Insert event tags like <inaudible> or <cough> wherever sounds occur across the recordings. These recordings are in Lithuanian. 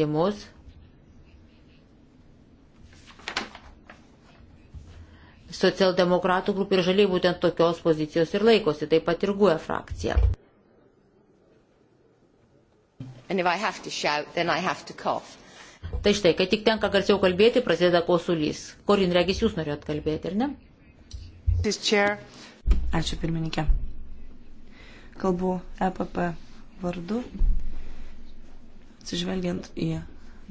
sprendimus. Socialdemokratų grupė ir žaliai būtent tokios pozicijos ir laikosi, taip pat ir guoja frakcija. Shout, tai štai, kai tik tenka garsiau kalbėti, prasideda kosulys. Korin Regis, jūs norėjot kalbėti, ar ne? Ačiū pirmininkė. Kalbu EPP vardu Atsižvelgiant į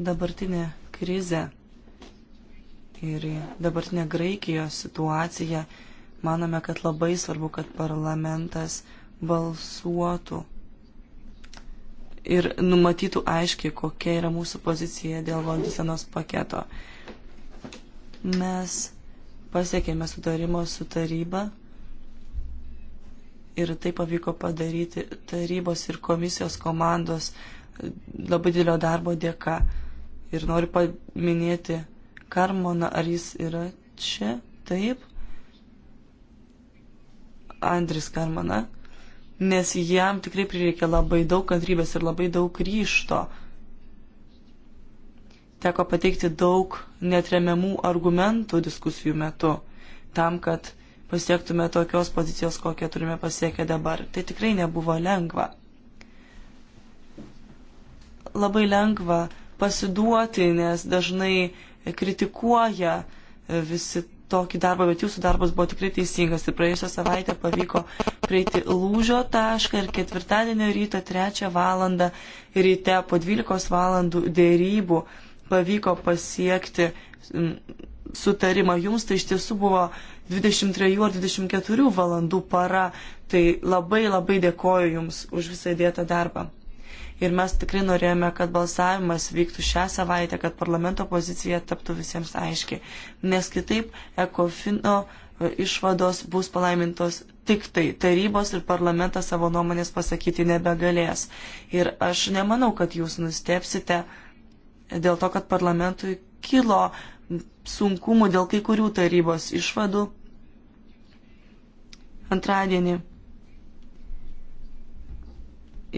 dabartinę krizę ir į dabartinę Graikijos situaciją, manome, kad labai svarbu, kad parlamentas balsuotų ir numatytų aiškiai, kokia yra mūsų pozicija dėl valdysenos paketo. Mes pasiekėme sutarimo su taryba ir tai pavyko padaryti tarybos ir komisijos komandos labai didelio darbo dėka. Ir noriu paminėti Karmoną, ar jis yra čia? Taip. Andris Karmana. Nes jam tikrai prireikė labai daug kantrybės ir labai daug ryšto. Teko pateikti daug netremiamų argumentų diskusijų metu tam, kad pasiektume tokios pozicijos, kokią turime pasiekę dabar. Tai tikrai nebuvo lengva labai lengva pasiduoti, nes dažnai kritikuoja e, visi tokį darbą, bet jūsų darbas buvo tikrai teisingas. Ir praėjusią savaitę pavyko prieiti lūžio tašką ir ketvirtadienio ryto 3 valandą ryte po 12 valandų dėrybų pavyko pasiekti sutarimą. Jums tai iš tiesų buvo 23 ar 24 valandų para. Tai labai labai dėkoju Jums už visą įdėtą darbą ir mes tikrai norėjome, kad balsavimas vyktų šią savaitę, kad parlamento pozicija taptų visiems aiški, nes kitaip ekofino e, išvados bus palaimintos tik tai tarybos ir parlamentas savo nuomonės pasakyti nebegalės. Ir aš nemanau, kad jūs nustepsite dėl to, kad parlamentui kilo sunkumų dėl kai kurių tarybos išvadų antradienį.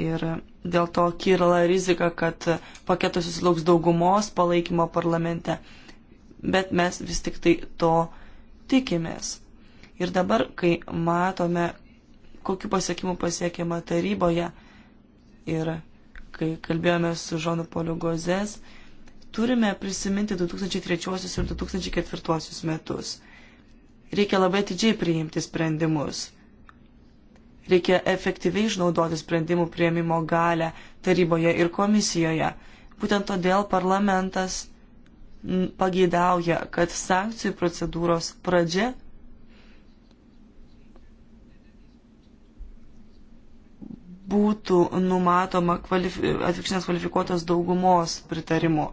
Ir dėl to kyla rizika, kad paketas susilauks daugumos palaikymo parlamente. Bet mes vis tik tai to tikimės. Ir dabar, kai matome, kokiu pasiekimu pasiekėma taryboje ir kai kalbėjome su Žonu Poliu Gozės, turime prisiminti 2003 ir 2004 metus. Reikia labai atidžiai priimti sprendimus Reikia efektyviai išnaudoti sprendimų prieimimo galę taryboje ir komisijoje. Būtent todėl parlamentas pageidauja, kad sankcijų procedūros pradžia būtų numatoma kvalifi atvirkštinės kvalifikuotos daugumos pritarimu.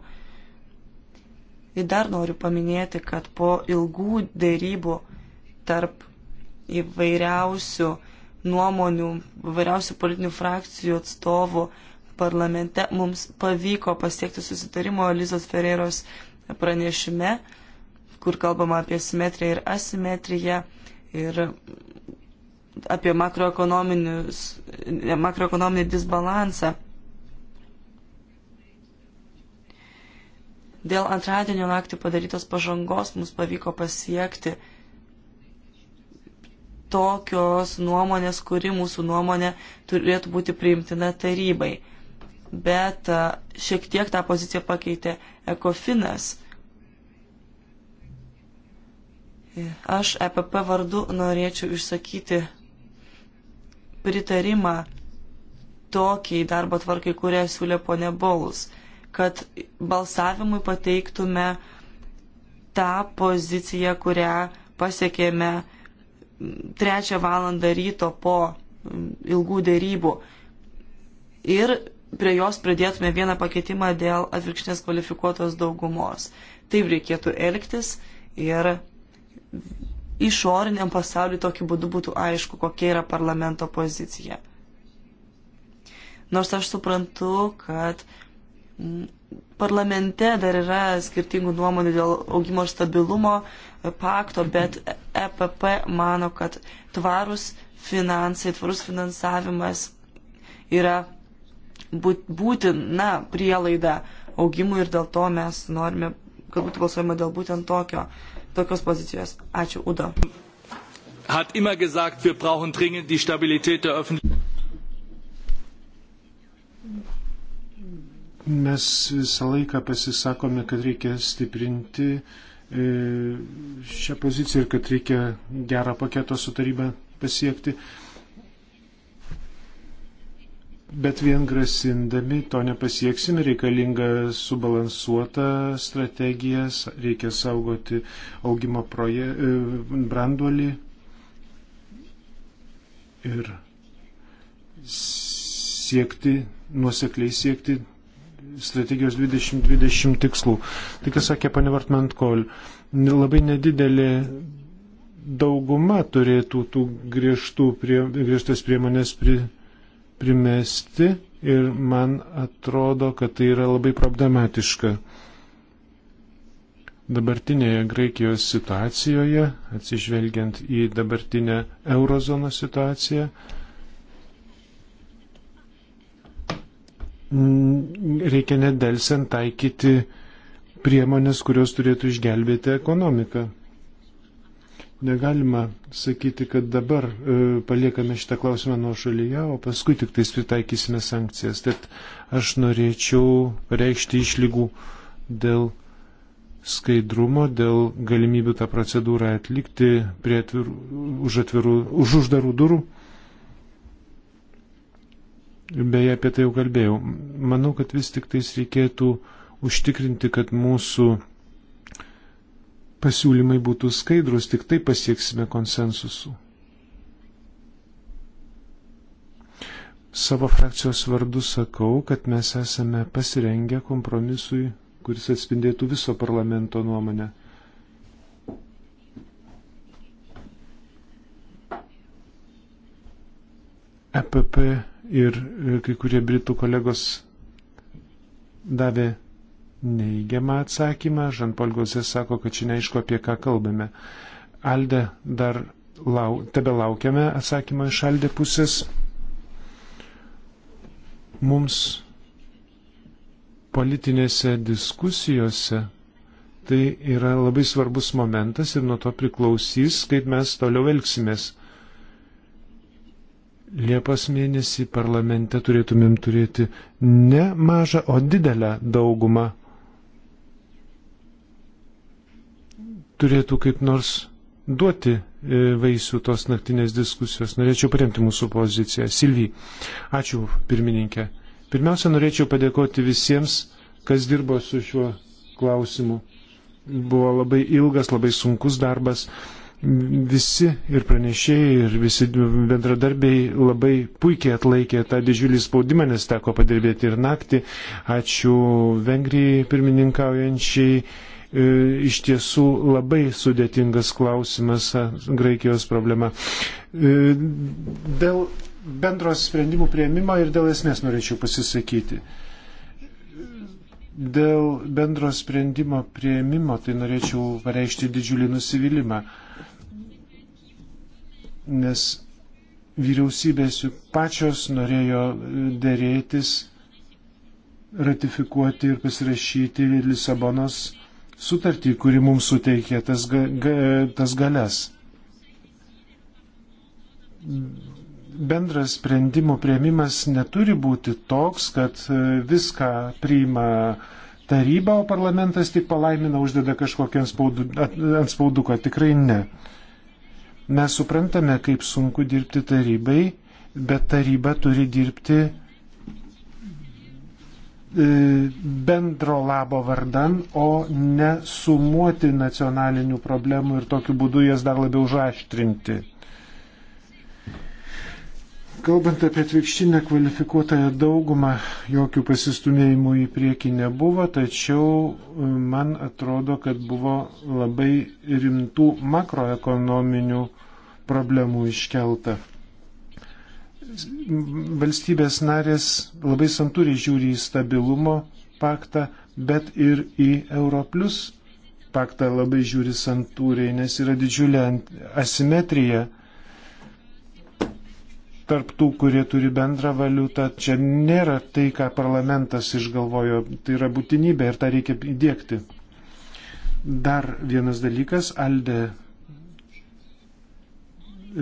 Ir dar noriu paminėti, kad po ilgų dėrybų tarp įvairiausių nuomonių, vairiausių politinių frakcijų atstovų parlamente mums pavyko pasiekti susitarimo Elizos Ferreiros pranešime, kur kalbama apie simetriją ir asimetriją ir apie makroekonominį disbalansą. Dėl antradienio naktį padarytos pažangos mums pavyko pasiekti tokios nuomonės, kuri mūsų nuomonė turėtų būti priimtina tarybai. Bet šiek tiek tą poziciją pakeitė Ekofinas. Aš EPP vardu norėčiau išsakyti pritarimą tokiai darbo tvarkai, kurią siūlė ponė Bolus, kad balsavimui pateiktume tą poziciją, kurią pasiekėme 3 valandą ryto po ilgų dėrybų. Ir prie jos pridėtume vieną pakeitimą dėl atvirkštinės kvalifikuotos daugumos. Taip reikėtų elgtis ir išoriniam pasauliu tokiu būdu būtų aišku, kokia yra parlamento pozicija. Nors aš suprantu, kad Parlamente dar yra skirtingų nuomonių dėl augimo ir stabilumo pakto, bet EPP mano, kad tvarus finansai, tvarus finansavimas yra būtina prielaida augimui ir dėl to mes norime, kad būtų balsuojama dėl būtent tokio, tokios pozicijos. Ačiū, Udo. Hat immer gesagt, wir brauchen dringend die Stabilität der öffentlichen. Mes visą laiką pasisakome, kad reikia stiprinti e, šią poziciją ir kad reikia gerą paketą su taryba pasiekti. Bet vien grasindami to nepasieksim, reikalinga subalansuota strategija, reikia saugoti augimo proje, e, branduolį ir siekti, nuosekliai siekti strategijos 2020 tikslų. Tai, kas sakė pane Vartmentkol, labai nedidelė dauguma turėtų tų griežtų prie, griežtas priemonės pri, primesti ir man atrodo, kad tai yra labai problematiška. Dabartinėje Graikijos situacijoje, atsižvelgiant į dabartinę eurozono situaciją, Mm, reikia nedelsiant taikyti priemonės, kurios turėtų išgelbėti ekonomiką. Negalima sakyti, kad dabar e, paliekame šitą klausimą nuo šalyje, o paskui tik tais pritaikysime sankcijas. Tad aš norėčiau reikšti išlygų dėl skaidrumo, dėl galimybių tą procedūrą atlikti atvirų, už, atvirų, už uždarų durų beje apie tai jau kalbėjau. Manau, kad vis tik tais reikėtų užtikrinti, kad mūsų pasiūlymai būtų skaidrus, tik tai pasieksime konsensusų. Savo frakcijos vardu sakau, kad mes esame pasirengę kompromisui, kuris atspindėtų viso parlamento nuomonę. EPP ir e, kai kurie britų kolegos davė neįgiamą atsakymą. Žanpol Gauzė sako, kad čia neaišku, apie ką kalbame. Alde dar lau, tebe laukiame atsakymą iš Alde pusės. Mums politinėse diskusijose tai yra labai svarbus momentas ir nuo to priklausys, kaip mes toliau elgsimės. Liepos mėnesį parlamente turėtumėm turėti ne mažą, o didelę daugumą. Turėtų kaip nors duoti e, vaisių tos naktinės diskusijos. Norėčiau paremti mūsų poziciją. Silvy, ačiū pirmininkė. Pirmiausia, norėčiau padėkoti visiems, kas dirbo su šiuo klausimu. Buvo labai ilgas, labai sunkus darbas visi ir pranešėjai, ir visi bendradarbiai labai puikiai atlaikė tą didžiulį spaudimą, nes teko padirbėti ir naktį. Ačiū Vengrijai pirmininkaujančiai. E, iš tiesų labai sudėtingas klausimas Graikijos problema. E, dėl bendros sprendimų prieimimo ir dėl esmės norėčiau pasisakyti. Dėl bendro sprendimo prieimimo tai norėčiau pareikšti didžiulį nusivylimą nes vyriausybės juk pačios norėjo dėrėtis, ratifikuoti ir pasirašyti Lisabonos sutartį, kuri mums suteikė tas, ga, ga, tas galias. Bendras sprendimų prieimimas neturi būti toks, kad e, viską priima taryba, o parlamentas tik palaimina, uždeda kažkokią ant spauduką. Tikrai ne. Mes suprantame, kaip sunku dirbti tarybai, bet taryba turi dirbti e, bendro labo vardan, o ne sumuoti nacionalinių problemų ir tokiu būdu jas dar labiau užaštrinti. Kalbant apie atvirkštinę kvalifikuotąją daugumą, jokių pasistumėjimų į priekį nebuvo, tačiau e, man atrodo, kad buvo labai rimtų makroekonominių problemų iškelta. Valstybės narės labai santūriai žiūri į stabilumo paktą, bet ir į Europlius paktą labai žiūri santūriai, nes yra didžiulė asimetrija tarp tų, kurie turi bendrą valiutą. Čia nėra tai, ką parlamentas išgalvojo, tai yra būtinybė ir tą reikia įdėkti. Dar vienas dalykas, Alde E,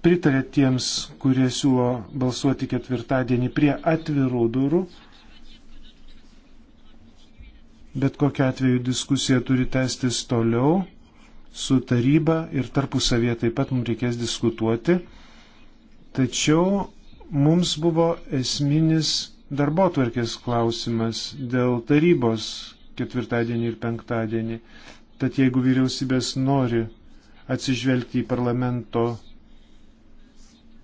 pritarė tiems, kurie siūlo balsuoti ketvirtadienį prie atvirų durų. Bet kokia atveju diskusija turi tęstis toliau su taryba ir tarpusavie taip pat mums reikės diskutuoti. Tačiau mums buvo esminis darbo tvarkės klausimas dėl tarybos ketvirtadienį ir penktadienį. Tad jeigu vyriausybės nori atsižvelgti į parlamento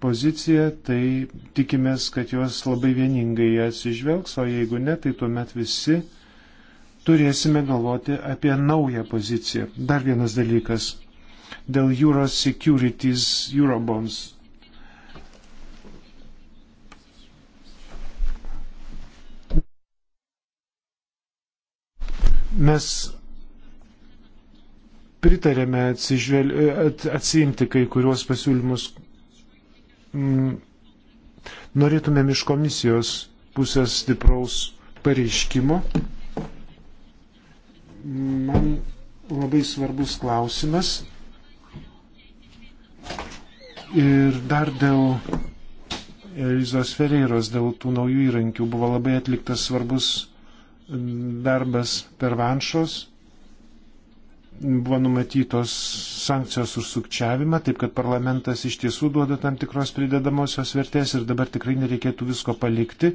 poziciją, tai tikimės, kad jos labai vieningai atsižvelgs, o jeigu ne, tai tuomet visi turėsime galvoti apie naują poziciją. Dar vienas dalykas dėl Euro Securities Eurobonds. Mes pritarėme atsižvel... atsiimti kai kuriuos pasiūlymus. Mm. Norėtumėm iš komisijos pusės stipraus pareiškimo. Man labai svarbus klausimas. Ir dar dėl Elizos Ferreiros, dėl tų naujų įrankių buvo labai atliktas svarbus darbas per Vanšos buvo numatytos sankcijos už sukčiavimą, taip kad parlamentas iš tiesų duoda tam tikros pridedamosios vertės ir dabar tikrai nereikėtų visko palikti.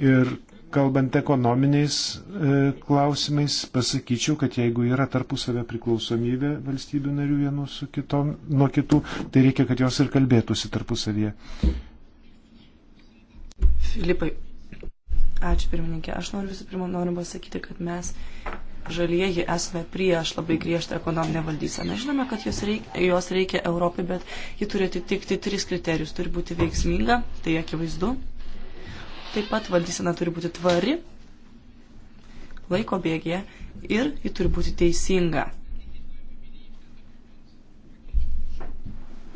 Ir kalbant ekonominiais e, klausimais, pasakyčiau, kad jeigu yra tarpusavio priklausomybė valstybių narių vienų su kitom, nuo kitų, tai reikia, kad jos ir kalbėtųsi tarpusavyje. Filipai, Ačiū pirmininkė. Aš noriu visų pirma noriu pasakyti, kad mes žalieji esame prieš labai griežtą ekonominę valdyseną. Žinome, kad jos reikia, jos reikia Europai, bet ji turi atitikti tris kriterijus. Turi būti veiksminga, tai akivaizdu. Taip pat valdysena turi būti tvari laiko bėgėje ir ji turi būti teisinga.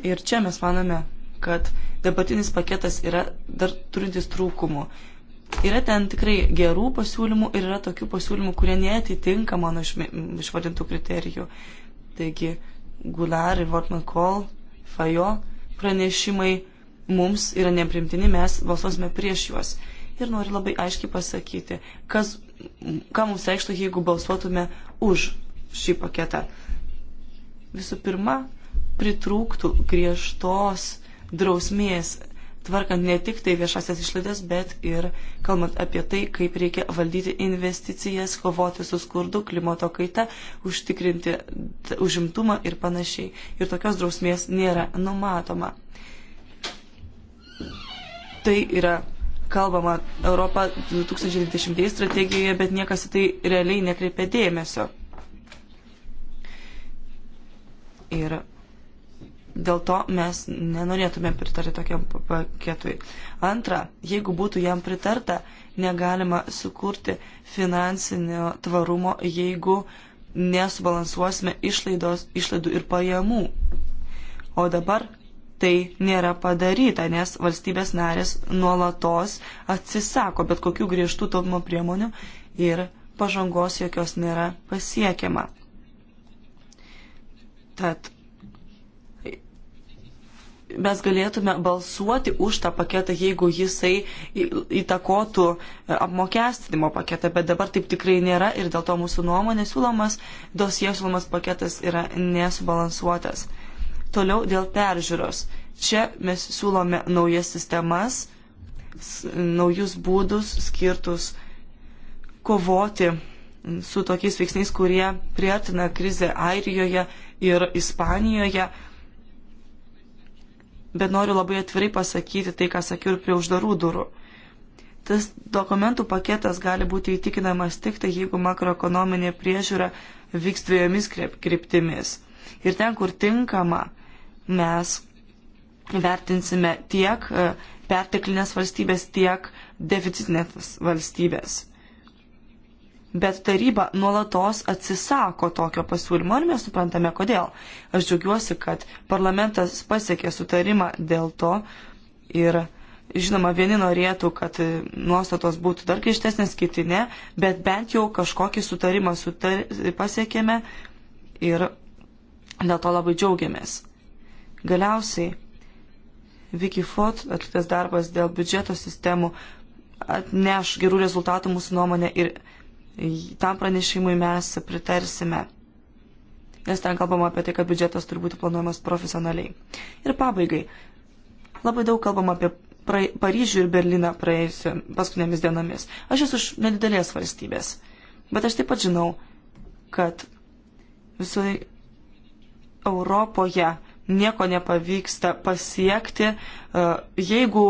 Ir čia mes manome, kad dabartinis paketas yra dar turintis trūkumų. Yra ten tikrai gerų pasiūlymų ir yra tokių pasiūlymų, kurie netitinka mano išvardintų kriterijų. Taigi, Gular ir Vortman Kol, Fajo pranešimai mums yra neprimtini, mes balsuosime prieš juos. Ir noriu labai aiškiai pasakyti, kas, ką mums reikštų, jeigu balsuotume už šį paketą. Visų pirma, pritrūktų griežtos drausmės tvarkant ne tik tai viešasias išlaidas, bet ir kalbant apie tai, kaip reikia valdyti investicijas, kovoti su skurdu, klimato kaita, užtikrinti užimtumą ir panašiai. Ir tokios drausmės nėra numatoma. Tai yra kalbama Europa 2020 strategijoje, bet niekas į tai realiai nekreipia dėmesio. Ir Dėl to mes nenorėtume pritarti tokiam paketui. Antra, jeigu būtų jam pritarta, negalima sukurti finansinio tvarumo, jeigu nesubalansuosime išlaidos, išlaidų ir pajamų. O dabar tai nėra padaryta, nes valstybės narės nuolatos atsisako bet kokių griežtų taupimo priemonių ir pažangos jokios nėra pasiekiama. Tad mes galėtume balsuoti už tą paketą, jeigu jisai įtakotų e, apmokestinimo paketą, bet dabar taip tikrai nėra ir dėl to mūsų nuomonė siūlomas, dosie siūlomas paketas yra nesubalansuotas. Toliau dėl peržiūros. Čia mes siūlome naujas sistemas, naujus būdus skirtus kovoti su tokiais veiksniais, kurie prieartina krizę Airijoje ir Ispanijoje bet noriu labai atvirai pasakyti tai, ką sakiau ir prie uždarų durų. Tas dokumentų paketas gali būti įtikinamas tik tai, jeigu makroekonominė priežiūra vyks dviejomis kryptimis. Ir ten, kur tinkama, mes vertinsime tiek e, perteklinės valstybės, tiek deficitinės valstybės bet taryba nuolatos atsisako tokio pasiūlymo ir mes suprantame kodėl. Aš džiaugiuosi, kad parlamentas pasiekė sutarimą dėl to ir žinoma, vieni norėtų, kad nuostatos būtų dar griežtesnės, kiti ne, bet bent jau kažkokį sutarimą sutar... pasiekėme ir dėl to labai džiaugiamės. Galiausiai Vicky Fot atliktas darbas dėl biudžeto sistemų atneš gerų rezultatų mūsų nuomonė ir Tam pranešimui mes pritarsime, nes ten kalbama apie tai, kad biudžetas turi būti planuojamas profesionaliai. Ir pabaigai, labai daug kalbama apie pra, Paryžių ir Berliną praėjusio paskutinėmis dienomis. Aš esu iš nedidelės valstybės, bet aš taip pat žinau, kad visoje Europoje nieko nepavyksta pasiekti, e, jeigu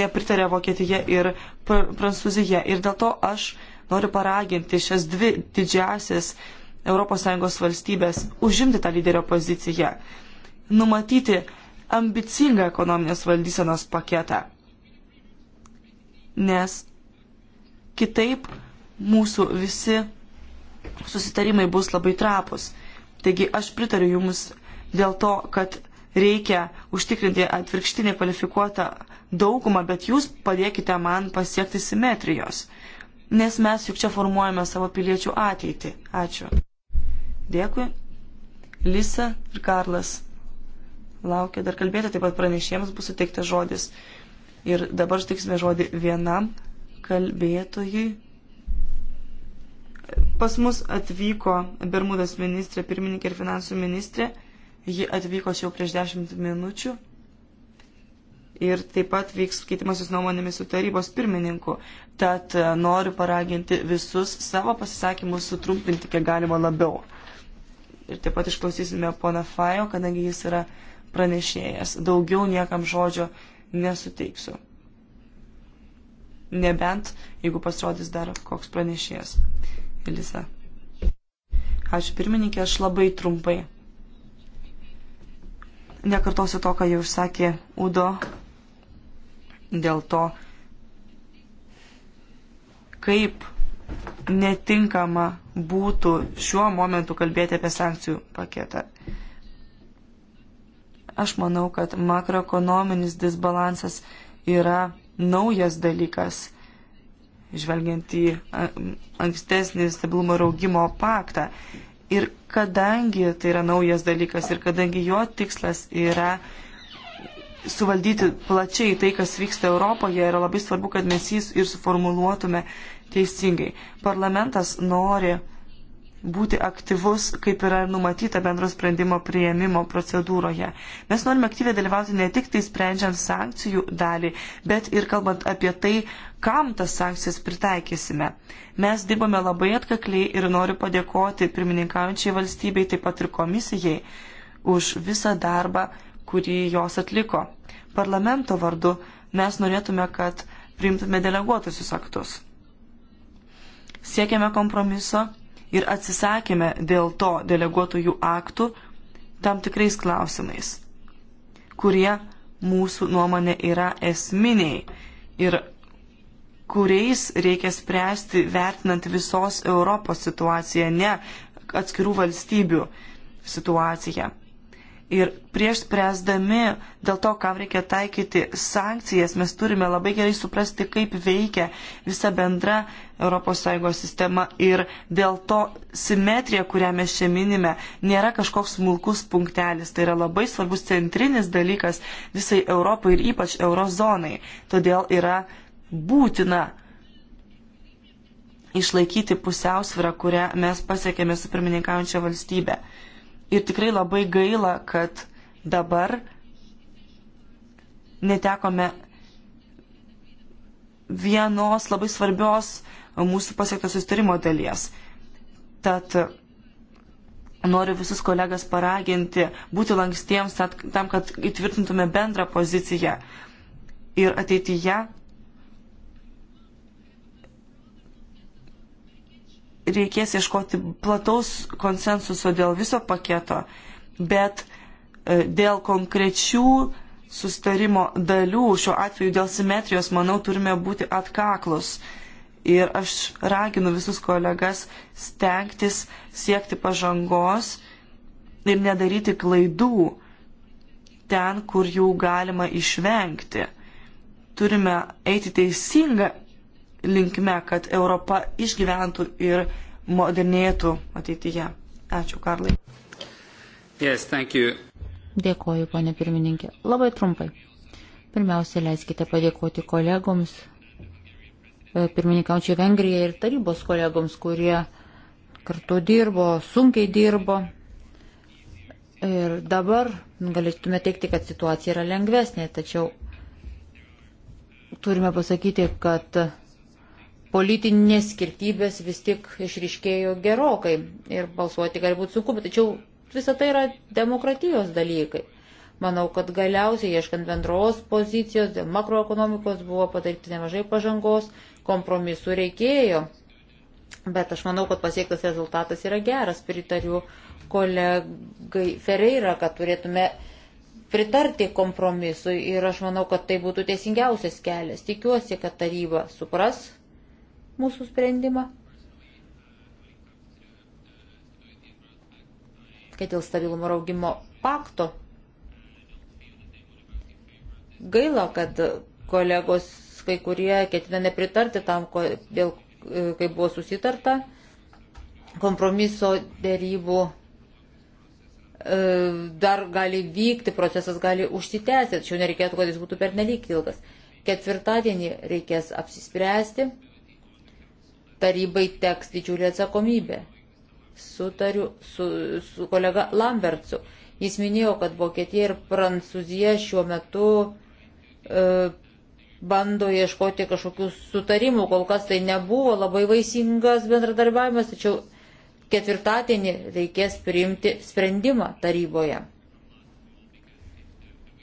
nepritarė Vokietija ir Prancūzija. Ir dėl to aš Noriu paraginti šias dvi didžiasias ES valstybės užimti tą lyderio poziciją, numatyti ambicingą ekonominės valdysenos paketą. Nes kitaip mūsų visi susitarimai bus labai trapus. Taigi aš pritariu Jums dėl to, kad reikia užtikrinti atvirkštinį kvalifikuotą daugumą, bet Jūs padėkite man pasiekti simetrijos nes mes juk čia formuojame savo piliečių ateitį. Ačiū. Dėkui. Lisa ir Karlas laukia dar kalbėti, taip pat pranešėjams bus suteiktas žodis. Ir dabar suteiksime žodį vienam kalbėtojui. Pas mus atvyko Bermudas ministrė, pirmininkė ir finansų ministrė. Ji atvyko jau prieš dešimt minučių. Ir taip pat vyks keitimasis nuomonėmis su tarybos pirmininku. Tad e, noriu paraginti visus savo pasisakymus sutrumpinti kiek galima labiau. Ir taip pat išklausysime poną Fajo, kadangi jis yra pranešėjas. Daugiau niekam žodžio nesuteiksiu. Nebent, jeigu pasirodys dar koks pranešėjas. Elisa. Ačiū pirmininkė, aš labai trumpai. Nekartosiu to, ką jau išsakė Udo dėl to, kaip netinkama būtų šiuo momentu kalbėti apie sankcijų paketą. Aš manau, kad makroekonominis disbalansas yra naujas dalykas, žvelgiant į ankstesnį stabilumo ir augimo paktą. Ir kadangi tai yra naujas dalykas ir kadangi jo tikslas yra suvaldyti plačiai tai, kas vyksta Europoje, yra labai svarbu, kad mes jį ir suformuluotume teisingai. Parlamentas nori būti aktyvus, kaip yra numatyta bendro sprendimo prieimimo procedūroje. Mes norime aktyviai dalyvauti ne tik tai sprendžiant sankcijų dalį, bet ir kalbant apie tai, kam tas sankcijas pritaikysime. Mes dirbame labai atkakliai ir noriu padėkoti pirmininkaujančiai valstybei, taip pat ir komisijai už visą darbą kurį jos atliko. Parlamento vardu mes norėtume, kad priimtume deleguotusius aktus. Siekėme kompromiso ir atsisakėme dėl to deleguotųjų aktų tam tikrais klausimais, kurie mūsų nuomonė yra esminiai ir kuriais reikia spręsti vertinant visos Europos situaciją, ne atskirų valstybių situaciją. Ir prieš spręsdami dėl to, kam reikia taikyti sankcijas, mes turime labai gerai suprasti, kaip veikia visa bendra ES sistema. Ir dėl to simetrija, kurią mes čia minime, nėra kažkoks smulkus punktelis. Tai yra labai svarbus centrinis dalykas visai Europai ir ypač eurozonai. Todėl yra būtina išlaikyti pusiausvyrą, kurią mes pasiekėme su pirmininkaujančia valstybė. Ir tikrai labai gaila, kad dabar netekome vienos labai svarbios mūsų pasiektos sustarimo dalies. Tad noriu visus kolegas paraginti būti lankstiems tam, kad įtvirtintume bendrą poziciją. Ir ateityje reikės ieškoti plataus konsensuso dėl viso paketo, bet e, dėl konkrečių sustarimo dalių, šiuo atveju dėl simetrijos, manau, turime būti atkaklus. Ir aš raginu visus kolegas stengtis siekti pažangos ir nedaryti klaidų ten, kur jų galima išvengti. Turime eiti teisingą linkme, kad Europa išgyventų ir modernėtų ateityje. Ačiū, Karlai. Yes, Dėkoju, ponė pirmininkė. Labai trumpai. Pirmiausia, leiskite padėkoti kolegoms, e, pirmininkaučiai Vengrija ir tarybos kolegoms, kurie kartu dirbo, sunkiai dirbo. Ir dabar galėtume teikti, kad situacija yra lengvesnė, tačiau turime pasakyti, kad politinės skirtybės vis tik išriškėjo gerokai ir balsuoti gali būti sunku, bet tačiau visą tai yra demokratijos dalykai. Manau, kad galiausiai, ieškant bendros pozicijos, dėl makroekonomikos buvo padaryti nemažai pažangos, kompromisų reikėjo, bet aš manau, kad pasiektas rezultatas yra geras, pritariu kolegai Ferreira, kad turėtume pritarti kompromisui ir aš manau, kad tai būtų teisingiausias kelias. Tikiuosi, kad taryba supras mūsų sprendimą. Kad dėl stabilumo raugimo pakto gaila, kad kolegos kai kurie ketina nepritarti tam, ko, dėl, kai buvo susitarta kompromiso dėrybų e, dar gali vykti, procesas gali užsitęsti, tačiau nereikėtų, kad jis būtų per nelik ilgas. Ketvirtadienį reikės apsispręsti tarybai teks didžiulė atsakomybė. Sutariu su, su kolega Lambertsu. Jis minėjo, kad Vokietija ir Prancūzija šiuo metu e, bando ieškoti kažkokių sutarimų. Kol kas tai nebuvo labai vaisingas bendradarbiavimas, tačiau ketvirtadienį reikės priimti sprendimą taryboje.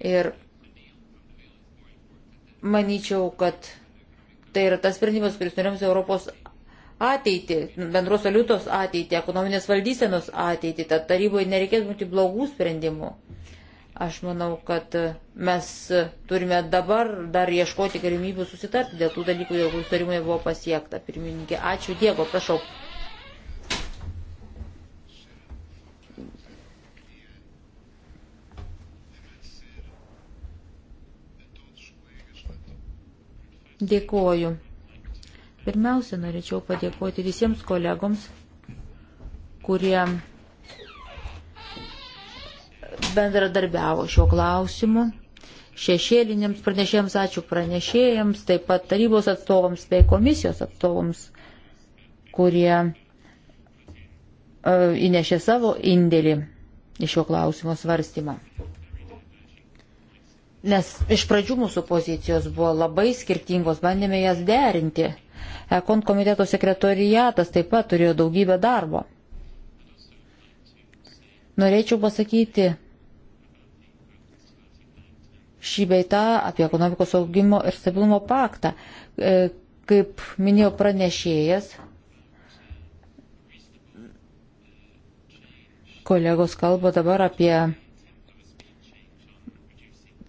Ir manyčiau, kad tai yra tas sprendimas, kuris nurems Europos ateitį, bendros valiutos ateitį, ekonominės valdysenos ateitį, tad taryboje nereikės būti blogų sprendimų. Aš manau, kad mes turime dabar dar ieškoti galimybių susitarti dėl tų dalykų, dėl kurių sutarimai buvo pasiekta. Pirmininkė, ačiū Diego, prašau. Dėkuoju. Pirmiausia, norėčiau padėkoti visiems kolegoms, kurie bendradarbiavo šiuo klausimu. Šešėliniams pranešėjams ačiū pranešėjams, taip pat tarybos atstovams bei komisijos atstovams, kurie uh, įnešė savo indėlį iš šio klausimo svarstymą. Nes iš pradžių mūsų pozicijos buvo labai skirtingos, bandėme jas derinti Ekon komiteto sekretorijatas taip pat turėjo daugybę darbo. Norėčiau pasakyti šį beitą apie ekonomikos augimo ir stabilumo paktą. E, kaip minėjo pranešėjas, kolegos kalba dabar apie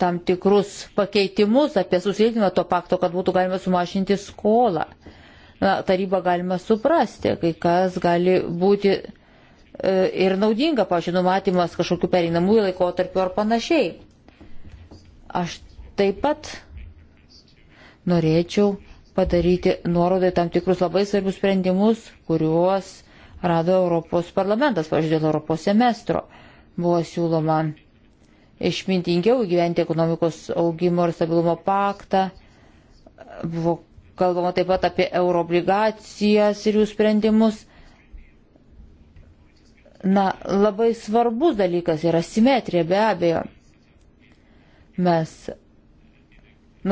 tam tikrus pakeitimus, apie susilietimą to pakto, kad būtų galima sumažinti skolą. Na, tarybą galima suprasti, kai kas gali būti e, ir naudinga, pažiūrėjau, numatymas kažkokių pereinamųjų laikotarpių ar panašiai. Aš taip pat norėčiau padaryti nuorodai tam tikrus labai svarbius sprendimus, kuriuos rado Europos parlamentas, pažiūrėjau, dėl Europos semestro buvo siūloma išmintingiau gyventi ekonomikos augimo ir stabilumo paktą, buvo Kalbama taip pat apie euroobligacijas ir jų sprendimus. Na, labai svarbus dalykas yra simetrija be abejo. Mes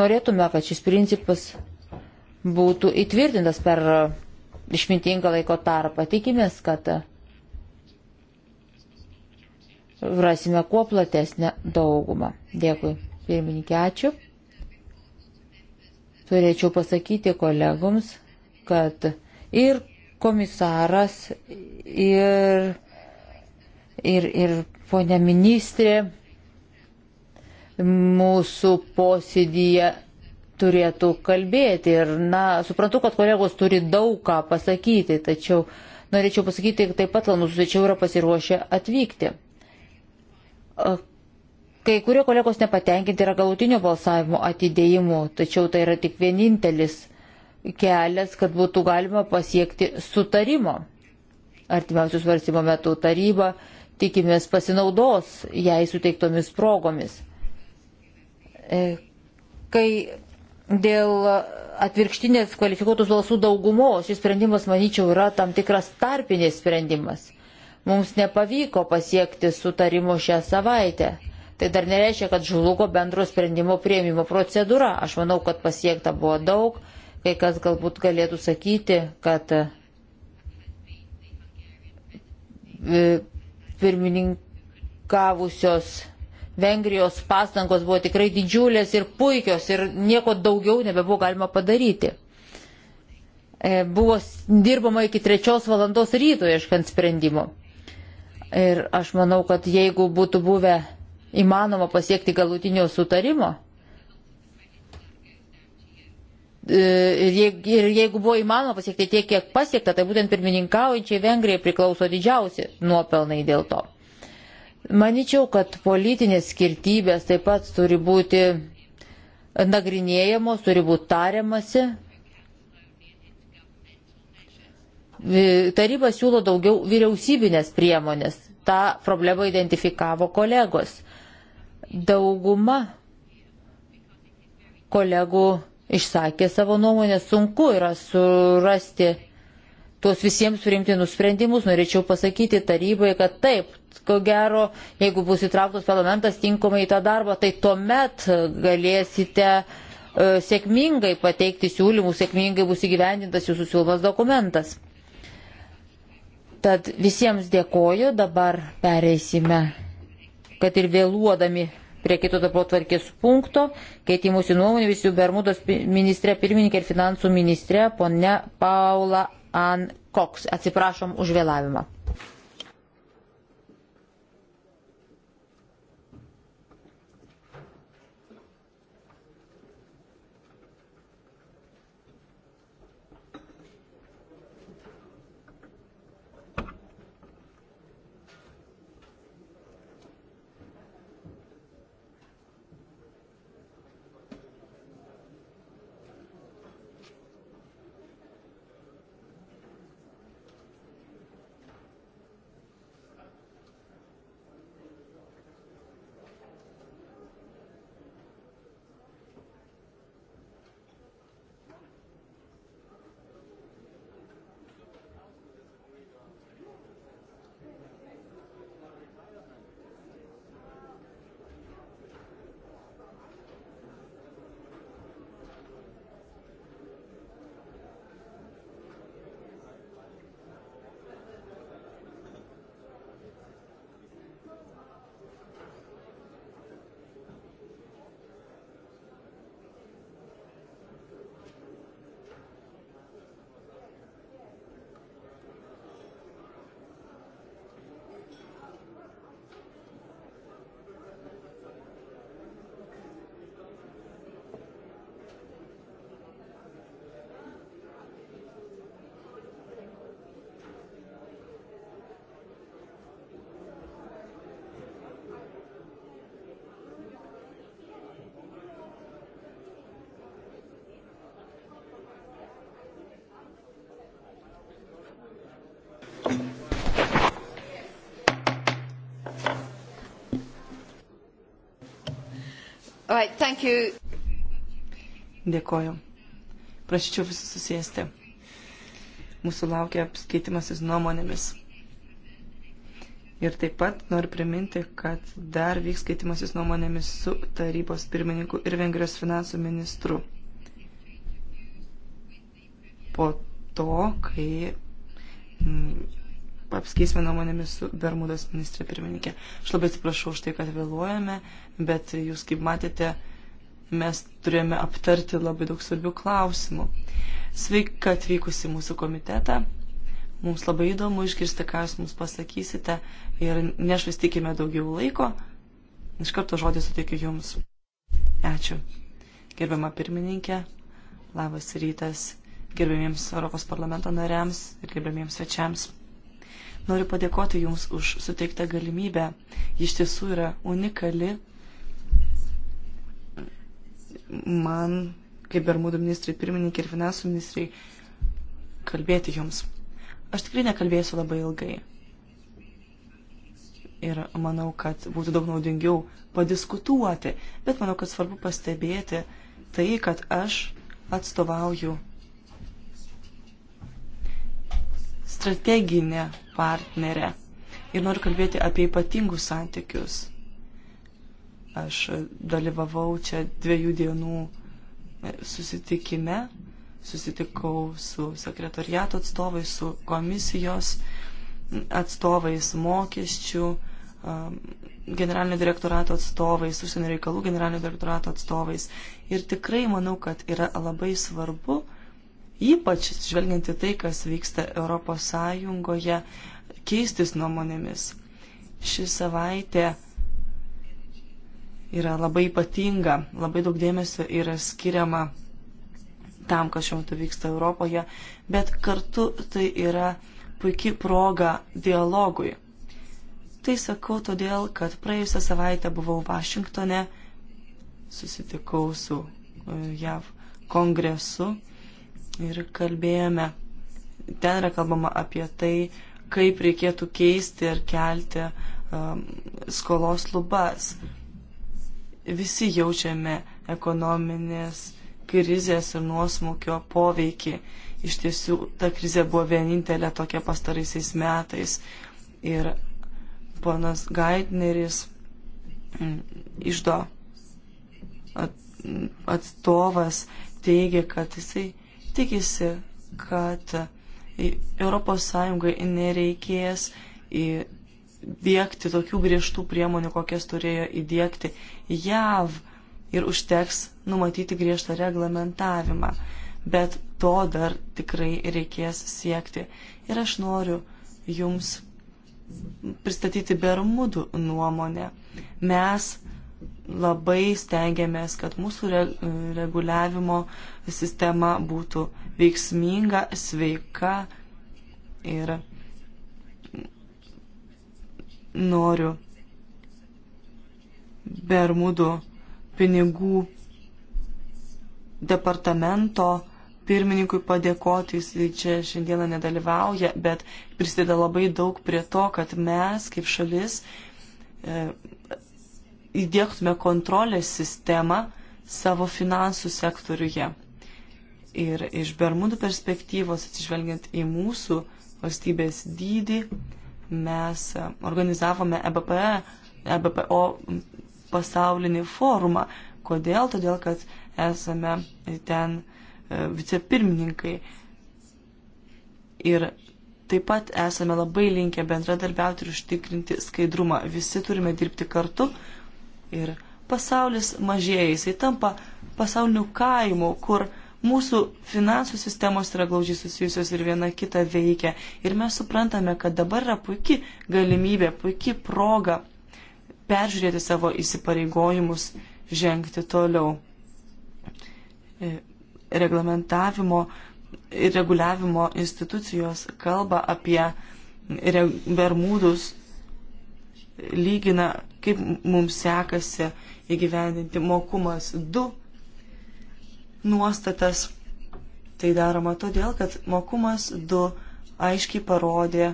norėtume, kad šis principas būtų įtvirtintas per išmintingą laiko tarpą. Tikimės, kad rasime kuo platesnę daugumą. Dėkui, pirmininkė, ačiū. Turėčiau pasakyti kolegoms, kad ir komisaras, ir, ir, ir ponia ministrė mūsų posėdyje turėtų kalbėti. Ir, na, suprantu, kad kolegos turi daug ką pasakyti, tačiau norėčiau pasakyti, taip pat mūsų svečiai yra pasiruošę atvykti. Kai kurie kolegos nepatenkinti yra galutinio balsavimo atidėjimu, tačiau tai yra tik vienintelis kelias, kad būtų galima pasiekti sutarimo. Artimiausių svarstymo metų taryba tikimės pasinaudos jai suteiktomis progomis. E, kai dėl atvirkštinės kvalifikuotus balsų daugumos šis sprendimas, manyčiau, yra tam tikras tarpinis sprendimas. Mums nepavyko pasiekti sutarimo šią savaitę tai dar nereiškia, kad žlugo bendro sprendimo prieimimo procedūra. Aš manau, kad pasiekta buvo daug, kai kas galbūt galėtų sakyti, kad e, pirmininkavusios Vengrijos pastangos buvo tikrai didžiulės ir puikios ir nieko daugiau nebebuvo galima padaryti. E, buvo dirbama iki trečios valandos ryto ieškant sprendimo. Ir aš manau, kad jeigu būtų buvę įmanoma pasiekti galutinio sutarimo. E, ir jeigu buvo įmanoma pasiekti tiek, kiek pasiekta, tai būtent pirmininkaujančiai Vengrijai priklauso didžiausi nuopelnai dėl to. Maničiau, kad politinės skirtybės taip pat turi būti nagrinėjamos, turi būti tariamasi. Taryba siūlo daugiau vyriausybinės priemonės. Ta problema identifikavo kolegos. Dauguma kolegų išsakė savo nuomonę, sunku yra surasti tuos visiems priimtinus sprendimus. Norėčiau pasakyti tarybai, kad taip, ko gero, jeigu bus įtrauktas parlamentas tinkamai į tą darbą, tai tuomet galėsite e, sėkmingai pateikti siūlymus, sėkmingai bus įgyvendintas jūsų siūlomas dokumentas. Tad visiems dėkoju, dabar pereisime kad ir vėluodami prie kito darbo tvarkės punkto, keitimusi nuomonė visų Bermudos ministrė pirmininkė ir finansų ministrė ponia Paula Ann Cox. Atsiprašom už vėlavimą. Right, thank you. Dėkoju. Prašyčiau visus susėsti. Mūsų laukia apskaitimasis nuomonėmis. Ir taip pat noriu priminti, kad dar vyks skaitimasis nuomonėmis su tarybos pirmininku ir Vengrijos finansų ministru. Po to, kai mm, apskeisime nuomonėmis su Bermudos ministrė pirmininkė. Aš labai atsiprašau už tai, kad vėluojame, bet jūs, kaip matėte, mes turėjome aptarti labai daug svarbių klausimų. Sveika atvykusi mūsų komitetą. Mums labai įdomu išgirsti, ką jūs mums pasakysite ir nešvaistykime daugiau laiko. Iš karto žodį suteikiu jums. Ačiū. Gerbiama pirmininkė, labas rytas gerbėmiems Europos parlamento nariams ir gerbėmiems svečiams. Noriu padėkoti Jums už suteiktą galimybę. Iš tiesų yra unikali. Man, kaip Bermudų ministrai, pirmininkai ir finansų ministrai, kalbėti Jums. Aš tikrai nekalbėsiu labai ilgai. Ir manau, kad būtų daug naudingiau padiskutuoti, bet manau, kad svarbu pastebėti tai, kad aš atstovauju strateginė partnerė. Ir noriu kalbėti apie ypatingus santykius. Aš dalyvavau čia dviejų dienų e, susitikime, susitikau su sekretariato atstovais, su komisijos atstovais, mokesčių, generalinio direktorato atstovais, užsienio reikalų generalinio direktorato atstovais. Ir tikrai manau, kad yra labai svarbu, ypač žvelgiant į tai, kas vyksta Europos Sąjungoje, keistis nuomonėmis. Ši savaitė yra labai ypatinga, labai daug dėmesio yra skiriama tam, kas šiuo metu vyksta Europoje, bet kartu tai yra puikiai proga dialogui. Tai sakau todėl, kad praėjusią savaitę buvau Vašingtone, susitikau su e, JAV kongresu ir kalbėjome, ten yra kalbama apie tai, kaip reikėtų keisti ir kelti um, skolos lubas. Visi jaučiame ekonominės krizės ir nuosmukio poveikį. Iš tiesų, ta krizė buvo vienintelė tokia pastaraisiais metais. Ir ponas Gaidneris mm, išdo atstovas teigia, kad jisai tikisi, kad ES nereikės dėkti tokių griežtų priemonių, kokias turėjo įdėkti JAV ir užteks numatyti griežtą reglamentavimą. Bet to dar tikrai reikės siekti. Ir aš noriu Jums pristatyti Bermudų nuomonę. Mes labai stengiamės, kad mūsų reguliavimo uh, sistema būtų veiksminga, sveika ir noriu Bermudų pinigų departamento pirmininkui padėkoti, jis čia šiandieną nedalyvauja, bet prisideda labai daug prie to, kad mes kaip šalis e, įdėktume kontrolės sistemą savo finansų sektoriuje ir iš Bermudų perspektyvos, atsižvelgiant į mūsų valstybės dydį, mes e, organizavome EBPE, EBPO pasaulinį forumą. Kodėl? Todėl, kad esame ten e, vicepirmininkai. Ir taip pat esame labai linkę bendradarbiauti ir užtikrinti skaidrumą. Visi turime dirbti kartu ir pasaulis mažėja, jisai tampa pasauliniu kaimu, kur uh, Mūsų finansų sistemos yra glaužiai susijusios ir viena kita veikia. Ir mes suprantame, kad dabar yra puikia galimybė, puikia proga peržiūrėti savo įsipareigojimus, žengti toliau. E, reglamentavimo ir reguliavimo institucijos kalba apie Bermudus, lygina, kaip mums sekasi įgyvendinti mokumas 2 nuostatas. Tai daroma todėl, kad mokumas 2 aiškiai parodė,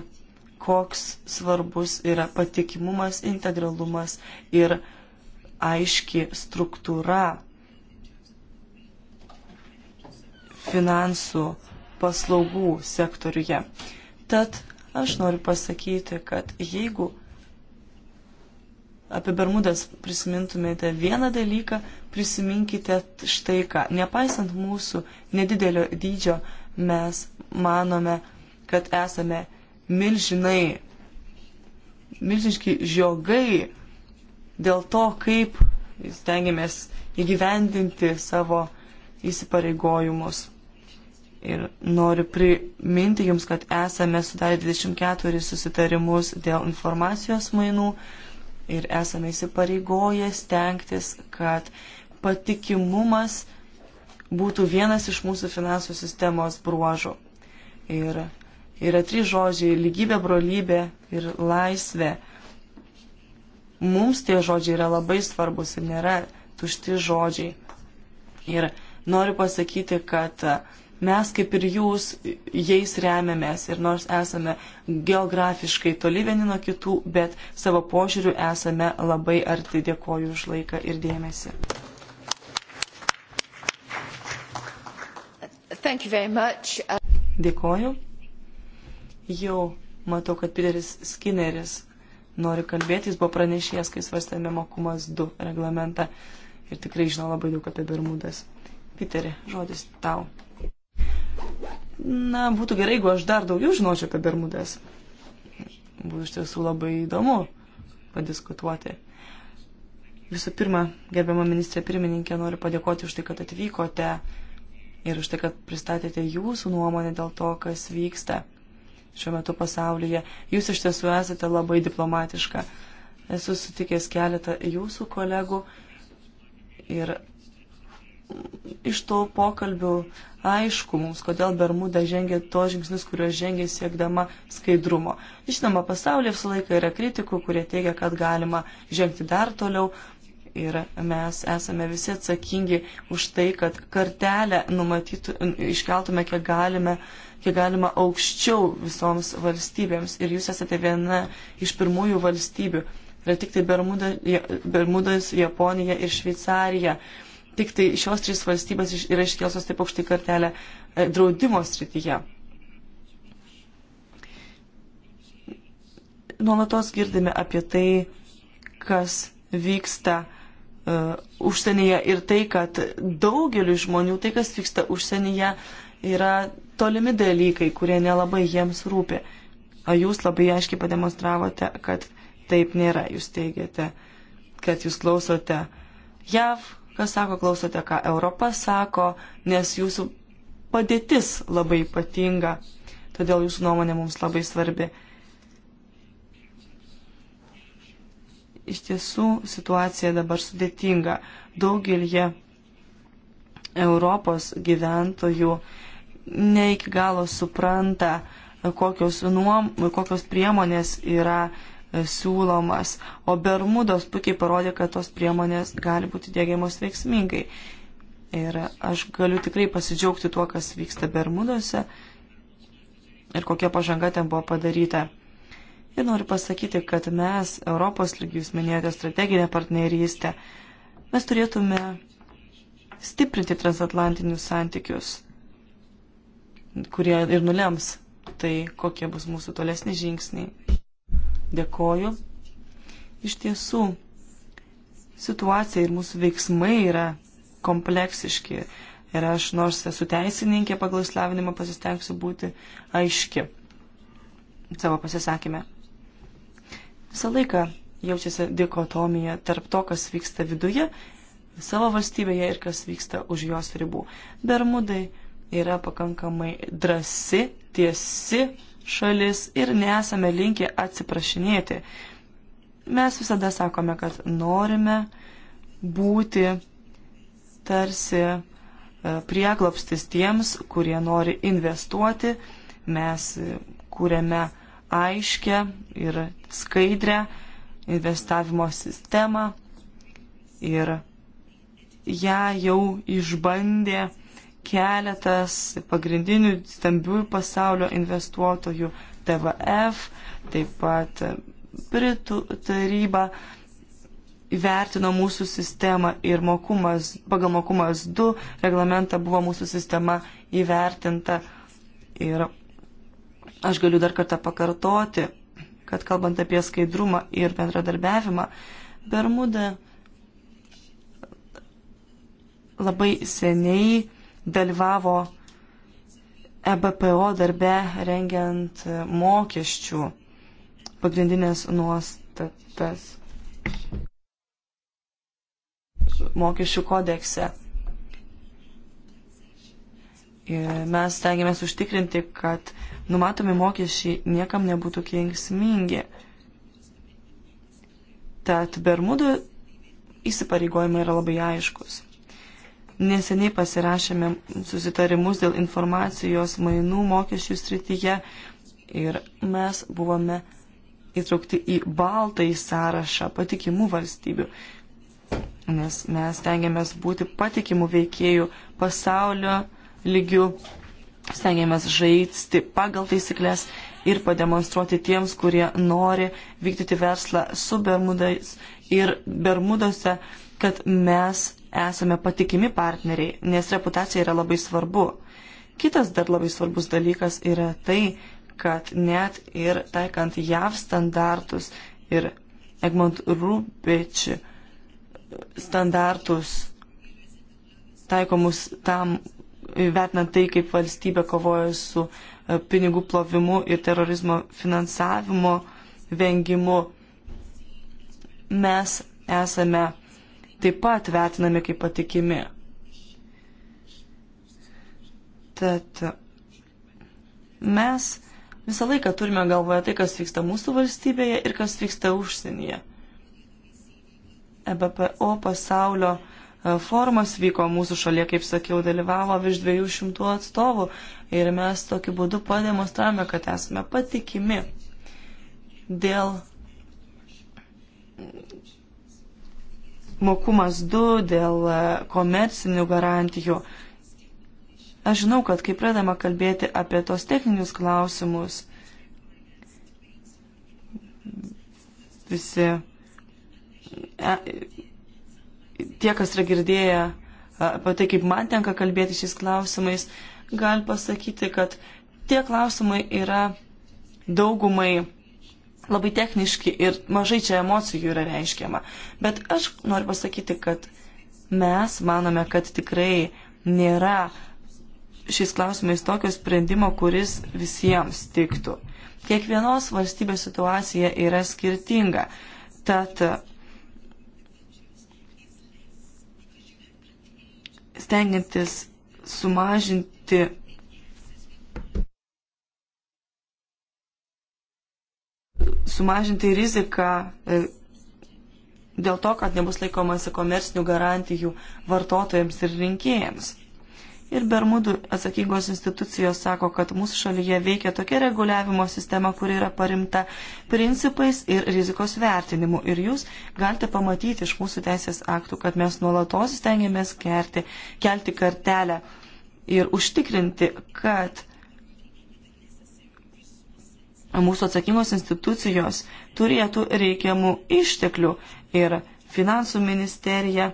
koks svarbus yra patikimumas, integralumas ir aiški struktūra finansų paslaugų sektoriuje. Tad aš noriu pasakyti, kad jeigu apie Bermudas prisimintumėte vieną dalyką, prisiminkite štai ką. Nepaisant mūsų nedidelio dydžio, mes manome, kad esame milžinai, milžiniški žiogai dėl to, kaip stengiamės įgyvendinti savo įsipareigojimus. Ir noriu priminti Jums, kad esame sudarę 24 susitarimus dėl informacijos mainų, ir esame įsipareigoję stengtis, kad patikimumas būtų vienas iš mūsų finansų sistemos bruožų. Ir yra trys žodžiai - lygybė, brolybė ir laisvė. Mums tie žodžiai yra labai svarbus ir nėra tušti žodžiai. Ir noriu pasakyti, kad uh, Mes, kaip ir jūs, jais remiamės ir nors esame geografiškai toli vieni nuo kitų, bet savo požiūriu esame labai arti. Dėkoju už laiką ir dėmesį. Dėkoju. Jau matau, kad Piteris Skinneris nori kalbėti, jis buvo pranešėjęs, kai svarstėme mokumas 2 reglamentą ir tikrai žino labai daug apie Bermudas. Piteri, žodis tau. Na, būtų gerai, jeigu aš dar daugiau žinočiau apie Bermudas. Būtų iš tiesų labai įdomu padiskutuoti. Visų pirma, gerbiama ministrė pirmininkė, noriu padėkoti už tai, kad atvykote ir už tai, kad pristatėte jūsų nuomonę dėl to, kas vyksta šiuo metu pasaulyje. Jūs iš tiesų esate labai diplomatiška. Esu sutikęs keletą jūsų kolegų ir iš to pokalbių aišku mums, kodėl Bermuda žengia tos žingsnius, kuriuos žengia siekdama skaidrumo. Žinoma, pasaulyje visą laiką yra kritikų, kurie teigia, kad galima žengti dar toliau. Ir mes esame visi atsakingi už tai, kad kartelę numatytų, iškeltume, kiek, galime, kiek galima aukščiau visoms valstybėms. Ir jūs esate viena iš pirmųjų valstybių. Yra tik tai Bermuda, Bermudas, Japonija ir Šveicarija. Uh, Tik tai šios trys valstybės yra iškelsios taip aukštai kartelę e, draudimo srityje. Nuolatos girdime apie tai, kas vyksta uh, užsienyje ir tai, kad daugeliu žmonių tai, kas vyksta užsienyje, yra tolimi dalykai, kurie nelabai jiems rūpi. O jūs labai aiškiai pademonstravote, kad taip nėra. Jūs teigiate, kad jūs klausote JAV, kas sako, klausote, ką Europa sako, nes jūsų padėtis labai ypatinga, todėl jūsų nuomonė mums labai svarbi. Iš tiesų situacija dabar sudėtinga. Daugelie Europos gyventojų ne iki galo supranta, kokios, nuom, kokios priemonės yra uh, siūlomas, o Bermudos puikiai parodė, kad tos priemonės gali būti dėgiamos veiksmingai. Ir aš galiu tikrai pasidžiaugti tuo, kas vyksta Bermudose ir kokia pažanga ten buvo padaryta. Ir noriu pasakyti, kad mes, Europos lygių, jūs minėjote strateginę partnerystę, mes turėtume stiprinti transatlantinius santykius, kurie ir nulems tai, kokie bus mūsų tolesni žingsniai. Dėkoju. Iš tiesų, situacija ir mūsų veiksmai yra kompleksiški. Ir aš, nors esu teisininkė, pagal išslavinimą pasistengsiu būti aiški savo pasisakymę. Visą laiką jaučiasi dikotomija tarp to, kas vyksta viduje, savo valstybėje ir kas vyksta už jos ribų. Bermudai yra pakankamai drasi, tiesi šalis ir nesame linkę atsiprašinėti. Mes visada sakome, kad norime būti tarsi e, prieglopstis tiems, kurie nori investuoti. Mes e, kūrėme aiškę ir skaidrę investavimo sistemą ir ją jau išbandė keletas pagrindinių stambių pasaulio investuotojų - TVF, taip pat Britų taryba įvertino mūsų sistemą ir mokumas, pagal mokumas 2 reglamentą buvo mūsų sistema įvertinta. Ir aš galiu dar kartą pakartoti, kad kalbant apie skaidrumą ir bendradarbiavimą, Bermuda labai seniai dalyvavo EBPO darbe rengiant mokesčių pagrindinės nuostatas mokesčių kodekse. Ir mes stengiamės užtikrinti, kad numatomi mokesčiai niekam nebūtų kengsmingi. Tad Bermudų įsipareigojimai yra labai aiškus. Neseniai pasirašėme susitarimus dėl informacijos mainų mokesčių srityje ir mes buvome įtraukti į baltąjį sąrašą patikimų valstybių, nes mes tengiamės būti patikimų veikėjų pasaulio lygių, stengiamės žaisti pagal taisyklės ir pademonstruoti tiems, kurie nori vykdyti verslą su Bermudais ir Bermudose, kad mes esame patikimi partneriai, nes reputacija yra labai svarbu. Kitas dar labai svarbus dalykas yra tai, kad net ir taikant JAV standartus ir Egmont Rubič standartus taikomus tam, vertinant tai, kaip valstybė kovoja su e, pinigų plovimu ir terorizmo finansavimo vengimu, mes esame taip pat vertinami kaip patikimi. Tad mes visą laiką turime galvoje tai, kas vyksta mūsų valstybėje ir kas vyksta užsienyje. EBPO pasaulio e, formas vyko mūsų šalyje, kaip sakiau, dalyvavo virš 200 atstovų ir mes tokiu būdu pademonstravome, kad esame patikimi dėl mokumas 2, dėl e, komercinių garantijų. Aš žinau, kad kai pradama kalbėti apie tos techninius klausimus, visi e, tie, kas yra girdėję e, apie tai, kaip man tenka kalbėti šiais klausimais, gali pasakyti, kad tie klausimai yra daugumai labai techniški ir mažai čia emocijų yra reiškiama. Bet aš noriu pasakyti, kad mes manome, kad tikrai nėra šiais klausimais tokio sprendimo, kuris visiems tiktų. Kiekvienos valstybės situacija yra skirtinga. Tad stengiantis sumažinti sumažinti riziką e, dėl to, kad nebus laikomasi komersinių garantijų vartotojams ir rinkėjams. Ir Bermudų atsakingos institucijos sako, kad mūsų šalyje veikia tokia reguliavimo sistema, kuri yra parimta principais ir rizikos vertinimu. Ir jūs galite pamatyti iš mūsų teisės aktų, kad mes nuolatos stengiamės kerti, kelti kartelę ir užtikrinti, kad mūsų atsakingos institucijos turėtų reikiamų išteklių ir finansų ministerija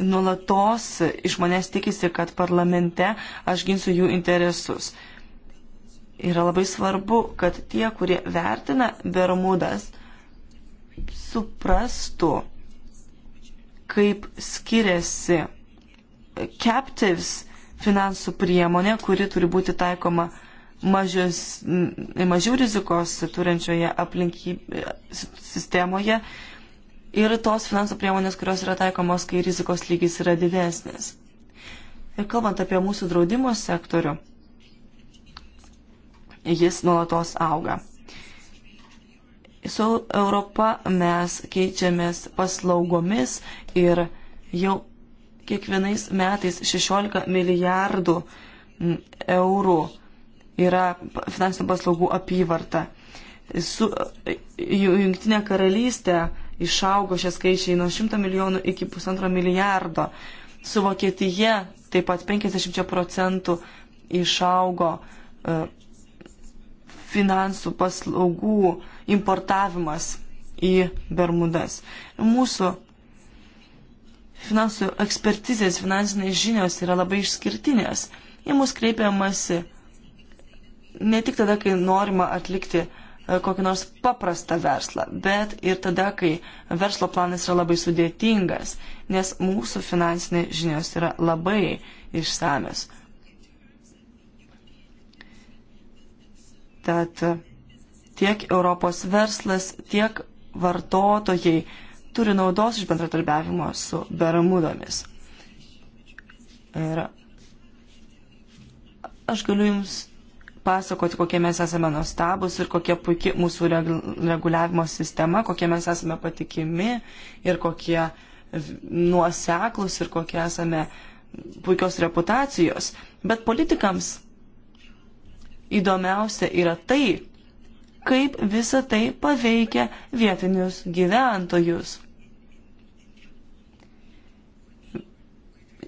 nulatos iš manęs tikisi, kad parlamente aš ginsiu jų interesus. Yra labai svarbu, kad tie, kurie vertina Bermudas, suprastų, kaip skiriasi captives finansų priemonė, kuri turi būti taikoma uh, mažes, mažiau rizikos turinčioje aplinkyje sistemoje ir tos finansų priemonės, kurios yra taikomos, kai rizikos lygis yra didesnis. Ir kalbant apie mūsų draudimo sektorių, jis nuolatos auga. Su Europa mes keičiamės paslaugomis ir jau kiekvienais metais 16 milijardų eurų yra finansinių paslaugų apyvarta. Su, jungtinė karalystė išaugo šie skaičiai nuo 100 milijonų iki 1,5 milijardo. Su Vokietija taip pat 50 procentų išaugo uh, finansų paslaugų importavimas į Bermudas. Mūsų finansų ekspertizės, finansinės žinios yra labai išskirtinės. Į mus kreipiamasi uh, ne tik tada, kai norima atlikti e, kokį nors paprastą verslą, bet ir tada, kai verslo planas yra labai sudėtingas, nes mūsų finansinės žinios yra labai išsamios. Tad e, tiek Europos verslas, tiek vartotojai turi naudos iš bendratarbiavimo su beramudomis. Ir aš galiu Jums pasakoti, kokie mes esame nuostabus ir kokia puikia mūsų reguliavimo sistema, kokie mes esame patikimi ir kokie nuoseklus ir kokie esame puikios reputacijos. Bet politikams įdomiausia yra tai, kaip visa tai paveikia vietinius gyventojus.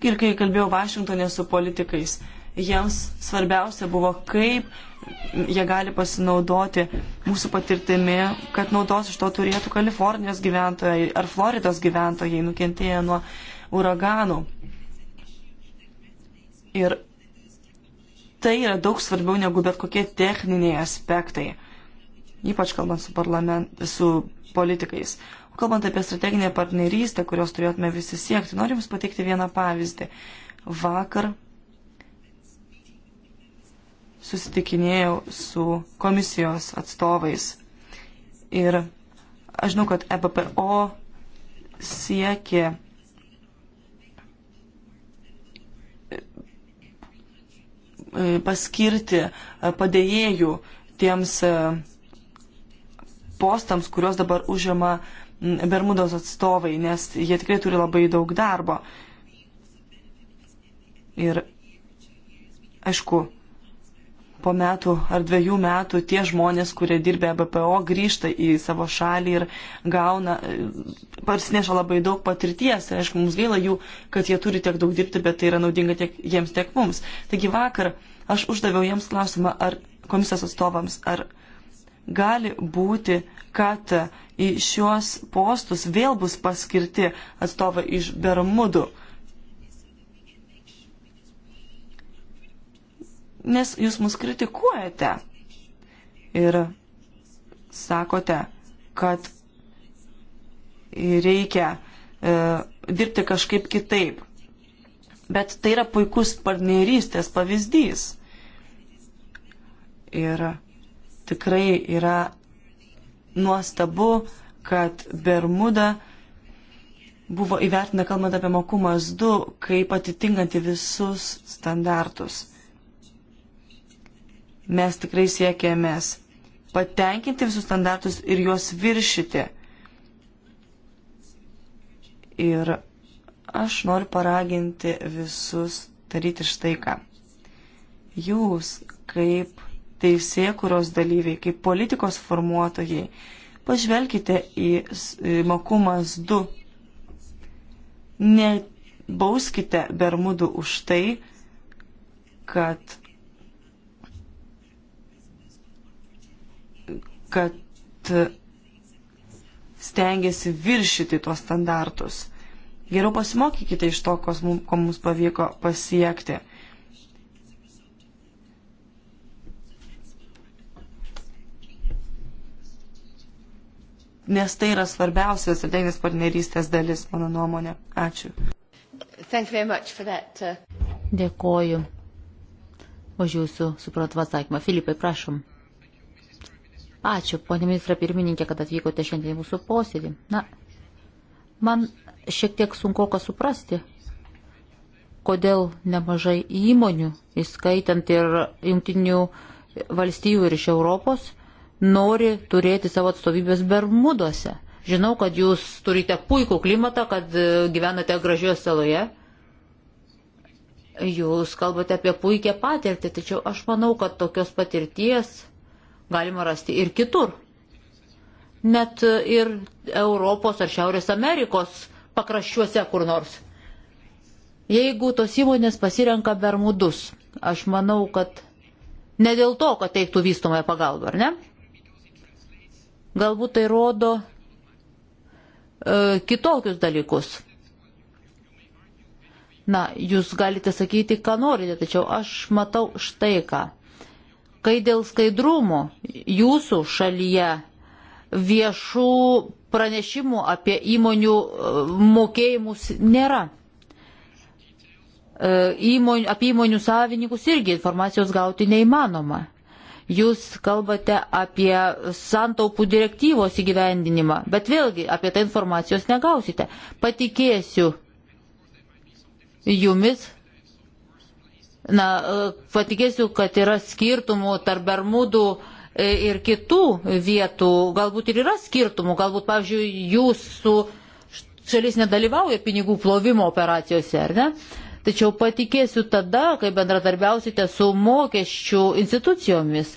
Ir kai kalbėjau Vašingtonė su politikais, Jiems svarbiausia buvo, kaip jie gali pasinaudoti mūsų patirtimi, kad naudos iš to turėtų Kalifornijos gyventojai ar Floridos gyventojai nukentėję nuo uraganų. Ir tai yra daug svarbiau negu bet kokie techniniai aspektai, ypač kalbant su, su politikais. O kalbant apie strateginę partnerystę, kurios turėtume visi siekti, noriu Jums pateikti vieną pavyzdį. Vakar susitikinėjau su komisijos atstovais. Ir aš žinau, kad EBPO siekė e, paskirti e, padėjėjų tiems e, postams, kuriuos dabar užima Bermudos atstovai, nes jie tikrai turi labai daug darbo. Ir aišku, po metų ar dviejų metų tie žmonės, kurie dirbė BPO, grįžta į savo šalį ir gauna, e, parsineša labai daug patirties. Ir, tai aišku, mums gaila jų, kad jie turi tiek daug dirbti, bet tai yra naudinga tiek jiems, tiek mums. Taigi vakar aš uždaviau jiems klausimą, ar komisijos atstovams, ar gali būti, kad į šios postus vėl bus paskirti atstovai iš Bermudų. nes jūs mus kritikuojate ir sakote, kad reikia e, dirbti kažkaip kitaip. Bet tai yra puikus partnerystės pavyzdys. Ir tikrai yra nuostabu, kad Bermuda buvo įvertina, kalbant apie mokumas 2, kaip atitinkanti visus standartus. Mes tikrai siekėmės patenkinti visus standartus ir juos viršyti. Ir aš noriu paraginti visus daryti štai ką. Jūs, kaip teisėkuros dalyviai, kaip politikos formuotojai, pažvelkite į mokumas 2. Nebauskite bermudų už tai, kad kad stengiasi viršyti tuos standartus. Geriau pasimokykite iš to, mums, ko mums pavyko pasiekti. Nes tai yra svarbiausias strateginės partnerystės dalis, mano nuomonė. Ačiū. Uh, Dėkoju už jūsų supratų atsakymą. Filipai, prašom. Ačiū, ponė ministra pirmininkė, kad atvykote šiandien į mūsų posėdį. Na, man šiek tiek sunku ką suprasti, kodėl nemažai įmonių, įskaitant ir jungtinių valstybių ir iš Europos, nori turėti savo atstovybės Bermuduose. Žinau, kad jūs turite puikų klimatą, kad e, gyvenate gražioje saloje. Jūs kalbate apie puikią patirtį, tačiau aš manau, kad tokios patirties galima rasti ir kitur. Net ir Europos ar Šiaurės Amerikos pakraščiuose kur nors. Jeigu tos įmonės pasirenka bermudus, aš manau, kad ne dėl to, kad teiktų vystomąją pagalbą, ar ne? Galbūt tai rodo e, kitokius dalykus. Na, jūs galite sakyti, ką norite, tačiau aš matau štai ką. Kai dėl skaidrumo jūsų šalyje viešų pranešimų apie įmonių e, mokėjimus nėra. E, įmonių, apie įmonių savininkus irgi informacijos gauti neįmanoma. Jūs kalbate apie santaupų direktyvos įgyvendinimą, bet vėlgi apie tą informacijos negausite. Patikėsiu jumis, Na, e, patikėsiu, kad yra skirtumų tarp Bermudų e, ir kitų vietų. Galbūt ir yra skirtumų. Galbūt, pavyzdžiui, jūsų šalis nedalyvauja pinigų plovimo operacijose, ar ne? Tačiau patikėsiu tada, kai bendradarbiausite su mokesčių institucijomis.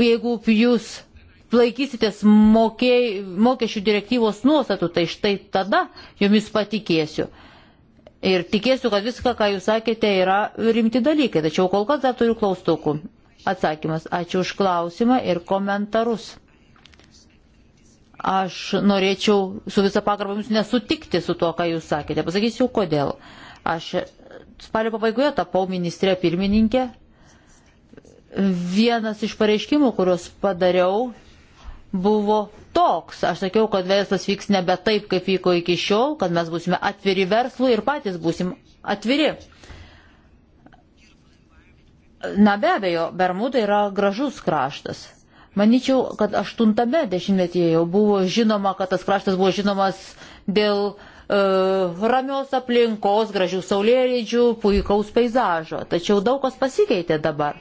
Jeigu jūs laikysitės mokė, mokesčių direktyvos nuostatų, tai štai tada jumis patikėsiu. Ir tikėsiu, kad viską, ką jūs sakėte, yra rimti dalykai, tačiau kol kas dar turiu klaustukų. Atsakymas. Ačiū už klausimą ir komentarus. Aš norėčiau su visą pagarbą jums nesutikti su tuo, ką jūs sakėte. Pasakysiu, kodėl. Aš spalio pabaigoje tapau ministrė pirmininkė. Vienas iš pareiškimų, kuriuos padariau, buvo toks. Aš sakiau, kad verslas vyks nebe taip, kaip vyko iki šiol, kad mes būsime atviri verslui ir patys būsim atviri. Na be abejo, Bermudai yra gražus kraštas. Maničiau, kad aštuntame dešimtmetyje jau buvo žinoma, kad tas kraštas buvo žinomas dėl e, ramios aplinkos, gražių saulėlydžių, puikaus peizažo. Tačiau daug kas pasikeitė dabar.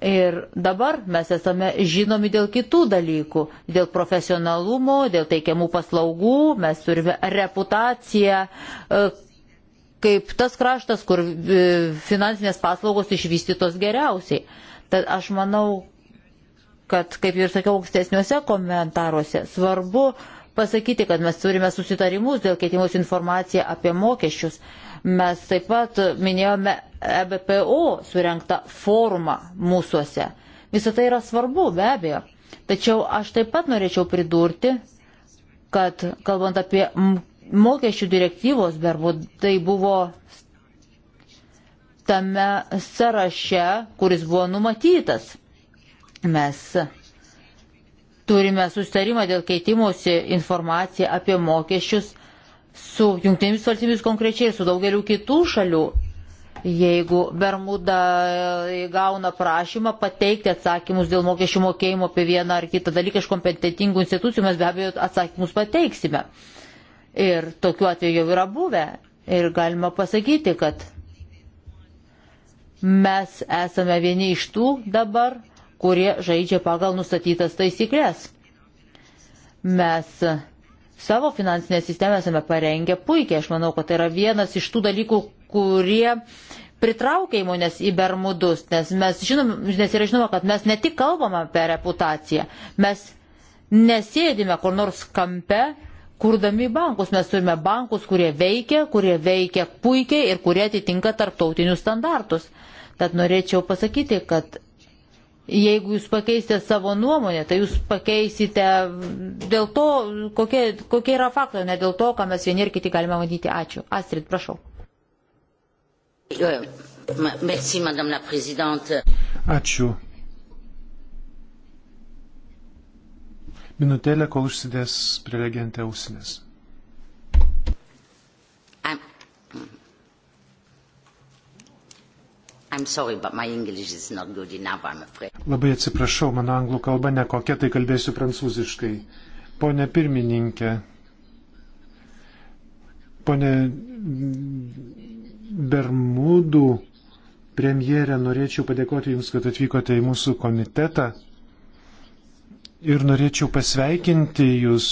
Ir dabar mes esame žinomi dėl kitų dalykų, dėl profesionalumo, dėl teikiamų paslaugų, mes turime reputaciją e, kaip tas kraštas, kur e, finansinės paslaugos išvystytos geriausiai. Tad aš manau, kad, kaip ir sakiau ankstesniuose komentaruose, svarbu pasakyti, kad mes turime susitarimus dėl keitimos informaciją apie mokesčius. Mes taip pat minėjome EBPO surenktą forumą mūsųse. Visą tai yra svarbu, be abejo. Tačiau aš taip pat norėčiau pridurti, kad kalbant apie mokesčių direktyvos, berbūt tai buvo tame sąraše, kuris buvo numatytas. Mes turime sustarimą dėl keitimosi informaciją apie mokesčius su jungtinėmis valstybėmis konkrečiai ir su daugeliu kitų šalių. Jeigu Bermuda e, gauna prašymą pateikti atsakymus dėl mokesčių mokėjimo apie vieną ar kitą dalyką iš kompetentingų institucijų, mes be abejo atsakymus pateiksime. Ir tokiu atveju jau yra buvę. Ir galima pasakyti, kad mes esame vieni iš tų dabar, kurie žaidžia pagal nustatytas taisyklės. Mes savo finansinę sistemą esame parengę puikiai. Aš manau, kad tai yra vienas iš tų dalykų, kurie pritraukia įmonės į bermudus, nes mes žinom, nes yra žinoma, kad mes ne tik kalbam apie reputaciją, mes nesėdime kur nors kampe, kurdami bankus. Mes turime bankus, kurie veikia, kurie veikia puikiai ir kurie atitinka tarptautinius standartus. Tad norėčiau pasakyti, kad Jeigu jūs pakeisite savo nuomonę, tai jūs pakeisite dėl to, kokie, kokie yra faktai, ne dėl to, ką mes vieni ir kiti galime matyti. Ačiū. Astrid, prašau. Merci, madame la présidente. Ačiū. Minutėlė, kol užsidės prelegentė ausinės. Sorry, enough, Labai atsiprašau, mano anglų kalba nekokia, tai kalbėsiu prancūziškai. Pone pirmininkė, pone Bermudų premjerė, norėčiau padėkoti Jums, kad atvykote į mūsų komitetą ir norėčiau pasveikinti Jūs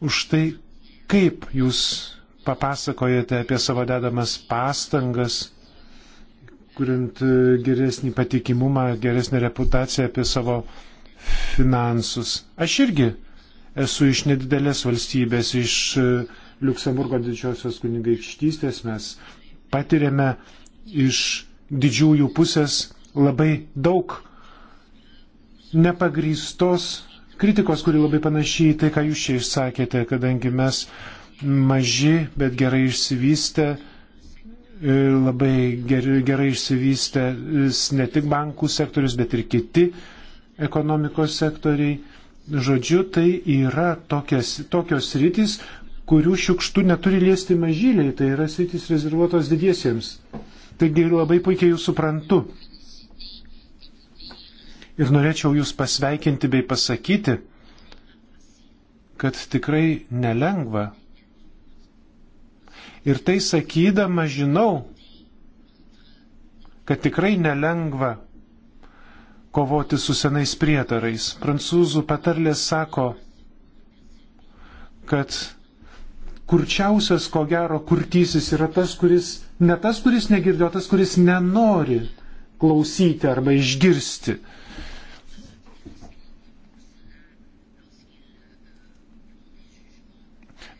už tai, kaip Jūs papasakojate apie savo dedamas pastangas, kuriant e, geresnį patikimumą, geresnį reputaciją apie savo finansus. Aš irgi esu iš nedidelės valstybės, iš e, Luksemburgo didžiosios kunigaikštystės, mes patiriame iš didžiųjų pusės labai daug nepagrystos kritikos, kuri labai panašiai į tai, ką jūs čia išsakėte, kadangi mes uh, maži, bet gerai išsivystę, e, labai gerai išsivystę e, ne tik bankų sektorius, bet ir kiti ekonomikos sektoriai. Žodžiu, tai yra tokias, tokios rytis, kurių šiukštų neturi liesti mažyliai, tai yra rytis rezervuotos didiesiems. Taigi labai puikiai jūs suprantu. Ir norėčiau jūs pasveikinti bei pasakyti, kad tikrai nelengva Ir tai sakydama žinau, kad tikrai nelengva kovoti su senais prietarais. Prancūzų patarlės sako, kad kurčiausias, ko gero, kurtysis yra tas, kuris, ne tas, kuris negirdėjo, tas, kuris nenori klausyti arba išgirsti.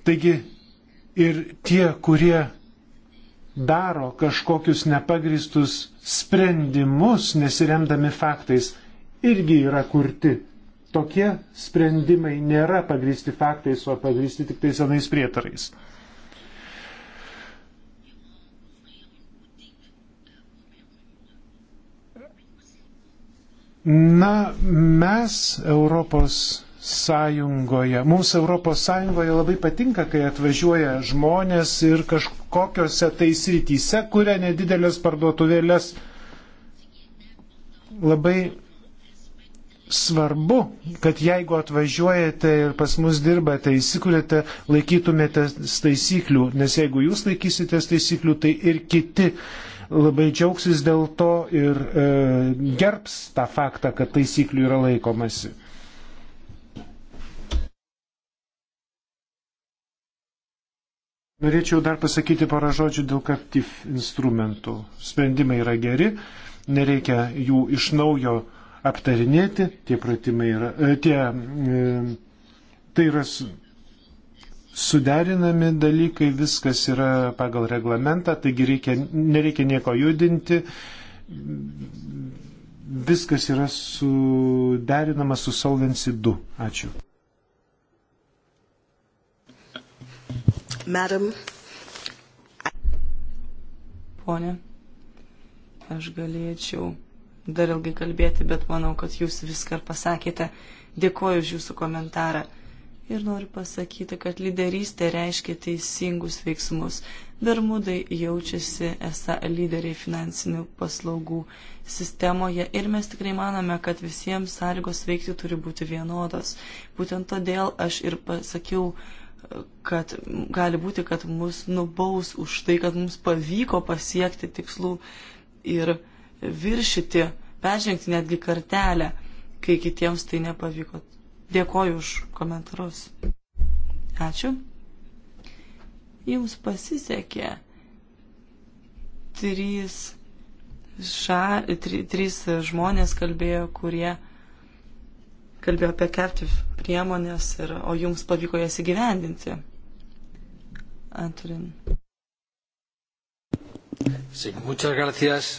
Taigi ir tie, kurie daro kažkokius nepagristus sprendimus, nesiremdami faktais, irgi yra kurti. Tokie sprendimai nėra pagristi faktais, o pagristi tik tai senais prietarais. Na, mes Europos Sąjungoje. Mums Europos Sąjungoje labai patinka, kai atvažiuoja žmonės ir kažkokiose tai srityse kuria nedidelės parduotuvėlės. Labai svarbu, kad jeigu atvažiuojate ir pas mus dirbate, įsikūrėte, laikytumėte taisyklių, nes jeigu jūs laikysitės taisyklių, tai ir kiti labai džiaugsis dėl to ir e, gerbs tą faktą, kad taisyklių yra laikomasi. Norėčiau dar pasakyti porą žodžių dėl kaptif instrumentų. Sprendimai yra geri, nereikia jų iš naujo aptarinėti, tie pratimai yra, e, tie, e, tai yra suderinami dalykai, viskas yra pagal reglamentą, taigi reikia, nereikia nieko judinti, viskas yra suderinama su Solvency 2. Ačiū. Madam. Pone, aš galėčiau dar ilgai kalbėti, bet manau, kad jūs viską ir pasakėte. Dėkuoju už jūsų komentarą. Ir noriu pasakyti, kad lyderystė reiškia teisingus veiksmus. Bermudai jaučiasi esą lyderiai finansinių paslaugų sistemoje ir mes tikrai manome, kad visiems sąlygos veikti turi būti vienodos. Būtent todėl aš ir pasakiau kad gali būti, kad mus nubaus už tai, kad mums pavyko pasiekti tikslų ir viršyti, peržengti netgi kartelę, kai kitiems tai nepavyko. Dėkoju už komentarus. Ačiū. Jums pasisekė. Trys, ša, tri, trys žmonės kalbėjo, kurie kalbėjo apie captive priemonės, ir, o jums pavyko jas įgyvendinti. Anturin. Sí, muchas gracias.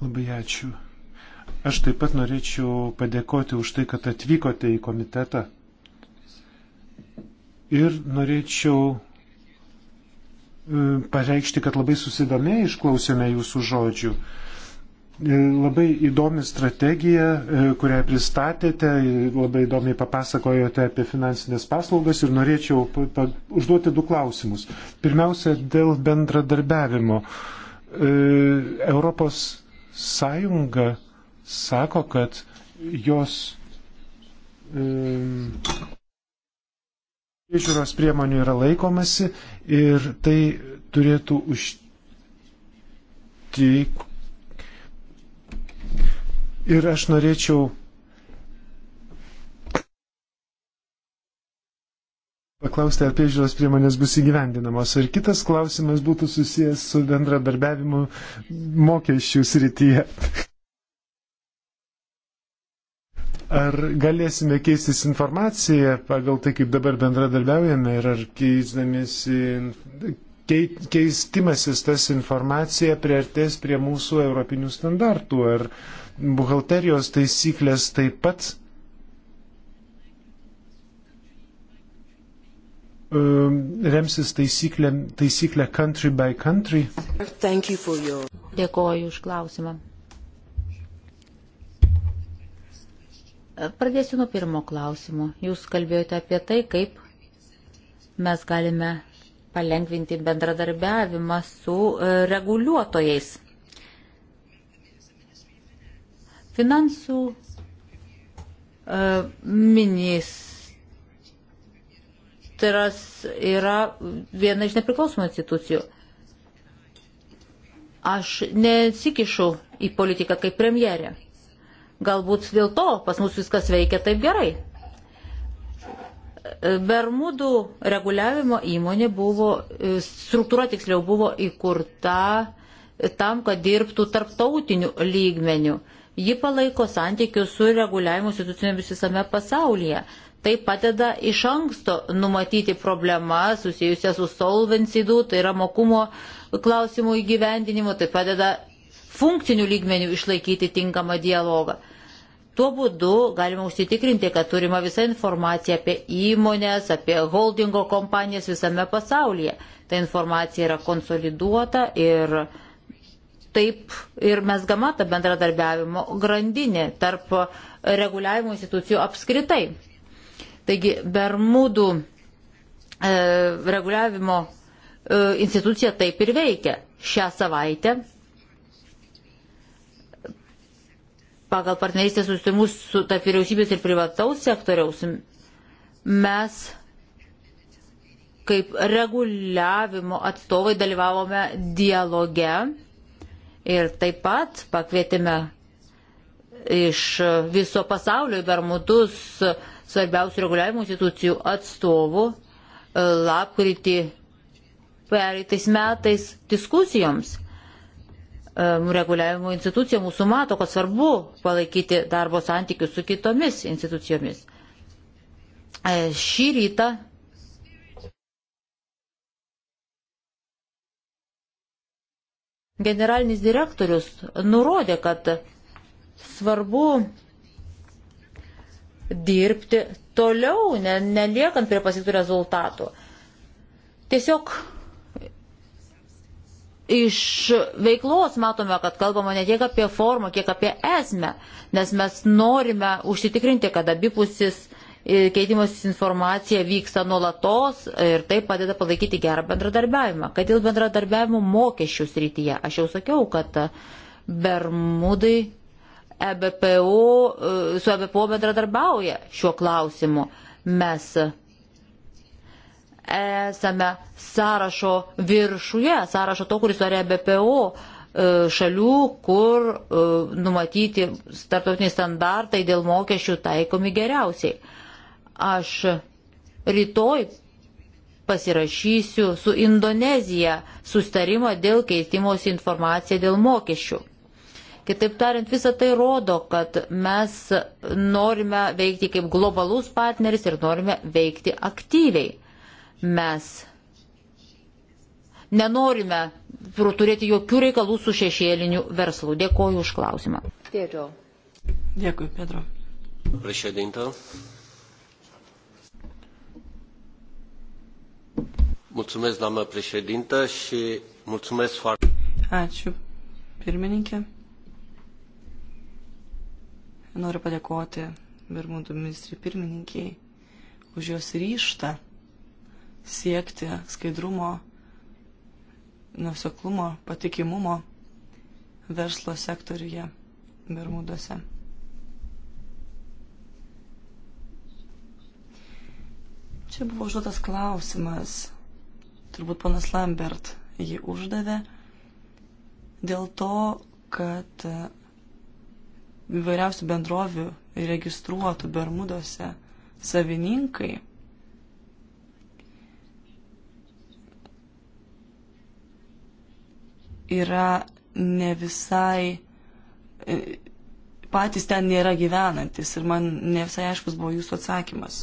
Labai ačiū. Aš taip pat norėčiau padėkoti už tai, kad atvykote į komitetą. Ir norėčiau e, pareikšti, kad labai susidomėjai išklausėme jūsų žodžių. E, labai įdomi strategija, e, kurią pristatėte, e, labai įdomiai papasakojote apie finansinės paslaugas ir norėčiau užduoti du klausimus. Pirmiausia, dėl bendradarbiavimo. Europos Sąjunga sako, kad jos priežiūros priemonių yra laikomasi ir tai turėtų užtikti Ir aš norėčiau paklausti, ar priežiūros priemonės bus įgyvendinamos. Ir kitas klausimas būtų susijęs su bendradarbiavimu mokesčių srityje. Ar galėsime keistis informaciją pagal tai, kaip dabar bendradarbiaujame ir ar keisdamėsi, keistimasis tas informacija priartės prie mūsų europinių standartų? Ar buhalterijos taisyklės taip pat e, remsis taisyklė, taisyklė country by country. You your... Dėkoju už klausimą. E, pradėsiu nuo pirmo klausimo. Jūs kalbėjote apie tai, kaip mes galime palengvinti bendradarbiavimą su e, reguliuotojais Finansų e, ministras yra viena iš nepriklausomų institucijų. Aš nesikišu į politiką kaip premjerė. Galbūt dėl to pas mus viskas veikia taip gerai. Bermudų reguliavimo įmonė buvo, e, struktūra tiksliau buvo įkurta tam, kad dirbtų tarptautiniu lygmeniu. Ji palaiko santykius su reguliavimo institucijomis visame pasaulyje. Tai padeda iš anksto numatyti problemas susijusias su solvency 2, tai yra mokumo klausimų įgyvendinimu, tai padeda funkcinių lygmenių išlaikyti tinkamą dialogą. Tuo būdu galima užsitikrinti, kad turima visa informacija apie įmonės, apie holdingo kompanijas visame pasaulyje. Ta informacija yra konsoliduota ir uh, taip ir mesgama ta bendradarbiavimo grandinė tarp reguliavimo institucijų apskritai. Taigi Bermudų e, reguliavimo e, institucija taip ir veikia. Šią savaitę pagal partnerystės susitimus su tarp vyriausybės ir privataus sektoriaus mes kaip reguliavimo atstovai dalyvavome dialoge Ir taip pat pakvietėme iš viso pasaulio į Bermudus svarbiausių reguliavimo institucijų atstovų e, lapkritį pereitais metais diskusijoms. E, reguliavimo institucija mūsų mato, kad svarbu palaikyti darbo santykius su kitomis institucijomis. E, šį rytą Generalinis direktorius nurodė, kad svarbu dirbti toliau, ne, neliekant prie pasiektų rezultatų. Tiesiog iš veiklos matome, kad kalbama ne tiek apie formą, kiek apie esmę, nes mes norime užsitikrinti, kad abipusis E, keitimas informacija vyksta nuolatos ir tai padeda palaikyti gerą bendradarbiavimą. Kad dėl bendradarbiavimo mokesčių srityje, aš jau sakiau, kad Bermudai EBPO, e, su EBPO bendradarbiauja šiuo klausimu. Mes esame sąrašo viršuje, sąrašo to, kuris sudarė EBPO e, šalių, kur numatyti startautiniai standartai dėl mokesčių taikomi geriausiai. Aš rytoj pasirašysiu su Indonezija sustarimą dėl keitimos informaciją dėl mokesčių. Kitaip tariant, visa tai rodo, kad mes norime veikti kaip globalus partneris ir norime veikti aktyviai. Mes nenorime turėti jokių reikalų su šešėliniu verslu. Dėkoju už klausimą. Pedro. Dėkui, Pedro. Prašėdinta. Mulțumesc, doamnă președintă, și mulțumesc foarte... Ačiū, pirmininkė. Noriu padėkoti Bermudų ministrį pirmininkiai už jos ryštą siekti skaidrumo, nuseklumo, patikimumo verslo sektoriuje Bermuduose. Čia buvo užduotas klausimas turbūt ponas Lambert jį uždavė, dėl to, kad e, įvairiausių bendrovių registruotų Bermuduose savininkai yra ne visai e, patys ten nėra gyvenantis ir man ne visai aiškus buvo jūsų atsakymas.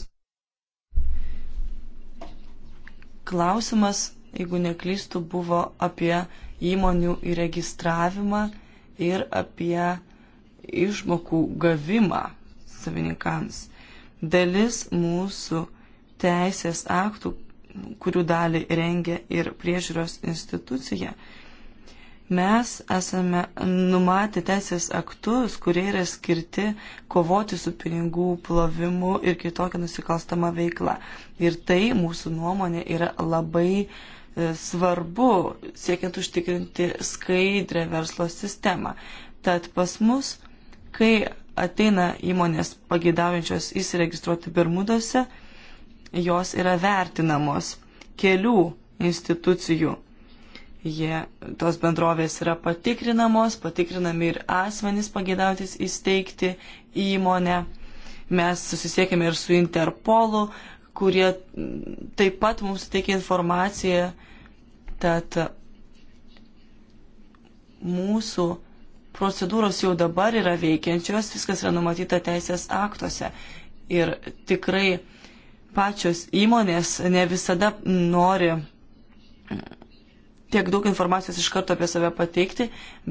Klausimas, jeigu neklystų, buvo apie įmonių įregistravimą ir apie išmokų gavimą savininkams. Dalis mūsų teisės aktų, kurių dalį rengia ir priežiūros institucija, Mes esame numatę teisės aktus, kurie yra skirti kovoti su pinigų plovimu ir kitokia nusikalstama veikla. Ir tai mūsų nuomonė yra labai e, svarbu, siekiant užtikrinti skaidrę verslo sistemą. Tad pas mus, kai ateina įmonės pagėdaujančios įsiregistruoti Bermuduose, jos yra vertinamos kelių institucijų Jie, tos bendrovės yra patikrinamos, patikrinami ir asmenys pagėdautis įsteigti įmonę. Mes susisiekėme ir su Interpolu, kurie taip pat mums teikia informaciją, tad mūsų procedūros jau dabar yra veikiančios, viskas yra numatyta teisės aktuose. Ir tikrai pačios įmonės ne visada nori tiek daug informacijos iš karto apie save pateikti,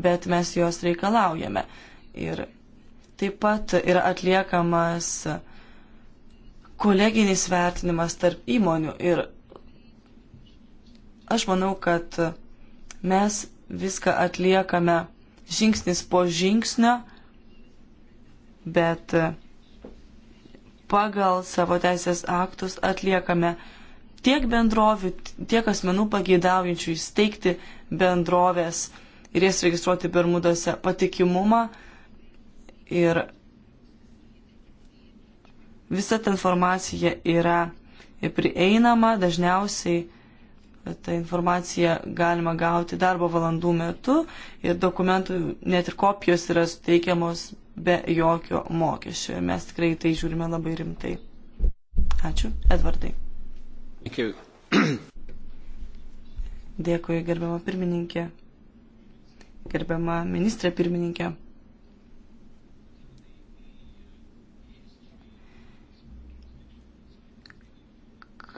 bet mes jos reikalaujame. Ir taip pat yra atliekamas koleginis vertinimas tarp įmonių ir aš manau, kad mes viską atliekame žingsnis po žingsnio, bet pagal savo teisės aktus atliekame uh, tiek bendrovių, tiek asmenų pageidaujančių įsteigti bendrovės ir jas registruoti Bermuduose patikimumą ir visa ta informacija yra prieinama, dažniausiai tą informaciją galima gauti darbo valandų metu ir dokumentų net ir kopijos yra suteikiamos be jokio mokesčio ir mes tikrai tai žiūrime labai rimtai. Ačiū, Edvardai. <clears throat> Dėkui, gerbiama pirmininkė. Gerbiama ministrė pirmininkė.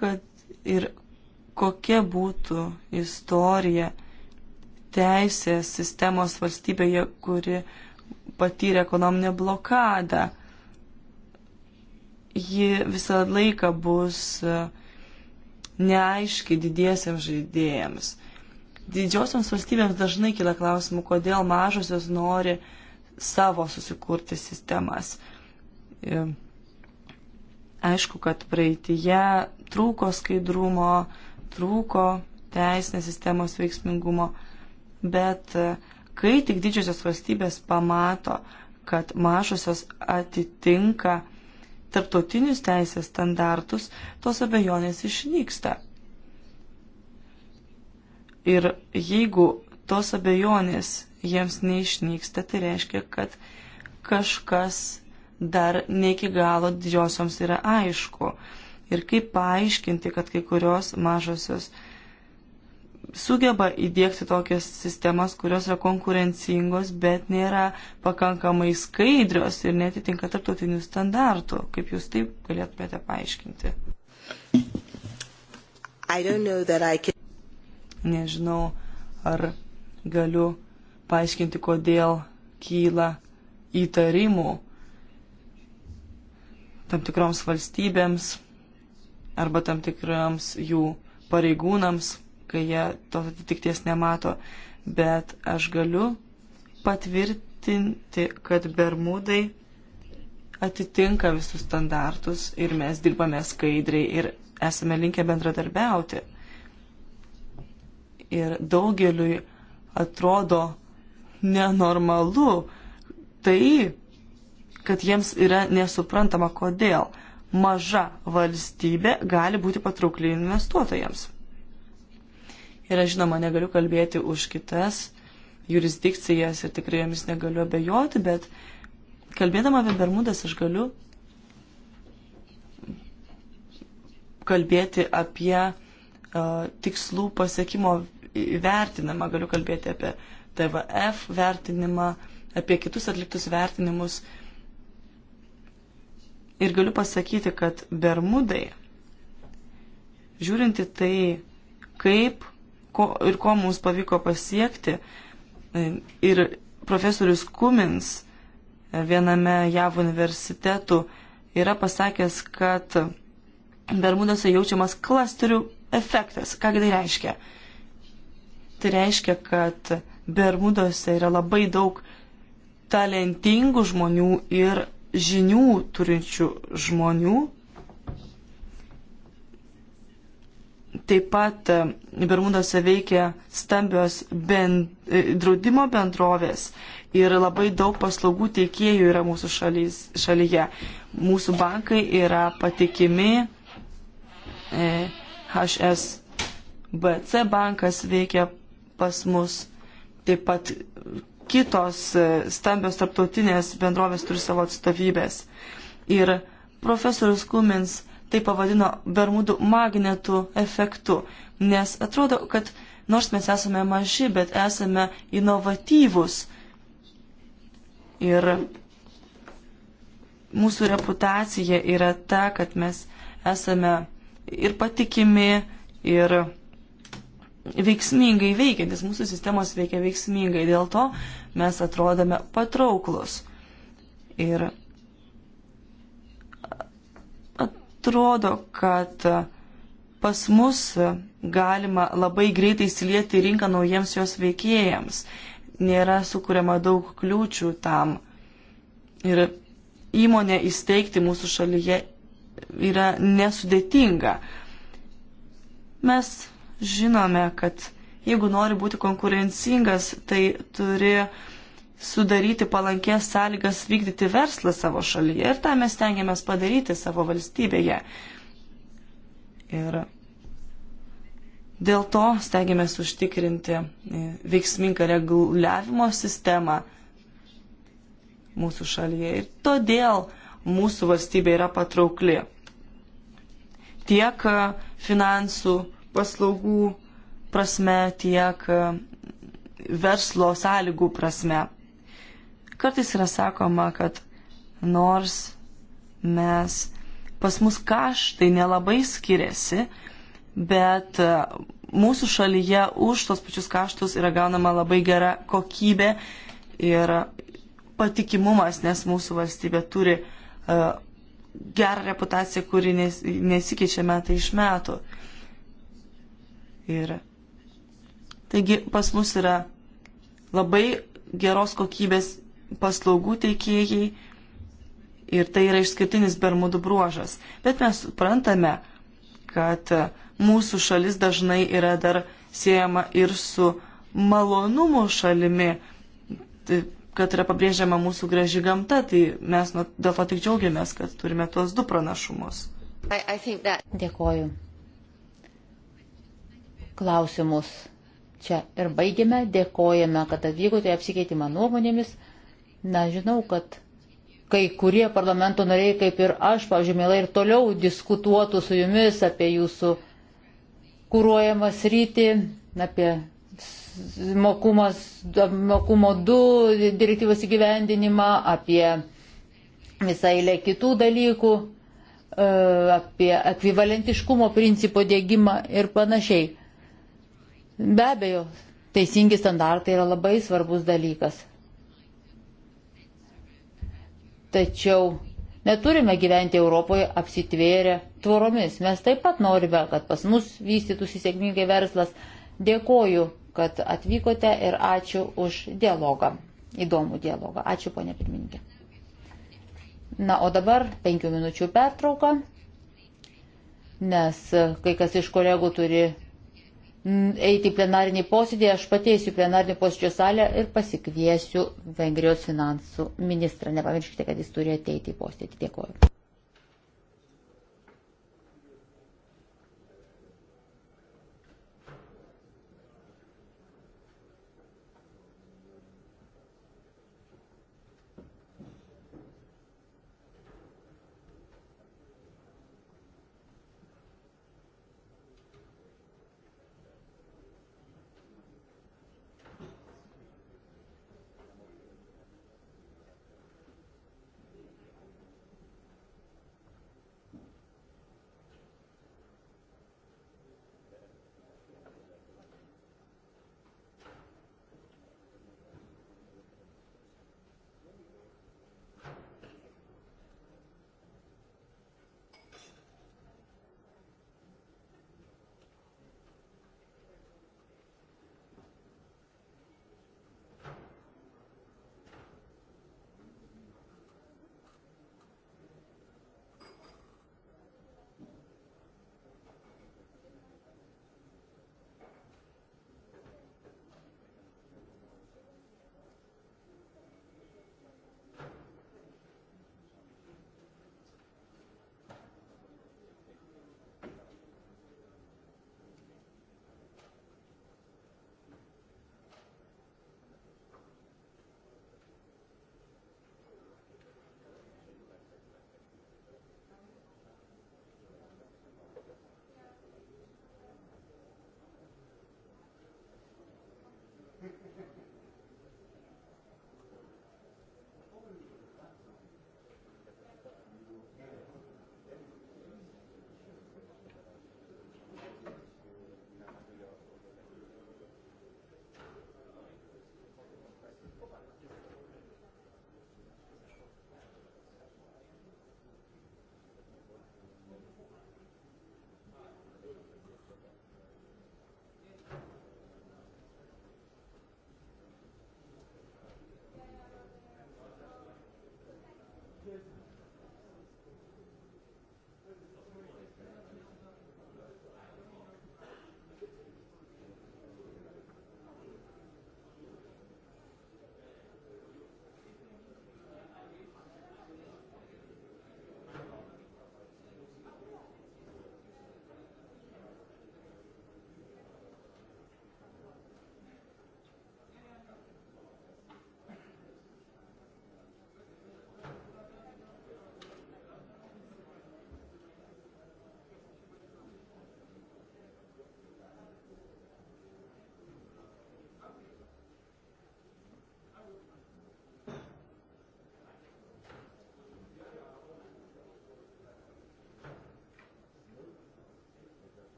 Kad ir kokia būtų istorija teisės sistemos valstybėje, kuri patyrė ekonominę blokadą, ji visą laiką bus uh, neaiški didiesiems žaidėjams. Didžiosiams valstybėms dažnai kila klausimų, kodėl mažosios nori savo susikurti sistemas. E, aišku, kad praeitįje trūko skaidrumo, trūko teisinės sistemos veiksmingumo, bet e, kai tik didžiosios valstybės pamato, kad mažosios atitinka tarptautinius teisės standartus, tos abejonės išnyksta. Ir jeigu tos abejonės jiems neišnyksta, tai reiškia, kad kažkas dar ne iki galo didžiosioms yra aišku. Ir kaip paaiškinti, kad kai kurios mažosios sugeba įdėkti tokias sistemas, kurios yra konkurencingos, bet nėra pakankamai skaidrios ir netitinka tarptautinių standartų. Kaip jūs taip galėtumėte paaiškinti? Can... Nežinau, ar galiu paaiškinti, kodėl kyla įtarimų tam tikroms valstybėms arba tam tikroms jų pareigūnams kai jie tos atitikties nemato, bet aš galiu patvirtinti, kad Bermudai atitinka visus standartus ir mes dirbame skaidriai ir esame linkę bendradarbiauti. Ir daugeliui atrodo nenormalu tai, kad jiems yra nesuprantama, kodėl maža valstybė gali būti patraukli investuotojams. Ir aš žinoma negaliu kalbėti už kitas jurisdikcijas ir tikrai jomis negaliu abejoti, bet kalbėdama apie Bermudas aš galiu kalbėti apie uh, tikslų pasiekimo vertinimą, galiu kalbėti apie TVF vertinimą, apie kitus atliktus vertinimus. Ir galiu pasakyti, kad Bermudai, žiūrinti tai, kaip ko, ir ko mums pavyko pasiekti. E, ir profesorius Kumins e, viename JAV universitetų yra pasakęs, kad Bermudose jaučiamas klasterių efektas. Ką tai reiškia? Tai reiškia, kad Bermudose yra labai daug talentingų žmonių ir žinių turinčių žmonių, Taip pat e, Bermudose veikia stambios ben, e, draudimo bendrovės ir labai daug paslaugų teikėjų yra mūsų šalys, šalyje. Mūsų bankai yra patikimi, e, HSBC bankas veikia pas mus, taip pat kitos e, stambios tarptautinės bendrovės turi savo atstovybės. Ir profesorius Kumins tai pavadino Bermudų magnetų efektu, nes atrodo, kad nors mes esame maži, bet esame inovatyvūs. Ir mūsų reputacija yra ta, kad mes esame ir patikimi, ir veiksmingai veikiantis, mūsų sistemos veikia veiksmingai, dėl to mes atrodome patrauklus. Ir atrodo, kad pas mus galima labai greitai įsilieti rinką naujiems jos veikėjams. Nėra sukūriama daug kliūčių tam. Ir įmonę įsteigti mūsų šalyje yra nesudėtinga. Mes žinome, kad jeigu nori būti konkurencingas, tai turi uh, sudaryti palankės sąlygas vykdyti verslą savo šalyje ir tą mes tengiamės padaryti savo valstybėje. Ir dėl to stengiamės užtikrinti e, veiksmingą reguliavimo sistemą mūsų šalyje ir todėl mūsų valstybė yra patraukli. Tiek e, finansų paslaugų prasme, tiek e, verslo sąlygų prasme. Kartais yra sakoma, kad nors mes, pas mus kaštai nelabai skiriasi, bet e, mūsų šalyje už tos pačius kaštus yra gaunama labai gera kokybė ir patikimumas, nes mūsų valstybė turi uh, gerą reputaciją, kuri nes, nesikeičia metai iš metų. Ir taigi pas mus yra labai geros kokybės paslaugų teikėjai ir tai yra išskirtinis bermudų bruožas. Bet mes suprantame, kad mūsų šalis dažnai yra dar siejama ir su malonumo šalimi, tai, kad yra pabrėžiama mūsų graži gamta, tai mes nu, dėl to tik džiaugiamės, kad turime tuos du pranašumus. I, I that... Dėkoju. Klausimus čia ir baigėme. Dėkojame, kad atvykote apsikeitimą nuomonėmis. Na, žinau, kad kai kurie parlamento nariai, kaip ir aš, pavyzdžiui, mielai ir toliau diskutuotų su jumis apie jūsų kūruojamą sritį, apie mokumas, mokumo 2 direktyvos įgyvendinimą, apie visą eilę kitų dalykų, e, apie ekvivalentiškumo principo dėgymą ir panašiai. Be abejo, teisingi standartai yra labai svarbus dalykas. Tačiau neturime gyventi Europoje apsitvėrę tvoromis. Mes taip pat norime, kad pas mus vystytųsi sėkmingai verslas. Dėkoju, kad atvykote ir ačiū už dialogą. Įdomų dialogą. Ačiū, ponė pirmininkė. Na, o dabar penkių minučių pertrauka, nes kai kas iš kolegų turi eiti į plenarinį posėdį, aš pateisiu plenarinį posėdžio salę ir pasikviesiu Vengrijos finansų ministrą. Nepamirškite, kad jis turi ateiti į posėdį. Dėkuoju.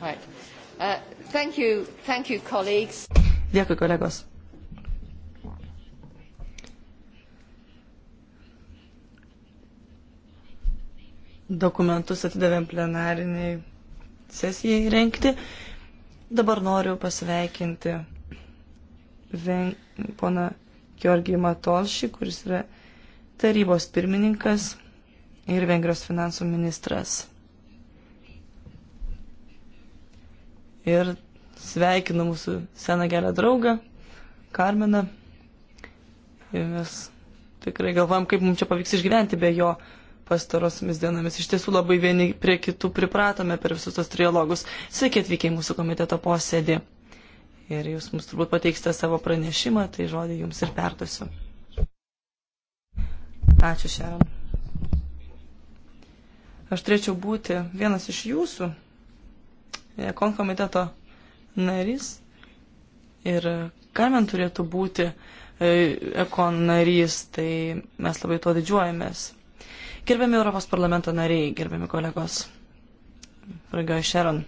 Right. Uh, thank you, thank you, colleagues. Dėkui, kolegos. Dokumentus atidavėm plenariniai sesijai renkti. Dabar noriu pasveikinti Ven... pona Georgijų Matolšį, kuris yra tarybos pirmininkas ir Vengrijos finansų ministras. ir sveikinu mūsų seną gerą draugą, Karmeną. Ir mes tikrai galvojam, kaip mums čia pavyks išgyventi be jo pastarosiamis dienomis. Iš tiesų labai vieni prie kitų pripratome per visus tos trialogus. Sveiki atvykę į mūsų komiteto posėdį. Ir jūs mums turbūt pateiksite savo pranešimą, tai žodį jums ir perduosiu. Ačiū, Šeron. Aš turėčiau būti vienas iš jūsų Kon komiteto narys ir Karmen turėtų būti e, Ekon narys, tai mes labai tuo didžiuojamės. Gerbiami Europos parlamento nariai, gerbiami kolegos, pradžioje Sharon.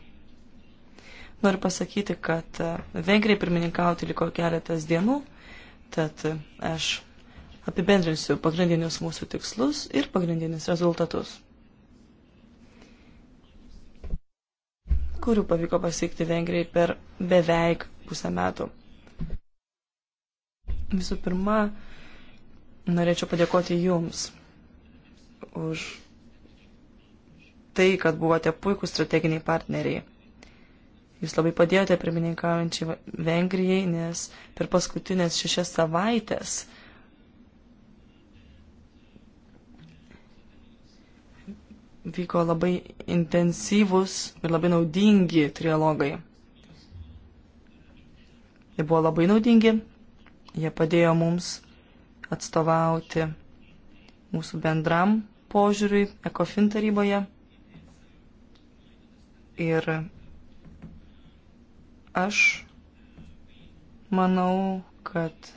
Noriu pasakyti, kad e, Vengrijai pirmininkauti liko keletas dienų, tad e, aš apibendrinsiu pagrindinius mūsų tikslus ir pagrindinius rezultatus. kurių pavyko pasiekti Vengrijai per beveik pusę metų. Visų pirma, norėčiau padėkoti Jums už tai, kad buvote puikūs strateginiai partneriai. Jūs labai padėjote pirmininkaujančiai Vengrijai, nes per paskutinės šešias savaitės uh, vyko labai intensyvus ir labai naudingi trialogai. Jie buvo labai naudingi, jie padėjo mums atstovauti mūsų bendram požiūriui ECOFIN taryboje. Ir aš manau, kad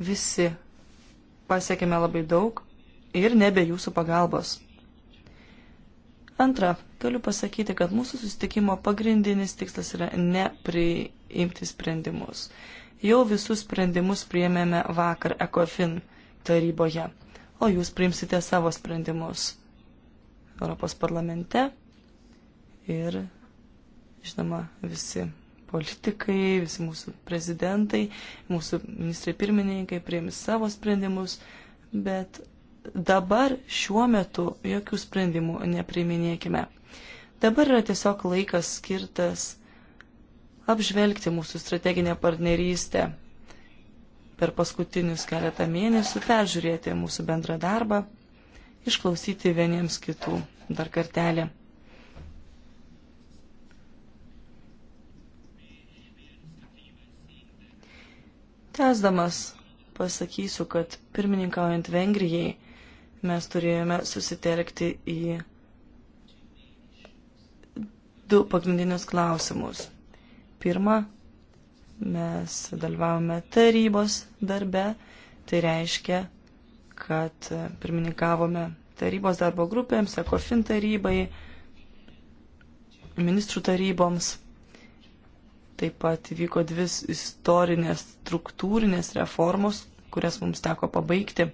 visi pasiekėme labai daug ir nebe jūsų pagalbos. Antra, galiu pasakyti, kad mūsų susitikimo pagrindinis tikslas yra nepriimti sprendimus. Jau visus sprendimus priėmėme vakar ECOFIN taryboje, o jūs priimsite savo sprendimus Europos parlamente ir, žinoma, visi politikai, visi mūsų prezidentai, mūsų ministrai pirmininkai priėmė savo sprendimus, bet dabar šiuo metu jokių sprendimų nepriminėkime. Dabar yra tiesiog laikas skirtas apžvelgti mūsų strateginę partnerystę. Per paskutinius keletą mėnesių peržiūrėti mūsų bendrą darbą, išklausyti vieniems kitų dar kartelį. Tęsdamas pasakysiu, kad pirmininkaujant Vengrijai mes turėjome susitelkti į du pagrindinius klausimus. Pirma, mes dalyvavome tarybos darbe, tai reiškia, kad pirmininkavome tarybos darbo grupėms, ekofin tarybai, ministrų taryboms. Taip pat vyko dvi istorinės struktūrinės reformos, kurias mums teko pabaigti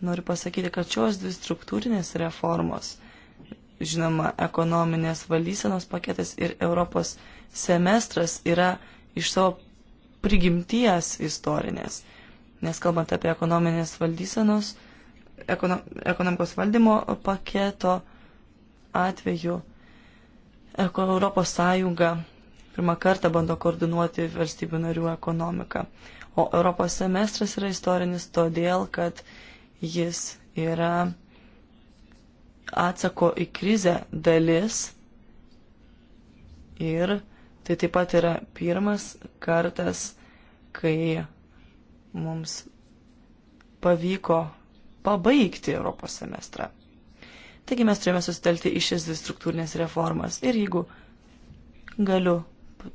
Noriu pasakyti, kad šios dvi struktūrinės reformos, žinoma, ekonominės valdysenos paketas ir Europos semestras yra iš savo prigimties istorinės. Nes kalbant apie ekonominės valdysenos, ekono, ekonomikos valdymo paketo atveju, Europos Sąjunga pirmą kartą bando koordinuoti valstybių narių ekonomiką. O Europos semestras yra istorinis todėl, kad Jis yra atsako į krizę dalis ir tai taip pat yra pirmas kartas, kai mums pavyko pabaigti Europos semestrą. Taigi mes turime susitelti į šias dvi struktūrinės reformas ir jeigu galiu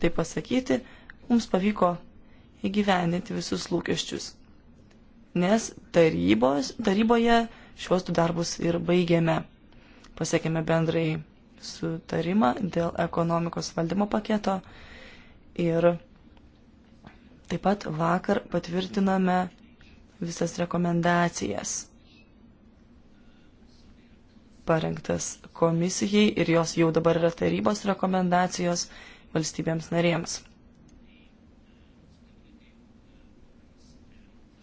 tai pasakyti, mums pavyko įgyveninti visus lūkesčius nes tarybos, taryboje šiuos du darbus ir baigėme. Pasiekėme bendrai sutarimą dėl ekonomikos valdymo paketo ir taip pat vakar patvirtiname visas rekomendacijas parengtas komisijai ir jos jau dabar yra tarybos rekomendacijos valstybėms narėms.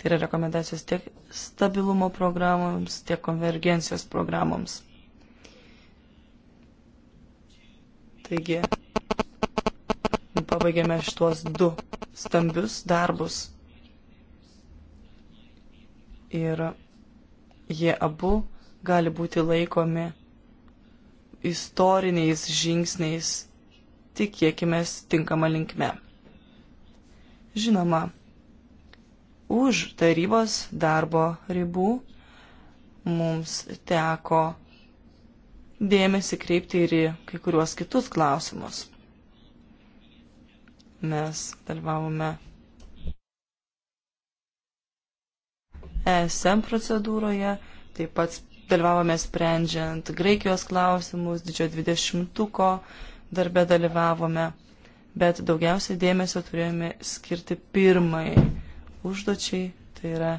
Tai yra rekomendacijos tiek stabilumo programoms, tiek konvergencijos programoms. Taigi, pabaigėme šitos du stambius darbus. Ir jie abu gali būti laikomi istoriniais žingsniais, tikėkime, tinkama linkme. Žinoma, už tarybos darbo ribų mums teko dėmesį kreipti ir į kai kuriuos kitus klausimus. Mes dalyvavome ESM procedūroje, taip pat dalyvavome sprendžiant Graikijos klausimus, didžiojo dvidešimtuko darbę dalyvavome, bet daugiausiai dėmesio turėjome skirti pirmai užduočiai, tai yra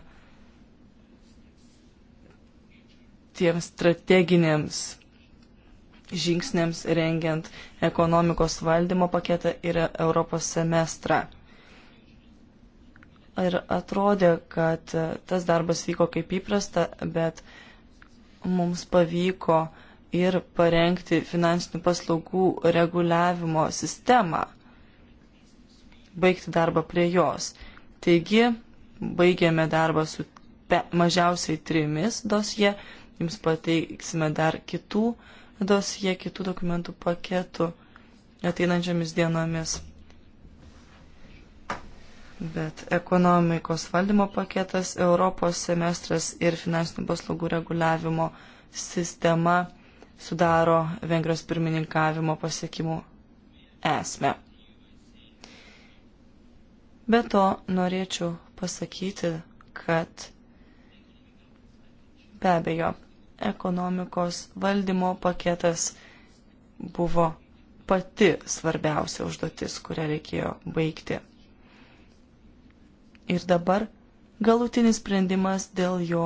tiems strateginiams žingsniams rengiant ekonomikos valdymo paketą ir Europos semestrą. Ir atrodė, kad tas darbas vyko kaip įprasta, bet mums pavyko ir parengti finansinių paslaugų reguliavimo sistemą, baigti darbą prie jos. Taigi, baigėme darbą su pe, mažiausiai trimis dosje, jums pateiksime dar kitų dosje, kitų dokumentų paketų ateinančiamis dienomis. Bet ekonomikos valdymo paketas, Europos semestras ir finansinių paslaugų reguliavimo sistema sudaro Vengrijos pirmininkavimo pasiekimų esmę. Be to norėčiau pasakyti, kad be abejo ekonomikos valdymo paketas buvo pati svarbiausia užduotis, kurią reikėjo baigti. Ir dabar galutinis sprendimas dėl jo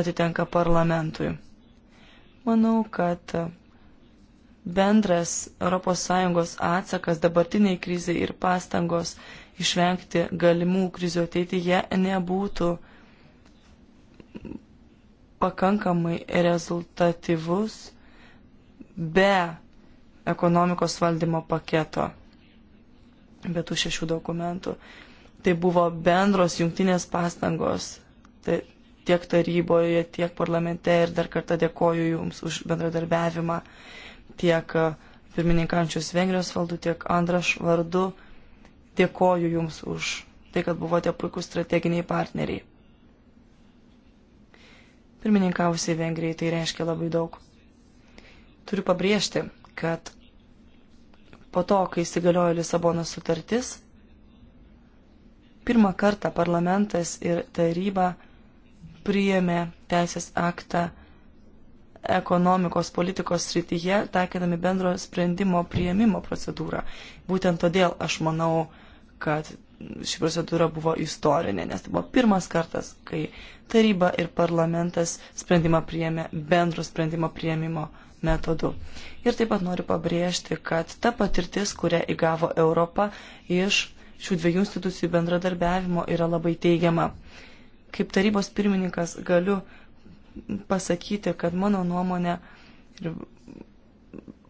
atitenka parlamentui. Manau, kad bendras ES atsakas dabartiniai krizai ir pastangos išvengti galimų krizių ateityje, nebūtų pakankamai rezultatyvus be ekonomikos valdymo paketo, be tų šešių dokumentų. Tai buvo bendros jungtinės pastangos tai tiek taryboje, tiek parlamente ir dar kartą dėkoju Jums už bendradarbiavimą tiek pirmininkančios Vengrijos valdų, tiek Andraš vardu Dėkoju Jums už tai, kad buvote puikūs strateginiai partneriai. Pirmininkausiai Vengrijai tai reiškia labai daug. Turiu pabrėžti, kad po to, kai įsigaliojo Lisabonos sutartis, pirmą kartą parlamentas ir taryba priėmė teisės aktą ekonomikos politikos srityje, taikydami bendro sprendimo priėmimo procedūrą. Būtent todėl aš manau, kad ši procedūra buvo istorinė, nes tai buvo pirmas kartas, kai taryba ir parlamentas sprendimą priėmė bendro sprendimo priėmimo metodu. Ir taip pat noriu pabrėžti, kad ta patirtis, kurią įgavo Europa iš šių dviejų institucijų bendradarbiavimo yra labai teigiama. Kaip tarybos pirmininkas galiu pasakyti, kad mano nuomonė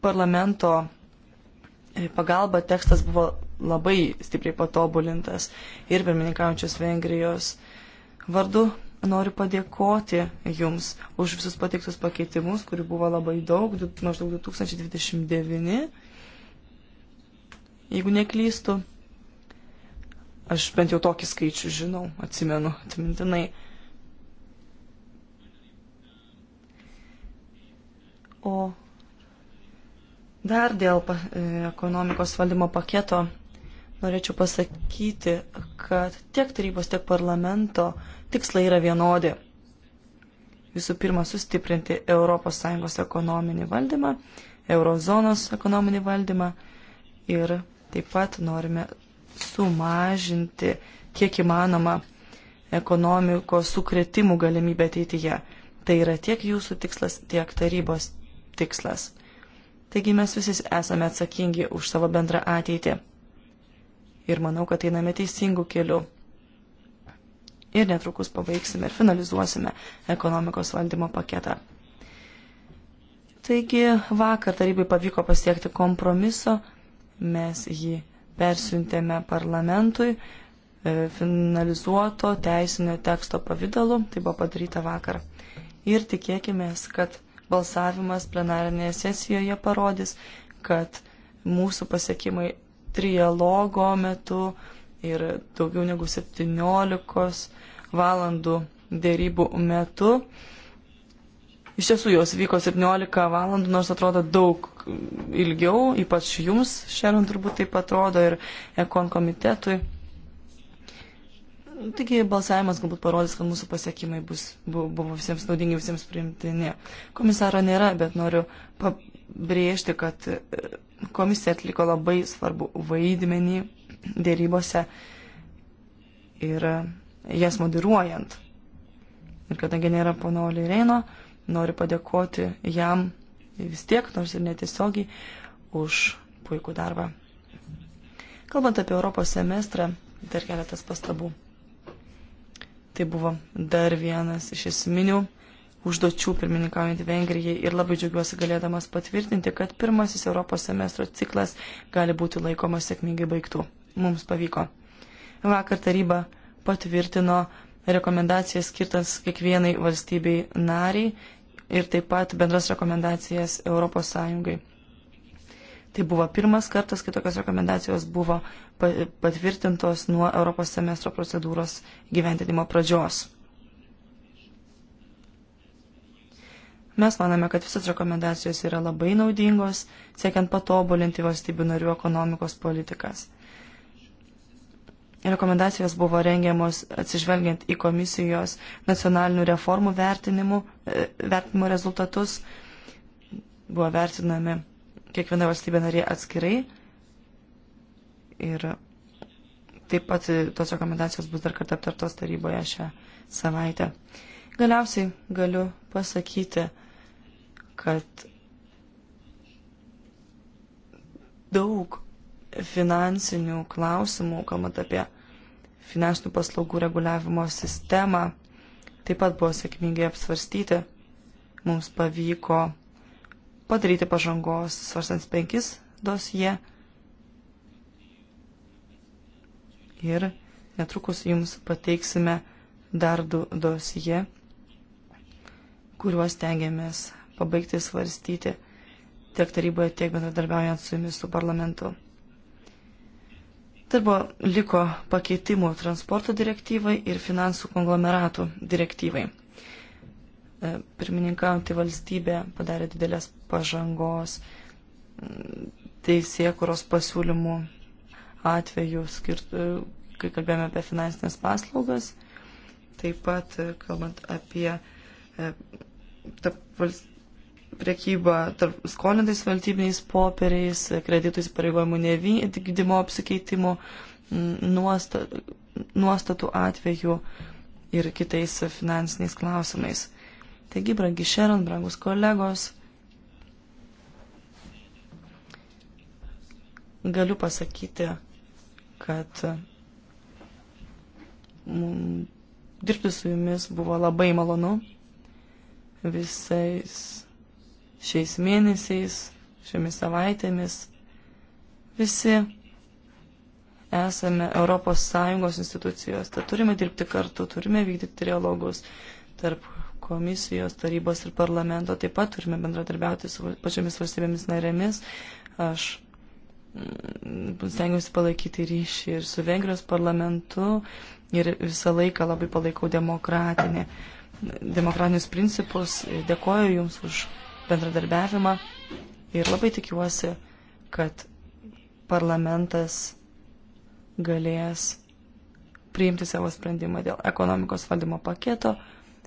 parlamento pagalba tekstas buvo labai stipriai patobulintas ir pirmininkaujančios Vengrijos vardu noriu padėkoti Jums už visus pateiktus pakeitimus, kurių buvo labai daug, maždaug 2029. Jeigu neklystu, aš bent jau tokį skaičių žinau, atsimenu atmintinai. O Dar dėl e, ekonomikos valdymo paketo norėčiau pasakyti, kad tiek tarybos, tiek parlamento tikslai yra vienodi. Visų pirma, sustiprinti ES ekonominį valdymą, eurozonos ekonominį valdymą ir taip pat norime sumažinti kiek įmanoma ekonomikos sukretimų galimybę ateityje. Tai yra tiek jūsų tikslas, tiek tarybos tikslas. Taigi mes visi esame atsakingi už savo bendrą ateitį. Ir manau, kad einame teisingų kelių. Ir netrukus pabaigsime ir finalizuosime ekonomikos valdymo paketą. Taigi vakar tarybai pavyko pasiekti kompromiso, mes jį persiuntėme parlamentui e, finalizuoto teisinio teksto pavydalu, tai buvo padaryta vakar. Ir tikėkime, kad balsavimas plenarinėje sesijoje parodys, kad mūsų pasiekimai trialogo metu ir daugiau negu 17 valandų dėrybų metu. Iš tiesų jos vyko 17 valandų, nors atrodo daug ilgiau, ypač jums šiandien turbūt taip atrodo ir ekon komitetui. Taigi balsavimas galbūt parodys, kad mūsų pasiekimai bus, buvo visiems naudingi, visiems priimtini. Komisaro nėra, bet noriu pabrėžti, kad e, komisija atliko labai svarbu vaidmenį dėrybose ir e, jas moderuojant. Ir kadangi nėra pono Olireino, noriu padėkoti jam vis tiek, nors ir netiesiogiai, už puikų darbą. Kalbant apie Europos semestrą, dar keletas pastabų. Tai buvo dar vienas iš esminių užduočių pirmininkaujant Vengrijai ir labai džiaugiuosi galėdamas patvirtinti, kad pirmasis Europos semestro ciklas gali būti laikomas sėkmingai baigtų. Mums pavyko. Vakar taryba patvirtino rekomendacijas skirtas kiekvienai valstybei nariai ir taip pat bendras rekomendacijas Europos Sąjungai. Tai buvo pirmas kartas, kai tokios rekomendacijos buvo patvirtintos nuo Europos semestro procedūros gyventinimo pradžios. Mes manome, kad visas rekomendacijos yra labai naudingos, siekiant patobulinti valstybių narių ekonomikos politikas. Rekomendacijos buvo rengiamos atsižvelgiant į komisijos nacionalinių reformų e, vertinimo rezultatus, buvo vertinami kiekviena valstybė narė atskirai. Ir taip pat tos rekomendacijos bus dar kartą aptartos taryboje šią savaitę. Galiausiai galiu pasakyti, kad daug finansinių klausimų, kalbant apie finansinių paslaugų reguliavimo sistemą, taip pat buvo sėkmingai apsvarstyti. Mums pavyko padaryti pažangos, svarstant penkis dosje. Ir netrukus jums pateiksime dar du dosje, kuriuos tengiamės pabaigti svarstyti tiek taryboje, tiek bendradarbiaujant su jumis su parlamentu. Darbo liko pakeitimų transporto direktyvai ir finansų konglomeratų direktyvai. E, pirmininkaujantį valstybę padarė didelės pažangos teisėkuros pasiūlymų atveju, skirtų, e, kai kalbėjome apie finansinės paslaugas, taip pat e, kalbant apie priekybą tarp skolintais valstybiniais popieriais, kreditų įsipareigojimų nevykdymo apsikeitimo nuostatų atveju ir kitais finansiniais klausimais. Taigi, brangi Šeron, brangus kolegos, galiu pasakyti, kad m, mm, dirbti su jumis buvo labai malonu visais šiais mėnesiais, šiomis savaitėmis. Visi esame ES institucijos, tad turime dirbti kartu, turime vykdyti dialogus tarp komisijos, tarybos ir parlamento taip pat turime bendradarbiauti su pačiomis valstybėmis narėmis. Aš mm, stengiuosi palaikyti ryšį ir su Vengrijos parlamentu ir visą laiką labai palaikau demokratinį, demokratinius principus. Dėkoju Jums už bendradarbiavimą ir labai tikiuosi, kad parlamentas galės priimti savo sprendimą dėl ekonomikos valdymo paketo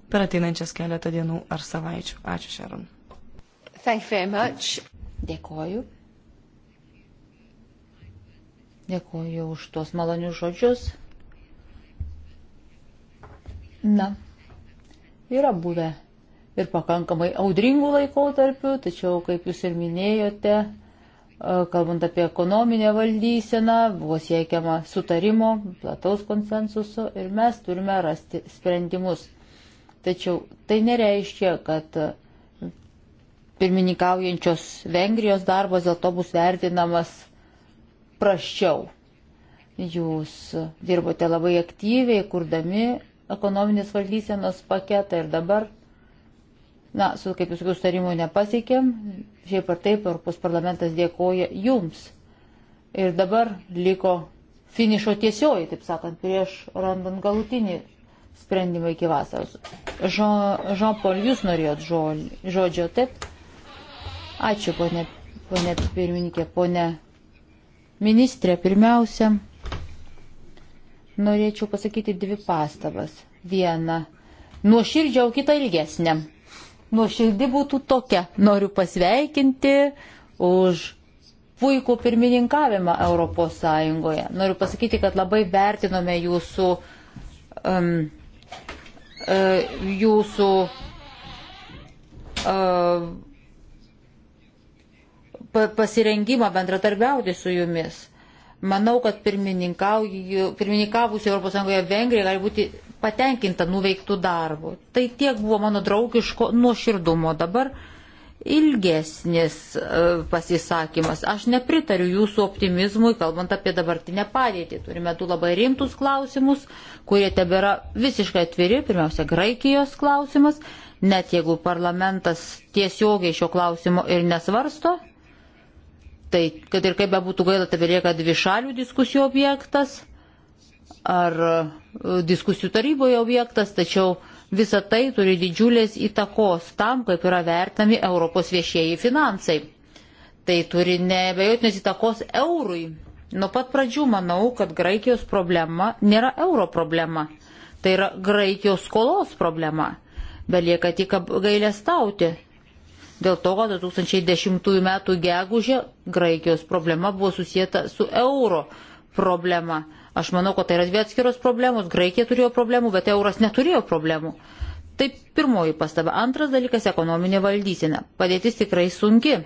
per ateinančias keletą dienų ar savaičių. Ačiū, Sharon. Dėkoju. Dėkoju už tuos malonius žodžius. Na, yra buvę ir pakankamai audringų laikotarpių, tačiau, kaip jūs ir minėjote, e, kalbant apie ekonominę valdyseną, buvo siekiama sutarimo, plataus konsensuso ir mes turime rasti sprendimus. Tačiau tai nereiškia, kad pirmininkaujančios Vengrijos darbas dėl to bus vertinamas praščiau. Jūs dirbote labai aktyviai, kurdami ekonominės valdysenos paketą ir dabar, na, su kaip jūs sustarimų nepasiekėm, šiaip ar taip Europos parlamentas dėkoja jums. Ir dabar liko finišo tiesioji, taip sakant, prieš randant galutinį sprendimą iki vasaros. Jean-Paul, jūs norėjot žodžio, taip? Ačiū, ponė, ponė pirmininkė, ponė ministrė. Pirmiausia, norėčiau pasakyti dvi pastabas. Vieną nuoširdžią, o kitą ilgesnę. Nuoširdį būtų tokia. Noriu pasveikinti už puikų pirmininkavimą Europos Sąjungoje. Noriu pasakyti, kad labai vertinome jūsų um, E, jūsų e, pasirengimą bendratarbiauti su jumis. Manau, kad pirmininkavusi ES Vengrija gali būti patenkinta nuveiktų darbų. Tai tiek buvo mano draugiško nuoširdumo. Dabar uh, ilgesnis e, pasisakymas. Aš nepritariu jūsų optimizmui, kalbant apie dabartinę padėtį. Turime tų labai rimtus klausimus, kurie tebėra visiškai atviri. Pirmiausia, Graikijos klausimas. Net jeigu parlamentas tiesiogiai šio klausimo ir nesvarsto, tai kad ir kaip bebūtų gaila, tebelieka dvi šalių diskusijų objektas ar e, diskusijų taryboje objektas, tačiau Visa tai turi didžiulės įtakos tam, kaip yra vertami Europos viešieji finansai. Tai turi nebejotinės įtakos eurui. Nuo pat pradžių manau, kad Graikijos problema nėra euro problema. Tai yra Graikijos skolos problema. Belieka tik gailę stauti. Dėl to, kad 2010 m. gegužė Graikijos problema buvo susijęta su euro problema Aš manau, kad tai yra dvi atskiros problemos. Graikija turėjo problemų, bet euras neturėjo problemų. Tai pirmoji pastaba. Antras dalykas - ekonominė valdysena. Padėtis tikrai sunki.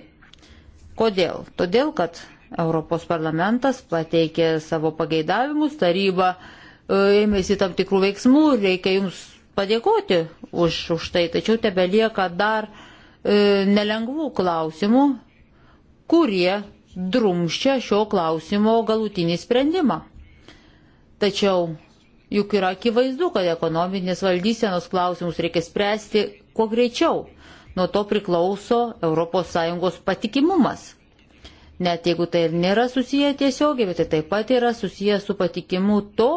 Kodėl? Todėl, kad Europos parlamentas pateikė savo pageidavimus, taryba e, ėmėsi tam tikrų veiksmų, reikia jums padėkoti už, už tai, tačiau tebe lieka dar e, nelengvų klausimų, kurie drumščia šio klausimo galutinį sprendimą. Tačiau juk yra akivaizdu, kad ekonominės valdysenos klausimus reikia spręsti kuo greičiau. Nuo to priklauso ES patikimumas. Net jeigu tai ir nėra susiję tiesiogiai, bet tai taip pat yra susiję su patikimu to,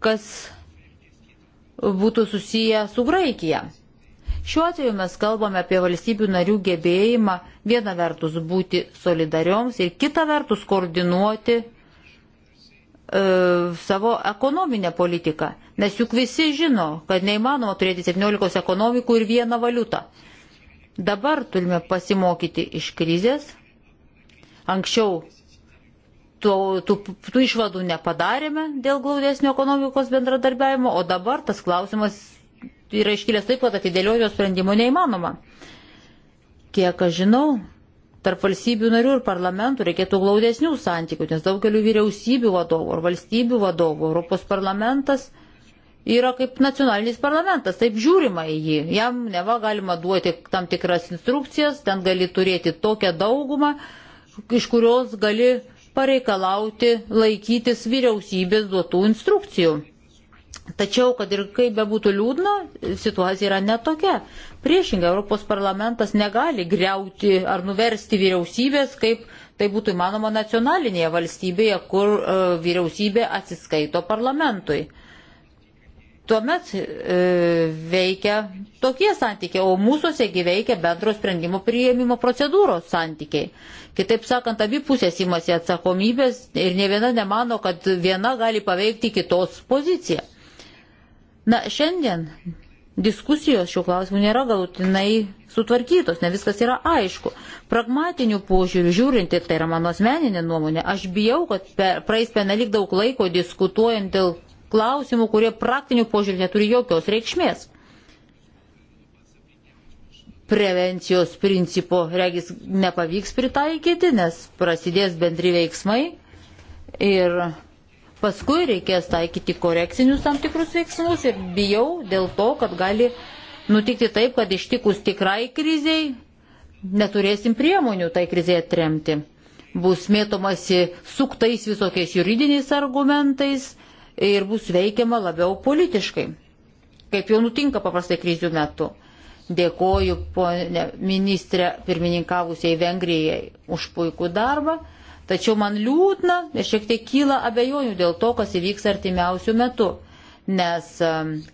kas būtų susiję su Graikija. Šiuo atveju mes kalbame apie valstybių narių gebėjimą viena vertus būti solidarioms ir kita vertus koordinuoti E, savo ekonominę politiką. Nes juk visi žino, kad neįmanoma turėti 17 ekonomikų ir vieną valiutą. Dabar turime pasimokyti iš krizės. Anksčiau tų, tų, tų išvadų nepadarėme dėl glaudesnio ekonomikos bendradarbiavimo, o dabar tas klausimas yra iškilęs taip, kad atidėliojimo sprendimo neįmanoma. Kiek aš žinau, tarp valstybių narių ir parlamentų reikėtų glaudesnių santykių, nes daugeliu vyriausybių vadovų ar valstybių vadovų Europos parlamentas yra kaip nacionalinis parlamentas, taip žiūrima į jį. Jam neva galima duoti tam tikras instrukcijas, ten gali turėti tokią daugumą, iš kurios gali pareikalauti laikytis vyriausybės duotų instrukcijų. Tačiau, kad ir kaip bebūtų liūdna, situacija yra netokia. Priešingai, Europos parlamentas negali greuti ar nuversti vyriausybės, kaip tai būtų įmanoma nacionalinėje valstybėje, kur e, vyriausybė atsiskaito parlamentui. Tuomet e, veikia tokie santykiai, o mūsųse gyveikia bendro sprendimo prieimimo procedūros santykiai. Kitaip sakant, abi pusės imasi atsakomybės ir ne viena nemano, kad viena gali paveikti kitos poziciją. Na, šiandien diskusijos šiuo klausimu nėra galutinai sutvarkytos, ne viskas yra aišku. Pragmatinių požiūrių žiūrint, ir tai yra mano asmeninė nuomonė, aš bijau, kad per, praeis penelik daug laiko diskutuojant dėl klausimų, kurie praktinių požiūrių neturi jokios reikšmės. Prevencijos principo, regis, nepavyks pritaikyti, nes prasidės bendri veiksmai ir Paskui reikės taikyti korekcinius tam tikrus veiksmus ir bijau dėl to, kad gali nutikti taip, kad ištikus tikrai kriziai neturėsim priemonių tai kriziai atremti. Bus mėtomasi suktais visokiais juridiniais argumentais ir bus veikiama labiau politiškai, kaip jau nutinka paprastai krizių metu. Dėkoju, ponė ministrė, pirmininkavusiai Vengrijai už puikų darbą Tačiau man liūdna ir šiek tiek kyla abejonių dėl to, kas įvyks artimiausių metų, nes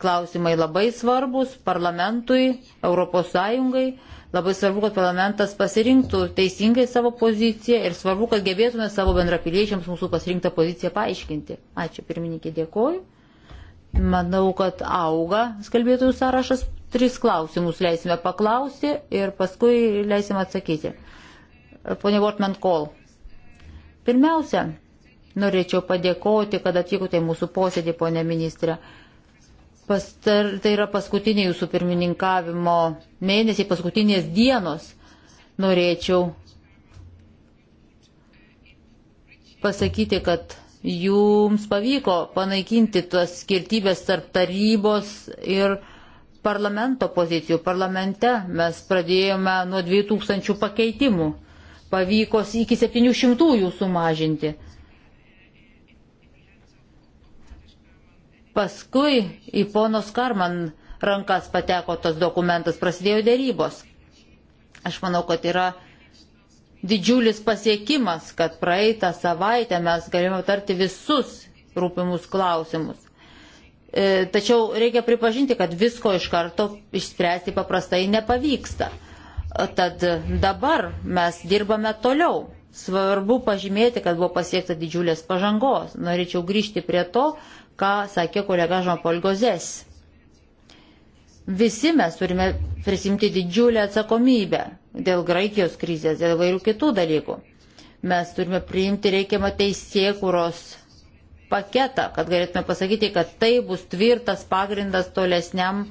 klausimai labai svarbus parlamentui, ES, labai svarbu, kad parlamentas pasirinktų teisingai savo poziciją ir svarbu, kad gebėtume savo bendrapiliečiams mūsų pasirinktą poziciją paaiškinti. Ačiū pirmininkė, dėkoju. Manau, kad auga skalbėtojų sąrašas. Tris klausimus leisime paklausti ir paskui leisime atsakyti. Pone Vortman Kol. Pirmiausia, norėčiau padėkoti, kad atvykote į mūsų posėdį, ponė ministrė. Pastar, tai yra paskutiniai jūsų pirmininkavimo mėnesiai, paskutinės dienos. Norėčiau pasakyti, kad jums pavyko panaikinti tuos skirtybės tarp tarybos ir parlamento pozicijų. Parlamente mes pradėjome nuo 2000 pakeitimų pavyko iki 700 jų sumažinti. Paskui į ponos Karman rankas pateko tas dokumentas, prasidėjo dėrybos. Aš manau, kad yra didžiulis pasiekimas, kad praeitą savaitę mes galime aptarti visus rūpimus klausimus. E, tačiau reikia pripažinti, kad visko iš karto išspręsti paprastai nepavyksta. Tad dabar mes dirbame toliau. Svarbu pažymėti, kad buvo pasiekta didžiulės pažangos. Norėčiau grįžti prie to, ką sakė kolega Žanpol Gozės. Visi mes turime prisimti didžiulę atsakomybę dėl Graikijos krizės, dėl vairių kitų dalykų. Mes turime priimti reikiamą teisėkuros paketą, kad galėtume pasakyti, kad tai bus tvirtas pagrindas tolesniam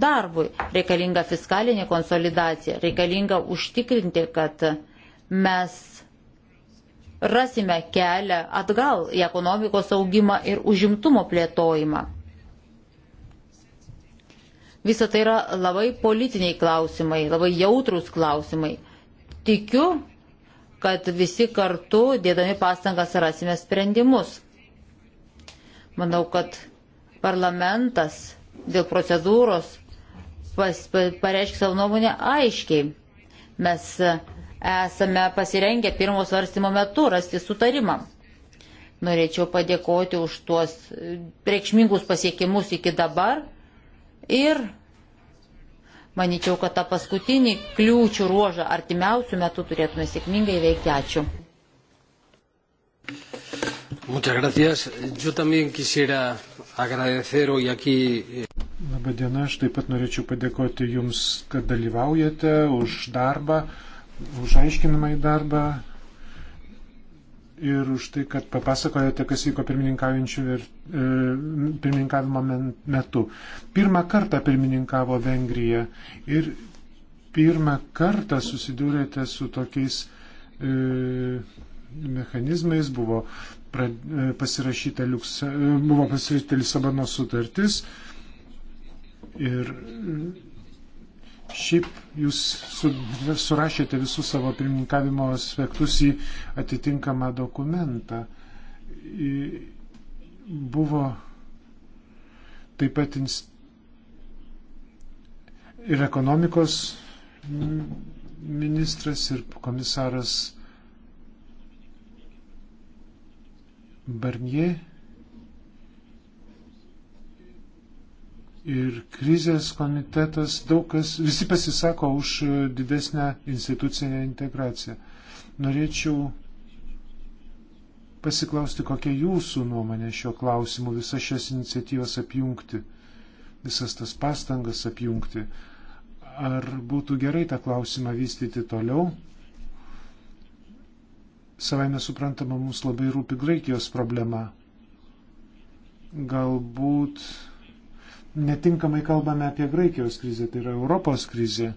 darbui. Reikalinga fiskalinė konsolidacija, reikalinga užtikrinti, kad mes rasime kelią atgal į ekonomikos augimą ir užimtumo plėtojimą. Visą tai yra labai politiniai klausimai, labai jautrus klausimai. Tikiu, kad visi kartu, dėdami pastangas, rasime sprendimus. Manau, kad parlamentas dėl procedūros pas, pareiškia savo nuomonę aiškiai. Mes esame pasirengę pirmo svarstymo metu rasti sutarimą. Norėčiau padėkoti už tuos reikšmingus pasiekimus iki dabar ir manyčiau, kad tą paskutinį kliūčių ruožą artimiausių metų turėtume sėkmingai veikti. Ačiū. Muchas gracias. Yo también quisiera agradecer hoy aquí. Eh, Labadiena, aš taip pat norėčiau padėkoti Jums, kad dalyvaujate už darbą, už aiškinamą į darbą ir už tai, kad papasakojate, kas vyko e, pirmininkavimo metu. Pirmą kartą pirmininkavo Vengrija ir pirmą kartą susidūrėte su tokiais e, mechanizmais, buvo e, E, pasirašyta Liuks, e, buvo pasirašyta Lisabono sutartis ir e, šiaip jūs surašėte visus savo pirmininkavimo aspektus į atitinkamą dokumentą. Buvo taip pat ir ekonomikos ministras, ir komisaras Barnier ir krizės komitetas, daug kas, visi pasisako už e, didesnę institucinę integraciją. Norėčiau pasiklausti, kokia jūsų nuomonė šio klausimu visas šias iniciatyvas apjungti, visas tas pastangas apjungti. Ar būtų gerai tą klausimą vystyti toliau, savai mes suprantama, mums labai rūpi Graikijos problema. Galbūt netinkamai kalbame apie Graikijos krizę, tai yra Europos krizė.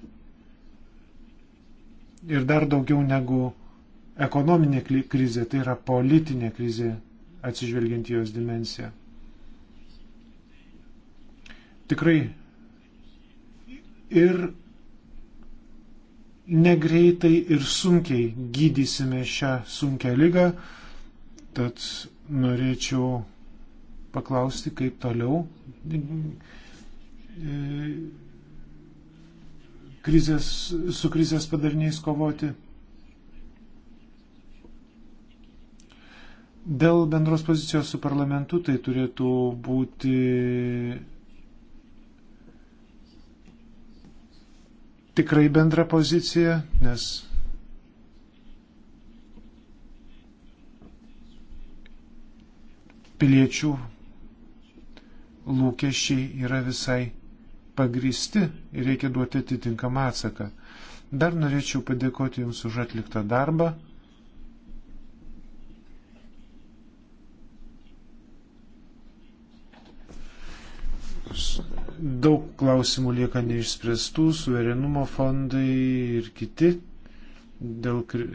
Ir dar daugiau negu ekonominė krizė, tai yra politinė krizė, atsižvelgiant į jos dimensiją. Tikrai ir negreitai ir sunkiai gydysime šią sunkę lygą, tad norėčiau paklausti, kaip toliau e, krizės, su krizės padarniais kovoti. Dėl bendros pozicijos su parlamentu tai turėtų būti tikrai bendrą poziciją, nes piliečių lūkesčiai yra visai pagristi ir reikia duoti atitinkamą atsaką. Dar norėčiau padėkoti Jums už atliktą darbą. Daug klausimų lieka neišspręstų, suverenumo fondai ir kiti. Dėl, kri...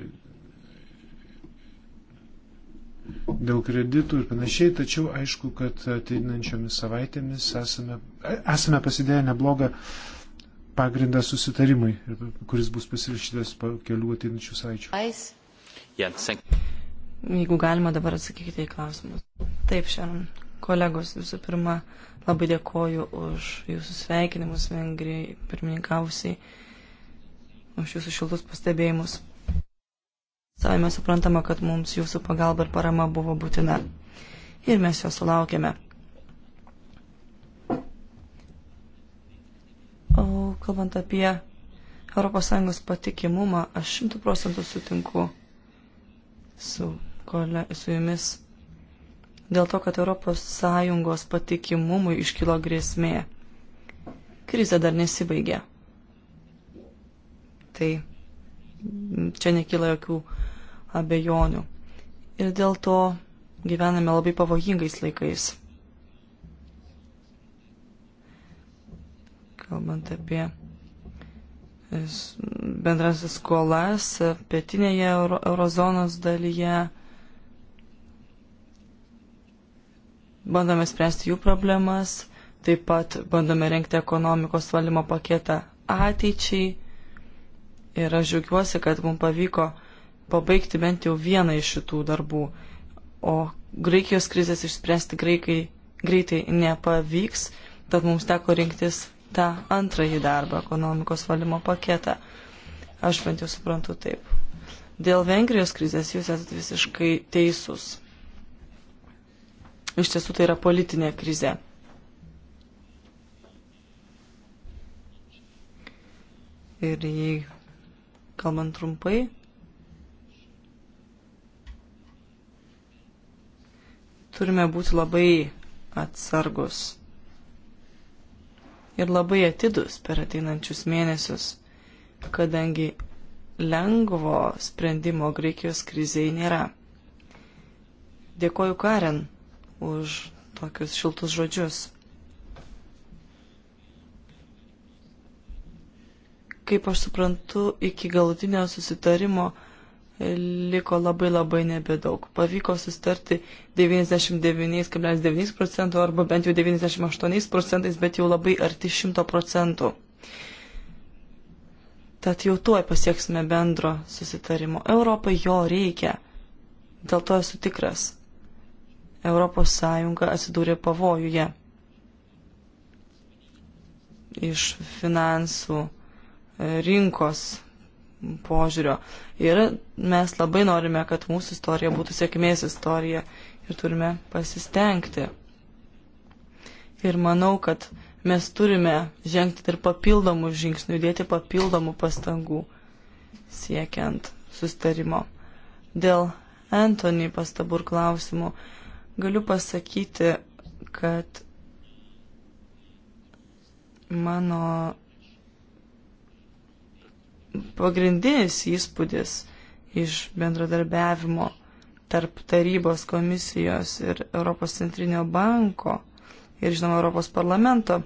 dėl kreditų ir panašiai, tačiau aišku, kad ateinančiomis savaitėmis esame, e, esame pasidėję neblogą pagrindą susitarimui, kuris bus pasirašytas po kelių ateinančių savaičių. Jeigu galima dabar atsakykite į klausimus. Taip, šiandien kolegos visų pirma Labai dėkoju už jūsų sveikinimus, Vengrijai, pirmininkausiai, už jūsų šiltus pastebėjimus. Savai mes suprantama, kad mums jūsų pagalba ir parama buvo būtina. Ir mes jo sulaukėme. O kalbant apie ES patikimumą, aš šimtų procentų sutinku su, kole, su jumis dėl to, kad ES patikimumui iškilo grėsmė. Krize dar nesibaigė. Tai čia nekyla jokių abejonių. Ir dėl to gyvename labai pavojingais laikais. Kalbant apie bendras skolas pietinėje euro, eurozonos dalyje bandome spręsti jų problemas, taip pat bandome renkti ekonomikos valdymo paketą ateičiai. Ir aš žiūriuosi, kad mums pavyko pabaigti bent jau vieną iš šitų darbų. O Graikijos krizės išspręsti graikai, greitai nepavyks, tad mums teko rinktis tą antrąjį darbą, ekonomikos valymo paketą. Aš bent jau suprantu taip. Dėl Vengrijos krizės jūs esate visiškai teisūs. Iš tiesų tai yra politinė krize. Ir jei kalbant trumpai, turime būti labai atsargus ir labai atidus per ateinančius mėnesius, kadangi lengvo sprendimo Graikijos kriziai nėra. Dėkoju Karen už tokius šiltus žodžius. Kaip aš suprantu, iki galutinio susitarimo liko labai labai nebedaug. Pavyko sustarti 99,9 procentų arba bent jau 98 procentais, bet jau labai arti 100 procentų. Tad jau tuoj pasieksime bendro susitarimo. Europai jo reikia. Dėl to esu tikras. ES atsidūrė pavojuje iš finansų e, rinkos požiūrio. Ir mes labai norime, kad mūsų istorija būtų sėkmės istorija ir turime pasistengti. Ir manau, kad mes turime žengti ir papildomų žingsnių, dėti papildomų pastangų siekiant sustarimo. Dėl Antony pastabų ir klausimų Galiu pasakyti, kad mano pagrindinis įspūdis iš bendradarbiavimo tarp tarybos komisijos ir Europos centrinio banko ir žinoma Europos parlamento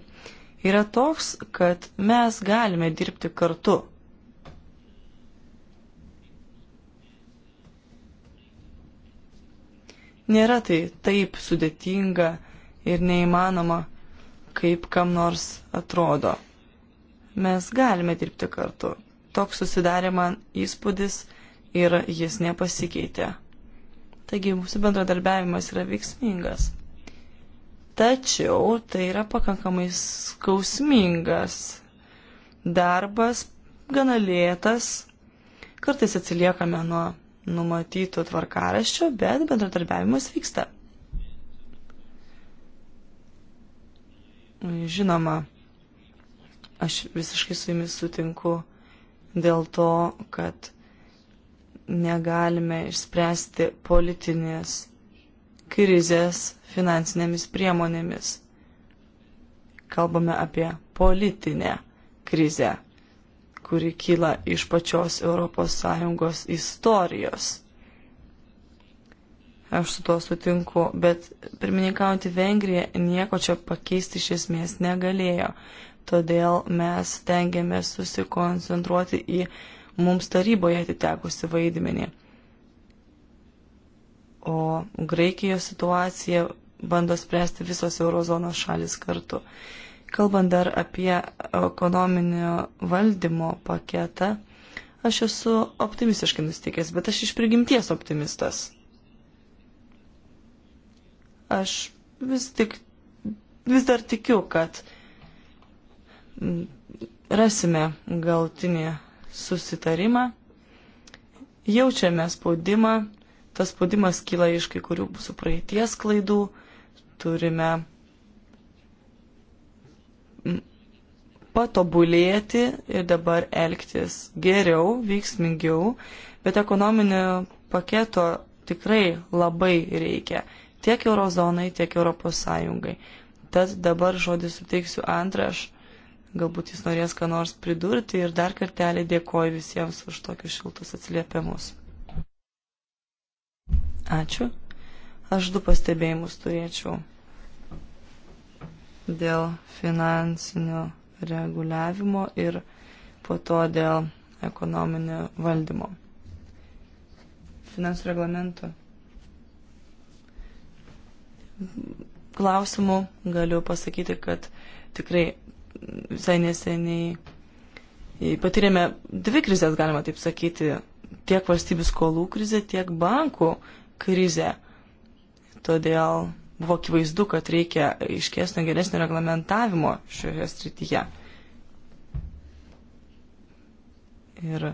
yra toks, kad mes galime dirbti kartu Nėra tai taip sudėtinga ir neįmanoma, kaip kam nors atrodo. Mes galime dirbti kartu. Toks susidarė man įspūdis ir jis nepasikeitė. Taigi mūsų bendradarbiavimas yra veiksmingas. Tačiau tai yra pakankamai skausmingas darbas, gana lėtas, kartais atsiliekame nuo numatytų tvarkaraščių, bet bendradarbiavimas vyksta. Žinoma, aš visiškai su jumis sutinku dėl to, kad negalime išspręsti politinės krizės finansinėmis priemonėmis. Kalbame apie politinę krizę kuri kyla iš pačios ES istorijos. Aš su tuo sutinku, bet pirmininkauti Vengrija nieko čia pakeisti iš esmės negalėjo. Todėl mes tengiamės susikoncentruoti į mums taryboje atitekusi vaidmenį. O Graikijos situaciją bando spręsti visos eurozonos šalis kartu. Kalbant dar apie ekonominio valdymo paketą, aš esu optimistiškai nusteikęs, bet aš iš prigimties optimistas. Aš vis tik, vis dar tikiu, kad rasime galtinį susitarimą, jaučiame spaudimą, tas spaudimas kyla iš kai kurių mūsų praeities klaidų, turime patobulėti ir dabar elgtis geriau, veiksmingiau, bet ekonominio paketo tikrai labai reikia tiek eurozonai, tiek Europos Sąjungai. Tad dabar žodį suteiksiu Andraš, galbūt jis norės ką nors pridurti ir dar kartelį dėkoju visiems už tokius šiltus atsiliepimus. Ačiū. Aš du pastebėjimus turėčiau dėl finansinio reguliavimo ir po to dėl ekonominio valdymo. Finansų reglamento klausimų galiu pasakyti, kad tikrai visai neseniai patyrėme dvi krizės, galima taip sakyti, tiek valstybių skolų krizė, tiek bankų krizė. Todėl buvo akivaizdu, kad reikia iškesnio geresnio reglamentavimo šioje srityje. Ir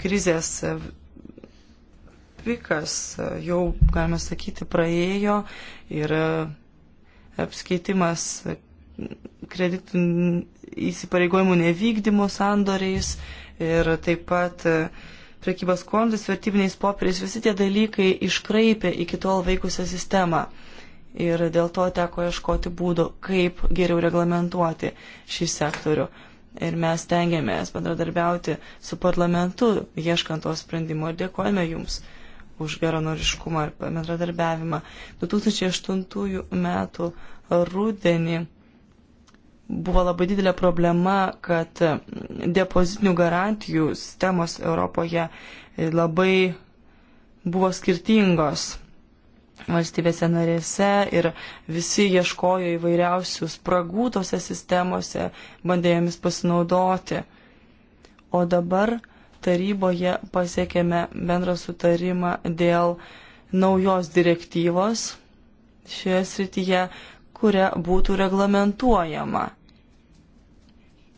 krizės pikas jau, galima sakyti, praėjo ir apskaitimas kreditų įsipareigojimų nevykdymo sandoriais ir taip pat prekybos kondais, vertybiniais popieriais, visi tie dalykai iškraipė iki tol veikusią sistemą ir dėl to teko ieškoti būdų, kaip geriau reglamentuoti šį sektorių. Ir mes tengiamės bendradarbiauti su parlamentu, ieškant to sprendimo ir dėkojame Jums už geranoriškumą ir bendradarbiavimą. 2008 metų rudenį buvo labai didelė problema, kad depozitinių garantijų sistemos Europoje labai buvo skirtingos valstybėse narėse ir visi ieškojo įvairiausių spragų tose sistemose, bandė jomis pasinaudoti. O dabar taryboje pasiekėme bendrą sutarimą dėl naujos direktyvos šioje srityje, kuria būtų reglamentuojama.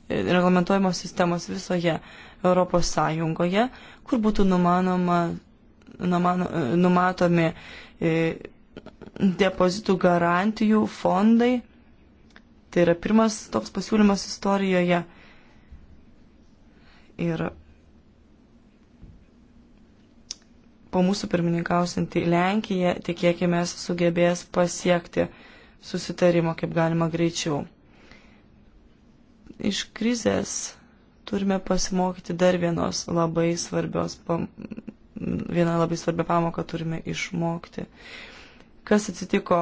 Reglamentuojamos sistemos visoje Europos Sąjungoje, kur būtų numanoma, numano, numatomi E, depozitų garantijų fondai. Tai yra pirmas toks pasiūlymas istorijoje. Ir po mūsų pirmininkausinti Lenkija, tikėkime, sugebės pasiekti susitarimo kaip galima greičiau. Iš krizės turime pasimokyti dar vienos labai svarbios vieną labai svarbią pamoką turime išmokti. Kas atsitiko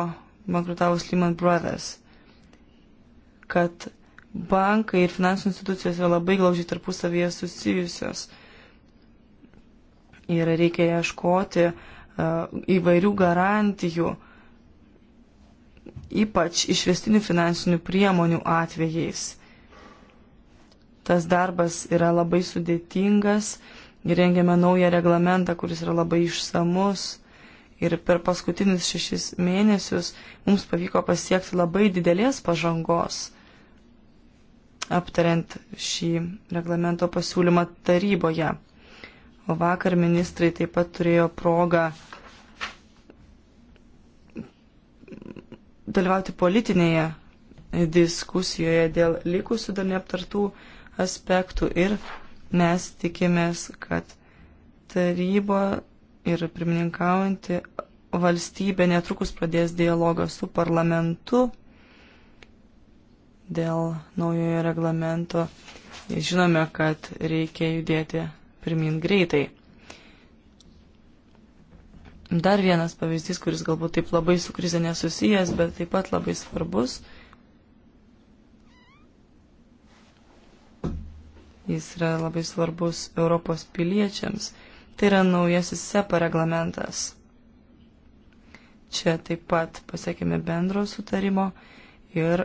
bankrutavus Lehman Brothers? Kad bankai ir finansų institucijos yra labai glaužiai tarpusavyje susijusios. Ir reikia ieškoti uh, įvairių garantijų, ypač išvestinių finansinių priemonių atvejais. Tas darbas yra labai sudėtingas rengėme naują reglamentą, kuris yra labai išsamus. Ir per paskutinius šešis mėnesius mums pavyko pasiekti labai didelės pažangos, aptariant šį reglamento pasiūlymą taryboje. O vakar ministrai taip pat turėjo progą dalyvauti politinėje diskusijoje dėl likusių dar neaptartų aspektų ir Mes tikimės, kad taryba ir pirmininkaujanti valstybė netrukus pradės dialogą su parlamentu dėl naujojo reglamento. Žinome, kad reikia judėti pirmin greitai. Dar vienas pavyzdys, kuris galbūt taip labai su krize nesusijęs, bet taip pat labai svarbus Jis yra labai svarbus Europos piliečiams. Tai yra naujasis SEPA reglamentas. Čia taip pat pasiekime bendro sutarimo ir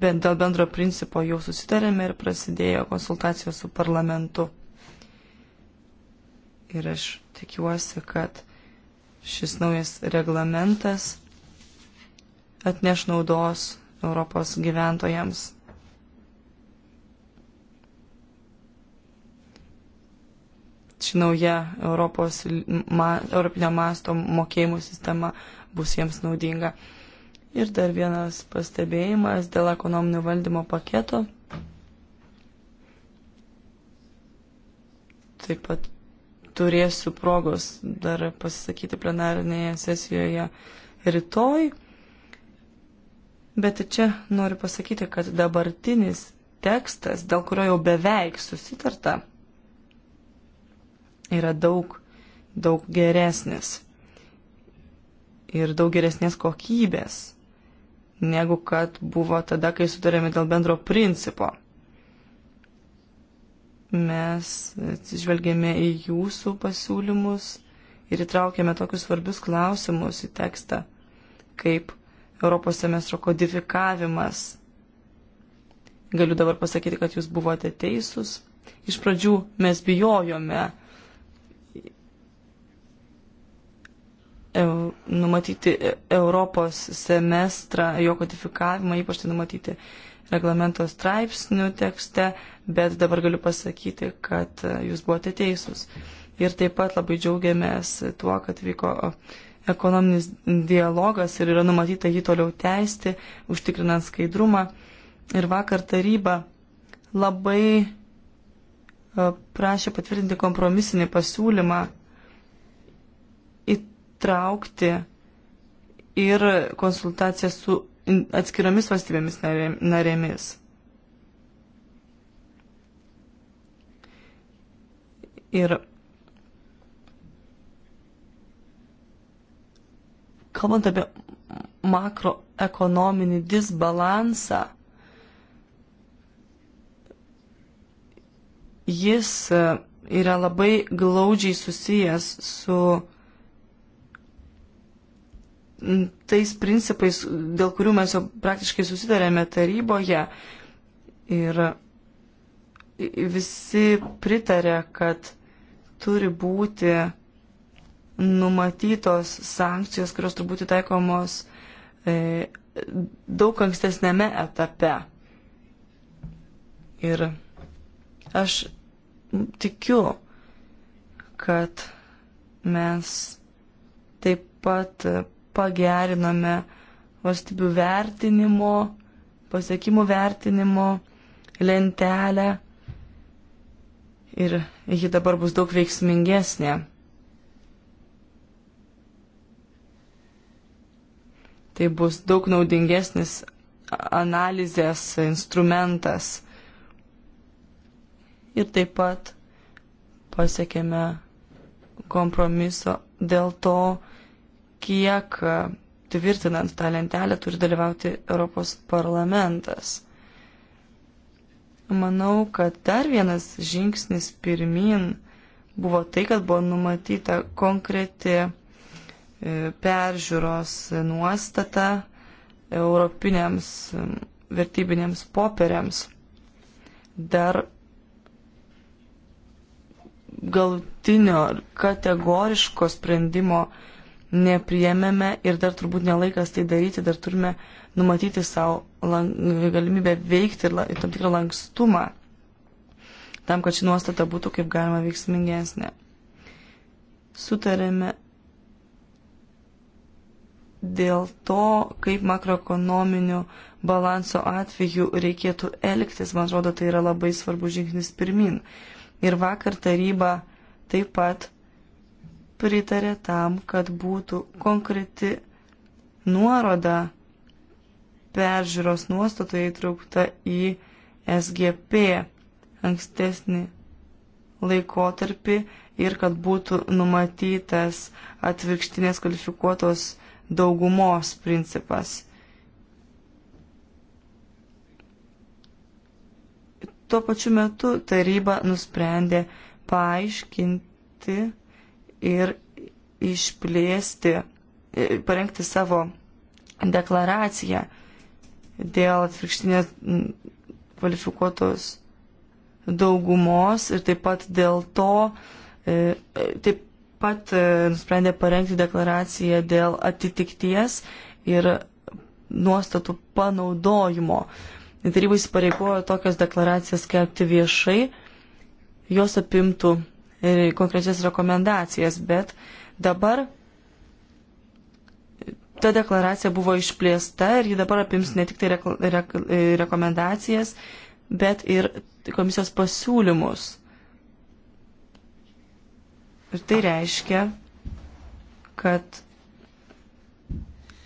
bent dėl bendro principo jau susitarėme ir prasidėjo konsultacijos su parlamentu. Ir aš tikiuosi, kad šis naujas reglamentas atneš naudos Europos gyventojams. ši nauja Europos, ma, Europinio masto mokėjimų sistema bus jiems naudinga. Ir dar vienas pastebėjimas dėl ekonominio valdymo paketo. Taip pat turėsiu progos dar pasisakyti plenarinėje sesijoje rytoj. Bet čia noriu pasakyti, kad dabartinis tekstas, dėl kurio jau beveik susitarta, yra daug, daug geresnis ir daug geresnės kokybės negu kad buvo tada, kai sutarėme dėl bendro principo. Mes atsižvelgėme į jūsų pasiūlymus ir įtraukėme tokius svarbius klausimus į tekstą, kaip Europos semestro kodifikavimas. Galiu dabar pasakyti, kad jūs buvote teisūs. Iš pradžių mes bijojome numatyti e, Europos semestrą, jo kodifikavimą, ypač tai numatyti reglamento straipsnių tekste, bet dabar galiu pasakyti, kad e, jūs buvote teisūs. Ir taip pat labai džiaugiamės tuo, kad vyko ekonominis dialogas ir yra numatyta jį toliau tęsti, užtikrinant skaidrumą. Ir vakar taryba labai e, prašė patvirtinti kompromisinį pasiūlymą įtraukti ir konsultaciją su atskiromis valstybėmis narėmis. Ir kalbant apie makroekonominį disbalansą, jis e, yra labai glaudžiai susijęs su tais principais, dėl kurių mes jau praktiškai susidarėme taryboje ir visi pritarė, kad turi būti numatytos sankcijos, kurios turbūt taikomos e, daug ankstesnėme etape. Ir aš tikiu, kad mes taip pat pagerinome valstybių vertinimo, pasiekimų vertinimo lentelę ir ji dabar bus daug veiksmingesnė. Tai bus daug naudingesnis analizės instrumentas. Ir taip pat pasiekėme kompromiso dėl to, kiek e, tvirtinant tą lentelę turi dalyvauti Europos parlamentas. Manau, kad dar vienas žingsnis pirmin buvo tai, kad buvo numatyta konkreti e, peržiūros nuostata europinėms e, vertybinėms popieriams. Dar galtinio kategoriško sprendimo uh, nepriemėme ir dar turbūt nelaikas tai daryti, dar turime numatyti savo galimybę veikti ir, ir tam tikrą lankstumą, tam, kad ši nuostata būtų kaip galima veiksmingesnė. Sutarėme dėl to, kaip makroekonominių balanso atveju reikėtų elgtis, man atrodo, tai yra labai svarbus žingsnis pirmin. Ir vakar taryba taip pat pritarė tam, kad būtų konkreti nuoroda peržiūros nuostatoje įtraukta į SGP ankstesnį laikotarpį ir kad būtų numatytas atvirkštinės kvalifikuotos daugumos principas. Tuo pačiu metu taryba nusprendė paaiškinti, ir išplėsti, e, parengti savo deklaraciją dėl atvirkštinės kvalifikuotos daugumos ir taip pat dėl to, e, e, taip pat nusprendė parengti deklaraciją dėl atitikties ir nuostatų panaudojimo. Taryba įsipareigojo tokias deklaracijas skelbti viešai, jos apimtų E, konkrečias rekomendacijas, bet dabar ta deklaracija buvo išplėsta ir ji dabar apims ne tik tai reko, reko, e, rekomendacijas, bet ir komisijos pasiūlymus. Ir tai reiškia, kad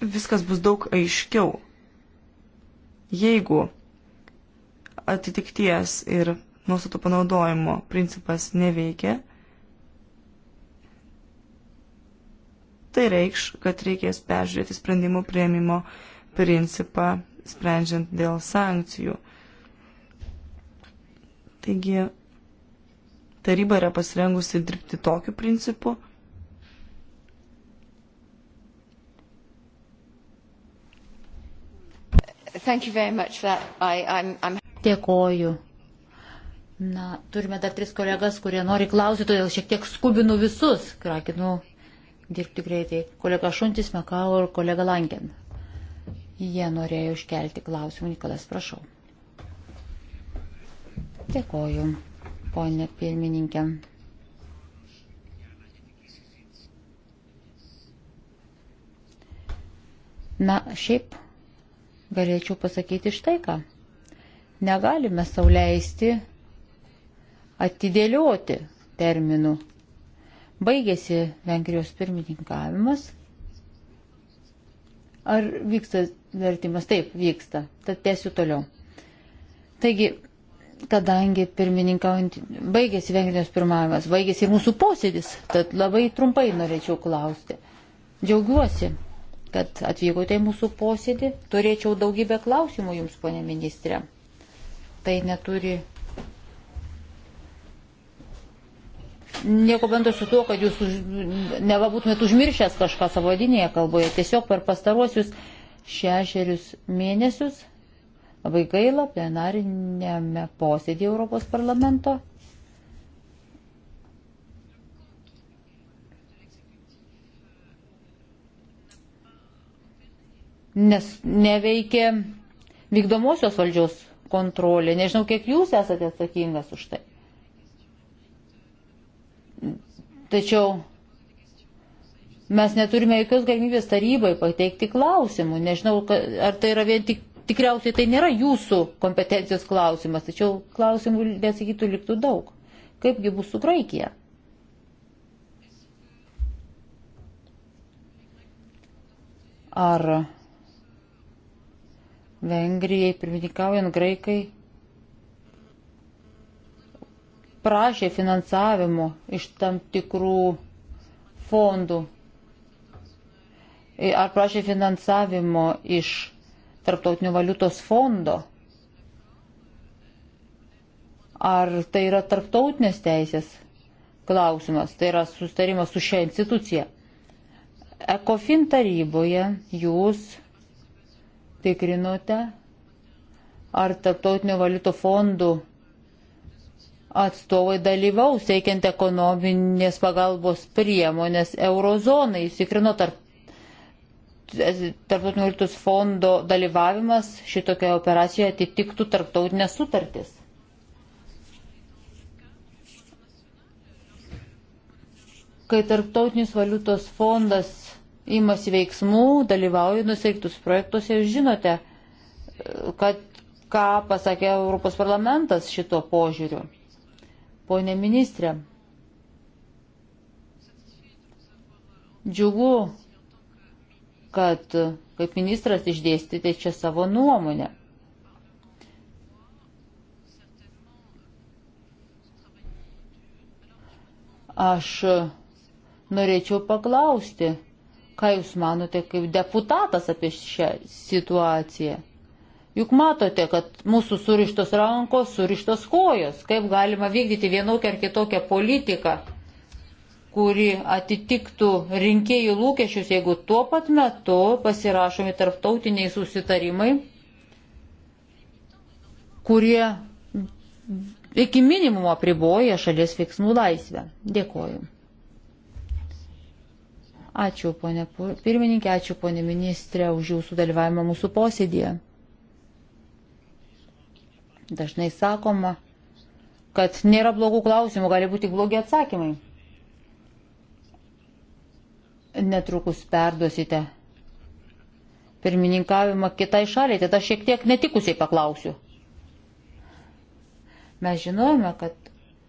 viskas bus daug aiškiau. Jeigu atitikties ir nuostatų panaudojimo principas neveikia, tai reikš, kad reikės peržiūrėti sprendimų prieimimo principą, sprendžiant dėl sankcijų. Taigi, taryba yra pasirengusi dirbti tokiu principu. Dėkoju. Na, turime dar tris kolegas, kurie nori klausyti, todėl šiek tiek skubinu visus, krakinu dirbti greitai. Kolega Šuntis, Mekau ir kolega Langen. Jie norėjo iškelti klausimą. Nikolas, prašau. Dėkoju, ponė pirmininkė. Na, šiaip galėčiau pasakyti štai ką. Negalime sauliaisti atidėlioti terminų Baigėsi Vengrijos pirmininkavimas. Ar vyksta vertimas? Taip, vyksta. Tad tęsiu toliau. Taigi, kadangi pirmininkaujant, baigėsi Vengrijos pirmavimas, baigėsi ir mūsų posėdis, tad labai trumpai norėčiau klausti. Džiaugiuosi, kad atvykote į mūsų posėdį. Turėčiau daugybę klausimų jums, ponė ministrė. Tai neturi nieko bendro su tuo, kad jūs už, neva būtumėt užmiršęs kažką savo vadinėje kalboje. Tiesiog per pastaruosius šešerius mėnesius labai gaila plenarinėme posėdėje Europos parlamento. Nes neveikia vykdomosios valdžios kontrolė. Nežinau, kiek jūs esate atsakingas už tai. Tačiau mes neturime jokios galimybės tarybai pateikti klausimų. Nežinau, ar tai yra vien tik, tikriausiai tai nėra jūsų kompetencijos klausimas, tačiau klausimų nesakytų liktų daug. Kaipgi bus su Graikija? Ar Vengrijai pirmininkaujant graikai prašė finansavimo iš tam tikrų fondų ar prašė finansavimo iš Tarptautinio valiutos fondo. Ar tai yra tarptautinės teisės klausimas, tai yra sustarimas su šia institucija. Ekofin taryboje jūs tikrinote, ar Tarptautinio valiuto fondų atstovai dalyvaus teikiant ekonominės pagalbos priemonės eurozonai. Įsikrino tarp Tarptautinio valiutos fondo dalyvavimas šitokioje operacijoje atitiktų tarptautinės sutartis. Kai tarptautinis valiutos fondas imasi veiksmų, dalyvauja nusireiktus projektuose, jūs žinote, kad ką pasakė Europos parlamentas šito požiūriu. Pone ministrė, džiugu, kad kaip ministras išdėstyti čia savo nuomonę. Aš norėčiau paklausti, ką Jūs manote kaip deputatas apie šią situaciją. Juk matote, kad mūsų surištos rankos, surištos kojos, kaip galima vykdyti vienokią ar kitokią politiką, kuri atitiktų rinkėjų lūkesčius, jeigu tuo pat metu pasirašomi tarptautiniai susitarimai, kurie iki minimumo priboja šalies veiksmų laisvę. Dėkoju. Ačiū, ponė pirmininkė, ačiū, ponė ministrė, už jūsų dalyvavimą mūsų posėdėje. Dažnai sakoma, kad nėra blogų klausimų, gali būti blogi atsakymai. Netrukus perduosite pirmininkavimą kitai šaliai, tad aš šiek tiek netikusiai paklausiu. Mes žinojame, kad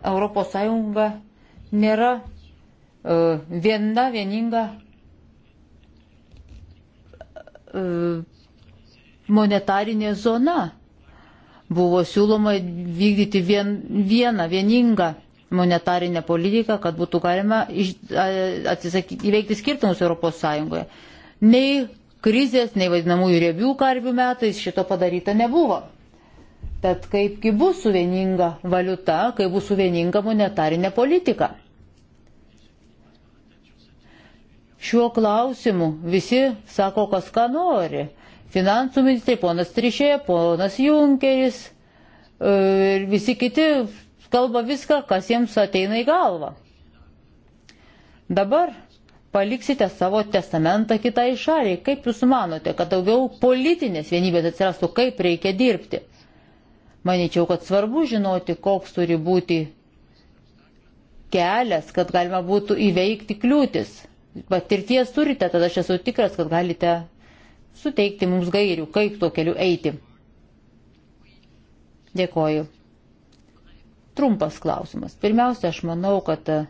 ES nėra uh, viena vieninga uh, monetarinė zona buvo siūloma vykdyti vien, vieną vieningą monetarinę politiką, kad būtų galima atsisakyti, įveikti skirtumus ES. Nei krizės, nei vadinamųjų riebių karvių metais šito padaryta nebuvo. Tad kaipgi bus su vieninga valiuta, kai bus su vieninga monetarinė politika? Šiuo klausimu visi sako, kas ką nori finansų ministrai, ponas Trišė, ponas Junkeris e, ir visi kiti kalba viską, kas jiems ateina į galvą. Dabar paliksite savo testamentą kitai šaliai. Kaip jūs manote, kad daugiau politinės vienybės atsirastų, kaip reikia dirbti? Maničiau, kad svarbu žinoti, koks turi būti kelias, kad galima būtų įveikti kliūtis. Patirties turite, tada aš esu tikras, kad galite suteikti mums gairių, kaip tuo keliu eiti. Dėkoju. Trumpas klausimas. Pirmiausia, aš manau, kad e,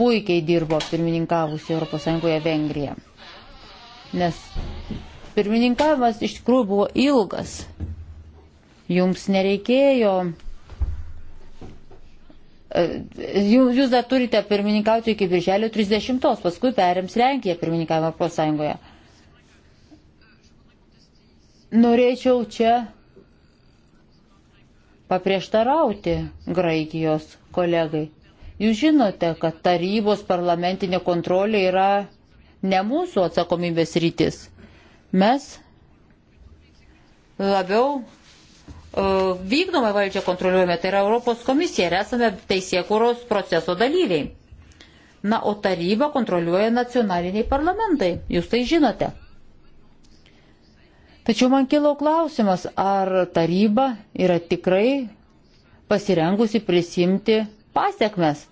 puikiai dirbo pirmininkavusi ES Vengrija. Nes pirmininkavimas iš tikrųjų buvo ilgas. Jums nereikėjo e, jūs dar turite pirmininkauti iki birželio 30, paskui perims Lenkija pirmininkavimą profsąjungoje. Norėčiau čia paprieštarauti Graikijos kolegai. Jūs žinote, kad tarybos parlamentinė kontrolė yra ne mūsų atsakomybės rytis. Mes e, labiau uh, vykdomą valdžią kontroliuojame, tai yra Europos komisija ir esame teisėkūros proceso dalyviai. Na, o tarybą kontroliuoja nacionaliniai parlamentai, jūs tai žinote. Tačiau man kilo klausimas, ar taryba yra tikrai pasirengusi prisimti pasiekmes.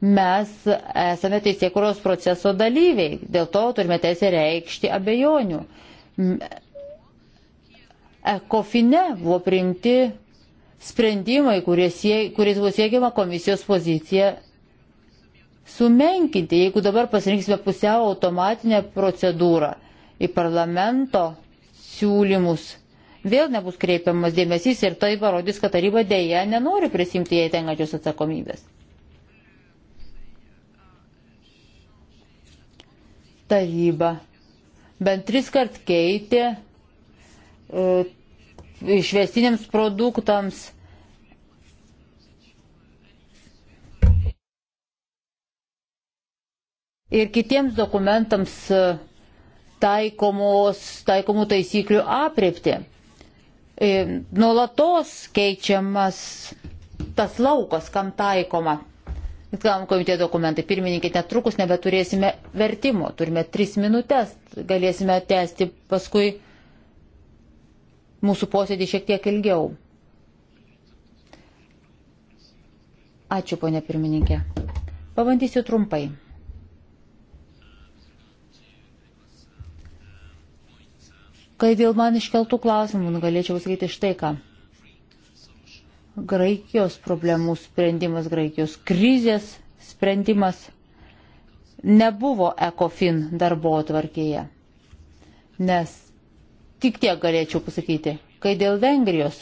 Mes esame teisėkuros proceso dalyviai, dėl to turime teisę reikšti abejonių. Ekofine buvo priimti sprendimai, kuriais buvo siekiama komisijos pozicija sumenkinti. Jeigu dabar pasirinksime pusiau automatinę procedūrą į parlamento siūlymus. Vėl nebus kreipiamas dėmesys ir tai parodys, kad taryba dėja nenori prisimti jai tenkačios atsakomybės. Taryba bent tris kart keitė e, išvestiniams produktams. Ir kitiems dokumentams e, taikomos, taikomų taisyklių apriepti. E, nuolatos keičiamas tas laukas, kam taikoma. Kam komitė dokumentai, pirmininkė, netrukus nebeturėsime vertimo, turime tris minutės, galėsime tęsti paskui mūsų posėdį šiek tiek ilgiau. Ačiū, ponė pirmininkė. Pabandysiu trumpai. Kai dėl man iškeltų klausimų nu, galėčiau sakyti štai ką. Graikijos problemų sprendimas, Graikijos krizės sprendimas nebuvo ECOFIN darbo atvarkėje. Nes tik tiek galėčiau pasakyti, kai dėl Vengrijos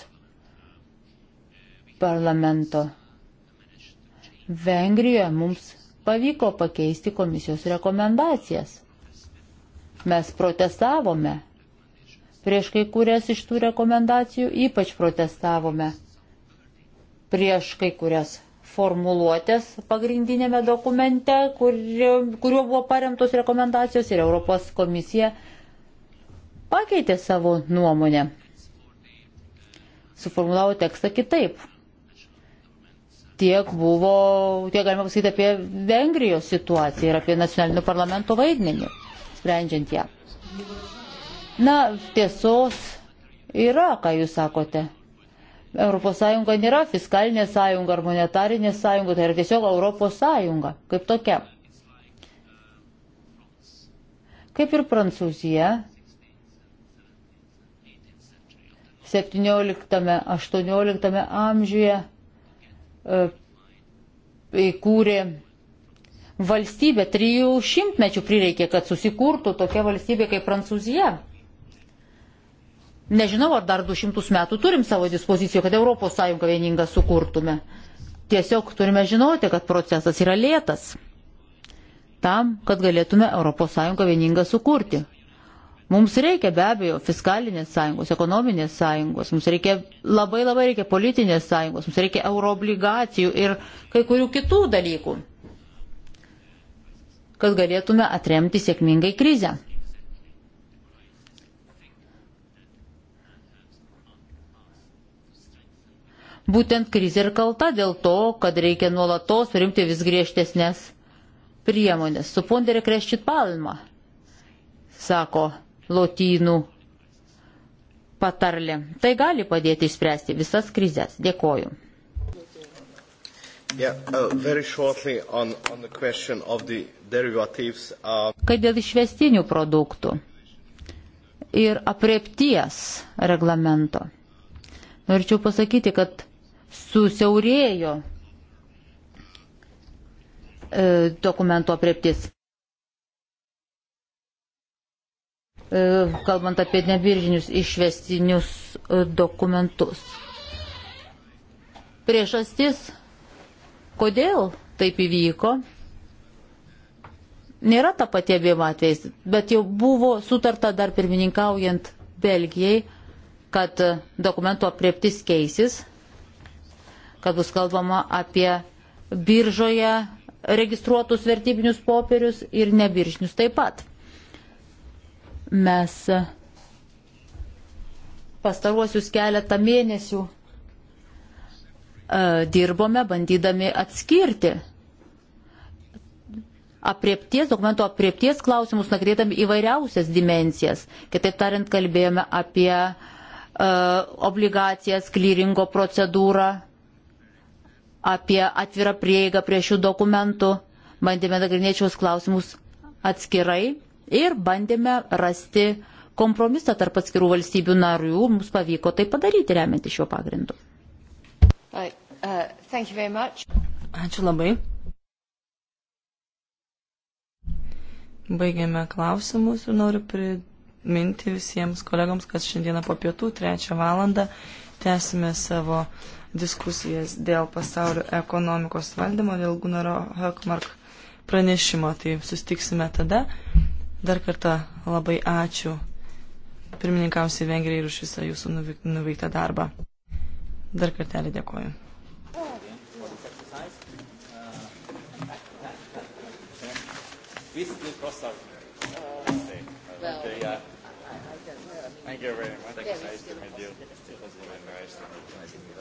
parlamento. Vengrijoje mums pavyko pakeisti komisijos rekomendacijas. Mes protestavome prieš kai kurias iš tų rekomendacijų, ypač protestavome prieš kai kurias formuluotės pagrindinėme dokumente, kuriuo, kuriuo buvo paremtos rekomendacijos ir Europos komisija pakeitė savo nuomonę. Suformulavo tekstą kitaip. Tiek buvo, tiek galima pasakyti apie Vengrijos situaciją ir apie nacionalinio parlamento vaidmenį, sprendžiant ją. Na, tiesos yra, ką jūs sakote. ES nėra fiskalinė sąjunga ar monetarinė sąjunga, tai yra tiesiog Europos sąjunga kaip tokia. Kaip ir Prancūzija 17-18 amžiuje e, įkūrė valstybę, trijų šimtmečių prireikė, kad susikurtų tokia valstybė kaip Prancūzija. Nežinau, ar dar 200 metų turim savo dispoziciją, kad ES vieningą sukurtume. Tiesiog turime žinoti, kad procesas yra lėtas. Tam, kad galėtume ES vieningą sukurti. Mums reikia be abejo fiskalinės sąjungos, ekonominės sąjungos, mums reikia labai labai reikia politinės sąjungos, mums reikia euroobligacijų ir kai kurių kitų dalykų, kad galėtume atremti sėkmingai krizę. Būtent krizė ir kalta dėl to, kad reikia nuolatos rimti vis griežtesnės priemonės. Suponderė kreščit palma, sako lotynų patarlė. Tai gali padėti išspręsti visas krizės. Dėkoju. Yeah, uh, on, on uh... Kai dėl išvestinių produktų ir apriepties reglamento. Norėčiau pasakyti, kad susiaurėjo e, dokumento apreptis. E, kalbant apie nebiržinius išvestinius e, dokumentus. Priežastis, kodėl taip įvyko, nėra ta pati abiem atvejais, bet jau buvo sutarta dar pirmininkaujant Belgijai, kad dokumento apreptis keisis kad bus kalbama apie biržoje registruotus vertybinius popierius ir nebiržinius taip pat. Mes pastaruosius keletą mėnesių e, dirbome bandydami atskirti apriepties, dokumento apriepties klausimus, nagrėdami įvairiausias dimencijas. Kitaip tariant, kalbėjome apie uh, obligacijas, klyringo procedūrą, apie atvirą prieigą prie šių dokumentų, bandėme nagrinėti šios klausimus atskirai ir bandėme rasti kompromisą tarp atskirų valstybių narių, mums pavyko tai padaryti remianti šiuo pagrindu. Right. Uh, Ačiū labai. Baigėme klausimus ir noriu priminti visiems kolegams, kad šiandieną po pietų, trečią valandą, tęsime savo diskusijas dėl pasaulio ekonomikos valdymo, dėl Gunaro Hökmark pranešimo. Tai sustiksime tada. Dar kartą labai ačiū pirmininkausiai Vengrijai ir už visą jūsų nuveiktą darbą. Dar kartelį dėkoju. Thank you very much. Thank you. Nice to meet you. It was very nice to meet you.